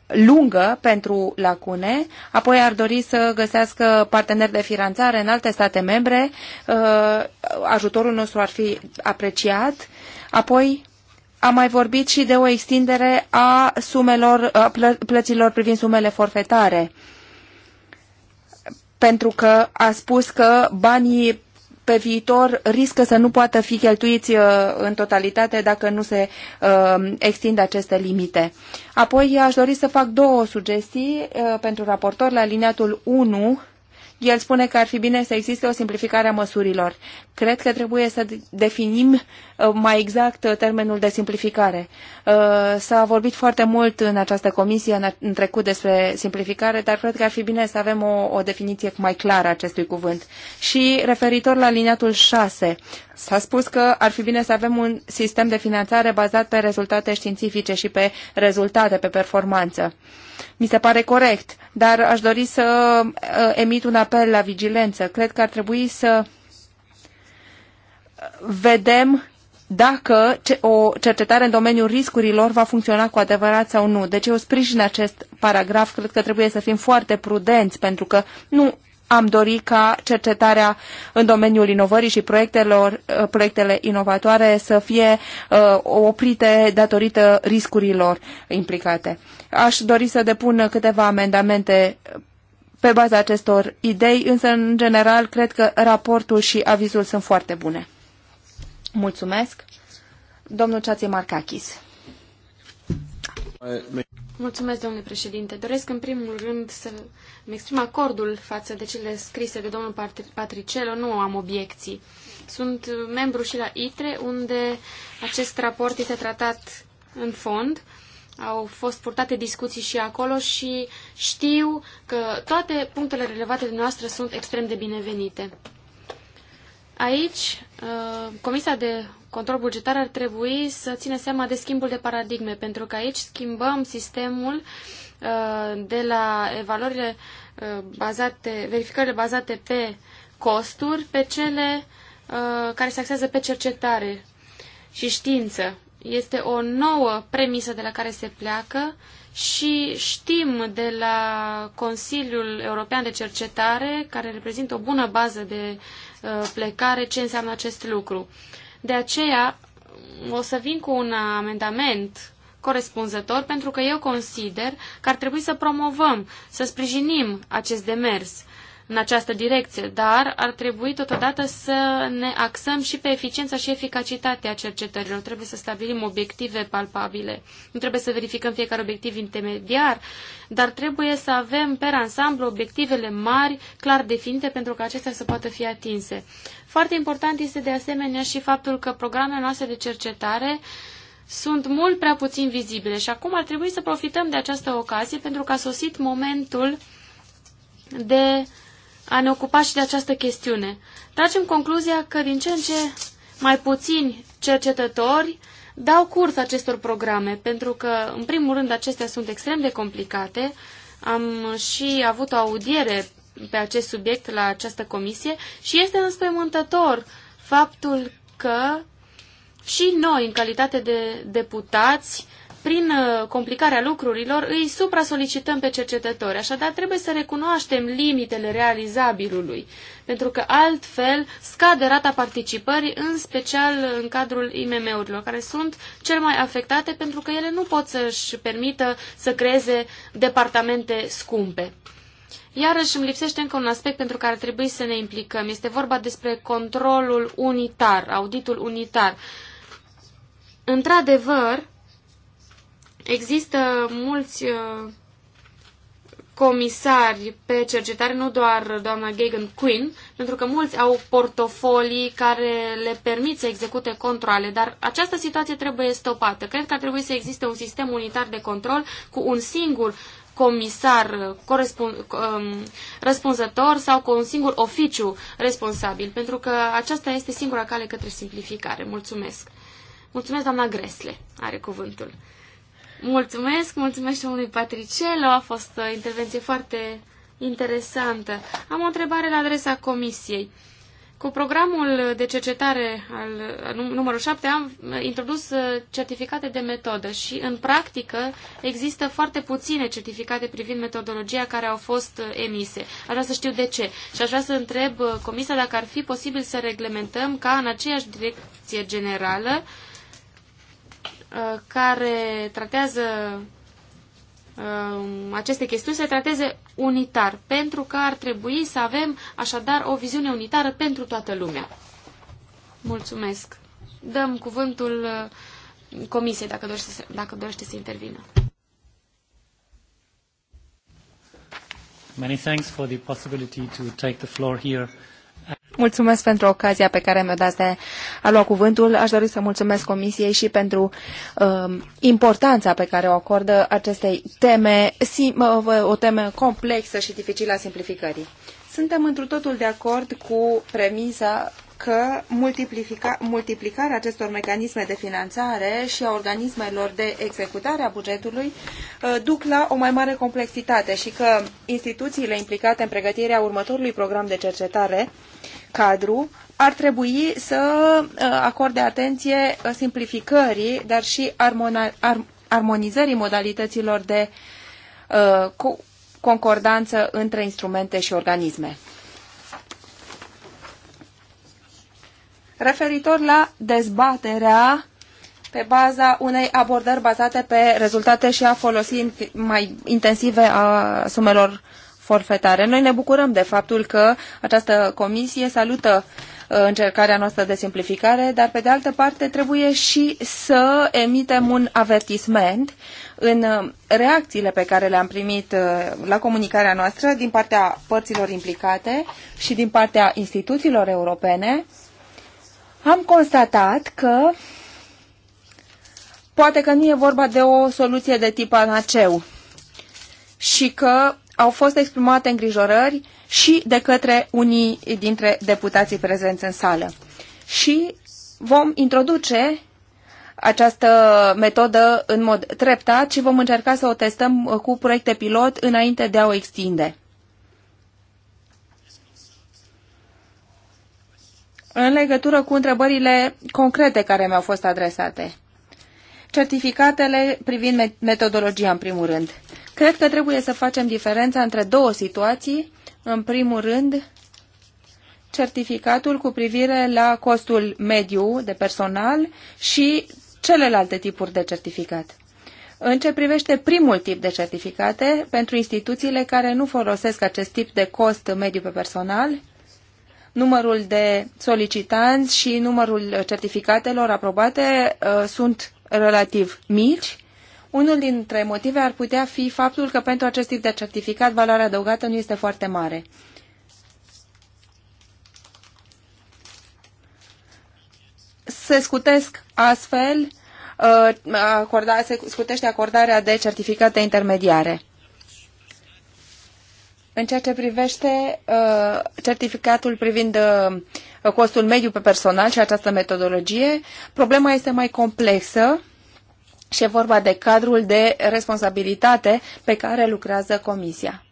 lungă pentru lacune, apoi ar dori să găsească parteneri de finanțare în alte state membre, uh, ajutorul nostru ar fi apreciat, apoi am mai vorbit și de o extindere a sumelor, plăților privind sumele forfetare pentru că a spus că banii pe viitor riscă să nu poată fi cheltuiți uh, în totalitate dacă nu se uh, extind aceste limite. Apoi aș dori să fac două sugestii uh, pentru raportor la liniatul 1 el spune că ar fi bine să existe o simplificare a măsurilor. Cred că trebuie să definim uh, mai exact uh, termenul de simplificare. Uh, s-a vorbit foarte mult în această comisie în trecut despre simplificare, dar cred că ar fi bine să avem o, o definiție mai clară a acestui cuvânt. Și referitor la liniatul 6, S-a spus că ar fi bine să avem un sistem de finanțare bazat pe rezultate științifice și pe rezultate, pe performanță. Mi se pare corect, dar aș dori să uh, emit un apel la vigilență. Cred că ar trebui să vedem dacă o cercetare în domeniul riscurilor va funcționa cu adevărat sau nu. Deci eu sprijin acest paragraf, cred că trebuie să fim foarte prudenți, pentru că nu am dori ca cercetarea în domeniul inovării și proiectelor, uh, proiectele inovatoare să fie uh, oprite datorită riscurilor implicate. Aș dori să depun câteva amendamente pe baza acestor idei, însă, în general, cred că raportul și avizul sunt foarte bune. Mulțumesc. Domnul Ceație Marcachis. Mulțumesc, domnule președinte. Doresc în primul rând să îmi exprim acordul față de cele scrise de domnul Patricello. Nu am obiecții. Sunt membru și la ITRE, unde acest raport este tratat în fond. Au fost purtate discuții și acolo și știu că toate punctele relevate de noastră sunt extrem de binevenite. Aici, uh, Comisia de Control Bugetar ar trebui să țină seama de schimbul de paradigme, pentru că aici schimbăm sistemul uh, de la evaluările uh, bazate, verificările bazate pe costuri, pe cele care se axează pe cercetare și știință. Este o nouă premisă de la care se pleacă și știm de la Consiliul European de Cercetare, care reprezintă o bună bază de uh, Uh, plecare ce înseamnă acest lucru. De aceea o să vin cu un amendament corespunzător pentru că eu consider că ar trebui să promovăm, să sprijinim acest demers în această direcție, dar ar trebui totodată să ne axăm și pe eficiența și eficacitatea cercetărilor. Trebuie să stabilim obiective palpabile. Nu trebuie să verificăm fiecare obiectiv intermediar, dar trebuie să avem per ansamblu obiectivele mari, clar definite, pentru că acestea să poată fi atinse. Foarte important este de asemenea și faptul că programele noastre de cercetare sunt mult prea puțin vizibile și acum ar trebui să profităm de această ocazie pentru că a sosit momentul de a ne ocupa și de această chestiune. Tragem concluzia că din ce în ce mai puțini cercetători dau curs acestor programe, pentru că, în primul rând, acestea sunt extrem de complicate. Am și avut o audiere pe acest subiect la această comisie și este înspăimântător faptul că și noi, în calitate de deputați, prin uh, complicarea lucrurilor, îi supra-solicităm pe cercetători. Așadar, trebuie să recunoaștem limitele realizabilului, pentru că altfel scade rata participării, în special în cadrul IMM-urilor, care sunt cel mai afectate pentru că ele nu pot să-și permită să creeze departamente scumpe. Iarăși îmi lipsește încă un aspect pentru care ar trebui să ne implicăm. Este vorba despre controlul unitar, auditul unitar. Într-adevăr, Există mulți uh, comisari pe cercetare, nu doar doamna Gagan Quinn, pentru că mulți au portofolii care le permit să execute controle, dar această situație trebuie stopată. Cred că ar trebui să existe un sistem unitar de control cu un singur comisar um, răspunzător sau cu un singur oficiu responsabil, pentru că aceasta este singura cale către simplificare. Mulțumesc! Mulțumesc, doamna Gresle, are cuvântul. Mulțumesc, mulțumesc domnului Patricello, a fost o intervenție foarte interesantă. Am o întrebare la adresa comisiei. Cu programul de cercetare al numărul 7 am introdus uh, certificate de metodă și în practică există foarte puține certificate privind metodologia care au fost uh, emise. Aș vrea să știu de ce și aș vrea să întreb uh, Comisia dacă ar fi posibil să reglementăm ca în aceeași direcție generală uh, Uh, care tratează uh, aceste chestiuni se trateze unitar, pentru că ar trebui să avem așadar o viziune unitară pentru toată lumea. Mulțumesc. Dăm cuvântul uh, comisiei dacă dorește să, dacă dorește să intervină. Many thanks for the possibility to take the floor here. Mulțumesc pentru ocazia pe care mi-o dați de a lua cuvântul. Aș dori să mulțumesc Comisiei și pentru uh, importanța pe care o acordă acestei teme, sim, uh, o temă complexă și dificilă a simplificării. Suntem întru totul de acord cu premisa că multiplicarea acestor mecanisme de finanțare și a organismelor de executare a bugetului uh, duc la o mai mare complexitate și că instituțiile implicate în pregătirea următorului program de cercetare cadru ar trebui să uh, acorde atenție simplificării, dar și armonizării modalităților de uh, concordanță între instrumente și organisme. referitor la dezbaterea pe baza unei abordări bazate pe rezultate și a folosirii mai intensive a sumelor forfetare. Noi ne bucurăm de faptul că această comisie salută uh, încercarea noastră de simplificare, dar pe de altă parte trebuie și să emitem un avertisment în uh, reacțiile pe care le-am primit uh, la comunicarea noastră din partea părților implicate și din partea instituțiilor europene am constatat că poate că nu e vorba de o soluție de tip anaceu și că au fost exprimate îngrijorări și de către unii dintre deputații prezenți în sală. Și vom introduce această metodă în mod treptat și vom încerca să o testăm cu proiecte pilot înainte de a o extinde. în legătură cu întrebările concrete care mi-au fost adresate. Certificatele privind metodologia, în primul rând. Cred că trebuie să facem diferența între două situații. În primul rând, certificatul cu privire la costul mediu de personal și celelalte tipuri de certificat. În ce privește primul tip de certificate, pentru instituțiile care nu folosesc acest tip de cost mediu pe personal, numărul de solicitanți și numărul certificatelor aprobate uh, sunt relativ mici. Unul dintre motive ar putea fi faptul că pentru acest tip de certificat valoarea adăugată nu este foarte mare. Se scutesc astfel, uh, acorda, se scutește acordarea de certificate intermediare. În ceea ce privește uh, certificatul privind uh, costul mediu pe personal și această metodologie, problema este mai complexă și e vorba de cadrul de responsabilitate pe care lucrează Comisia.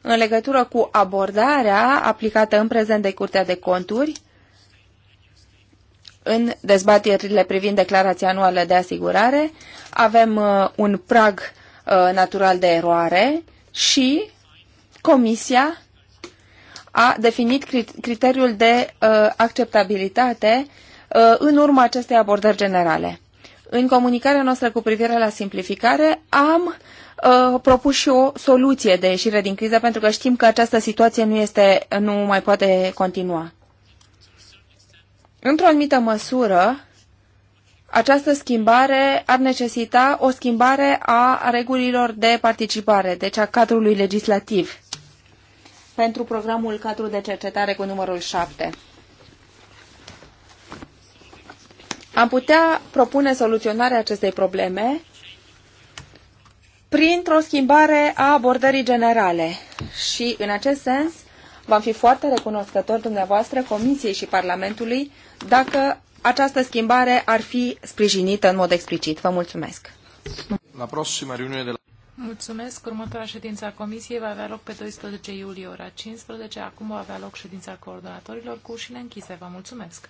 În legătură cu abordarea aplicată în prezent de Curtea de Conturi, în dezbaterile privind declarația anuală de asigurare, avem uh, un prag uh, natural de eroare și Comisia a definit criteriul de uh, acceptabilitate uh, în urma acestei abordări generale. În comunicarea noastră cu privire la simplificare am uh, propus și o soluție de ieșire din criză pentru că știm că această situație nu, este, nu mai poate continua. Într-o anumită măsură, această schimbare ar necesita o schimbare a regulilor de participare, deci a cadrului legislativ pentru programul cadru de cercetare cu numărul 7. Am putea propune soluționarea acestei probleme printr-o schimbare a abordării generale și, în acest sens, vom fi foarte recunoscători dumneavoastră, Comisiei și Parlamentului, dacă această schimbare ar fi sprijinită în mod explicit. Vă mulțumesc! La, la... Mulțumesc. Următoarea ședință a Comisiei va avea loc pe 12 iulie, ora 15. Acum va avea loc ședința coordonatorilor cu ușile închise. Vă mulțumesc.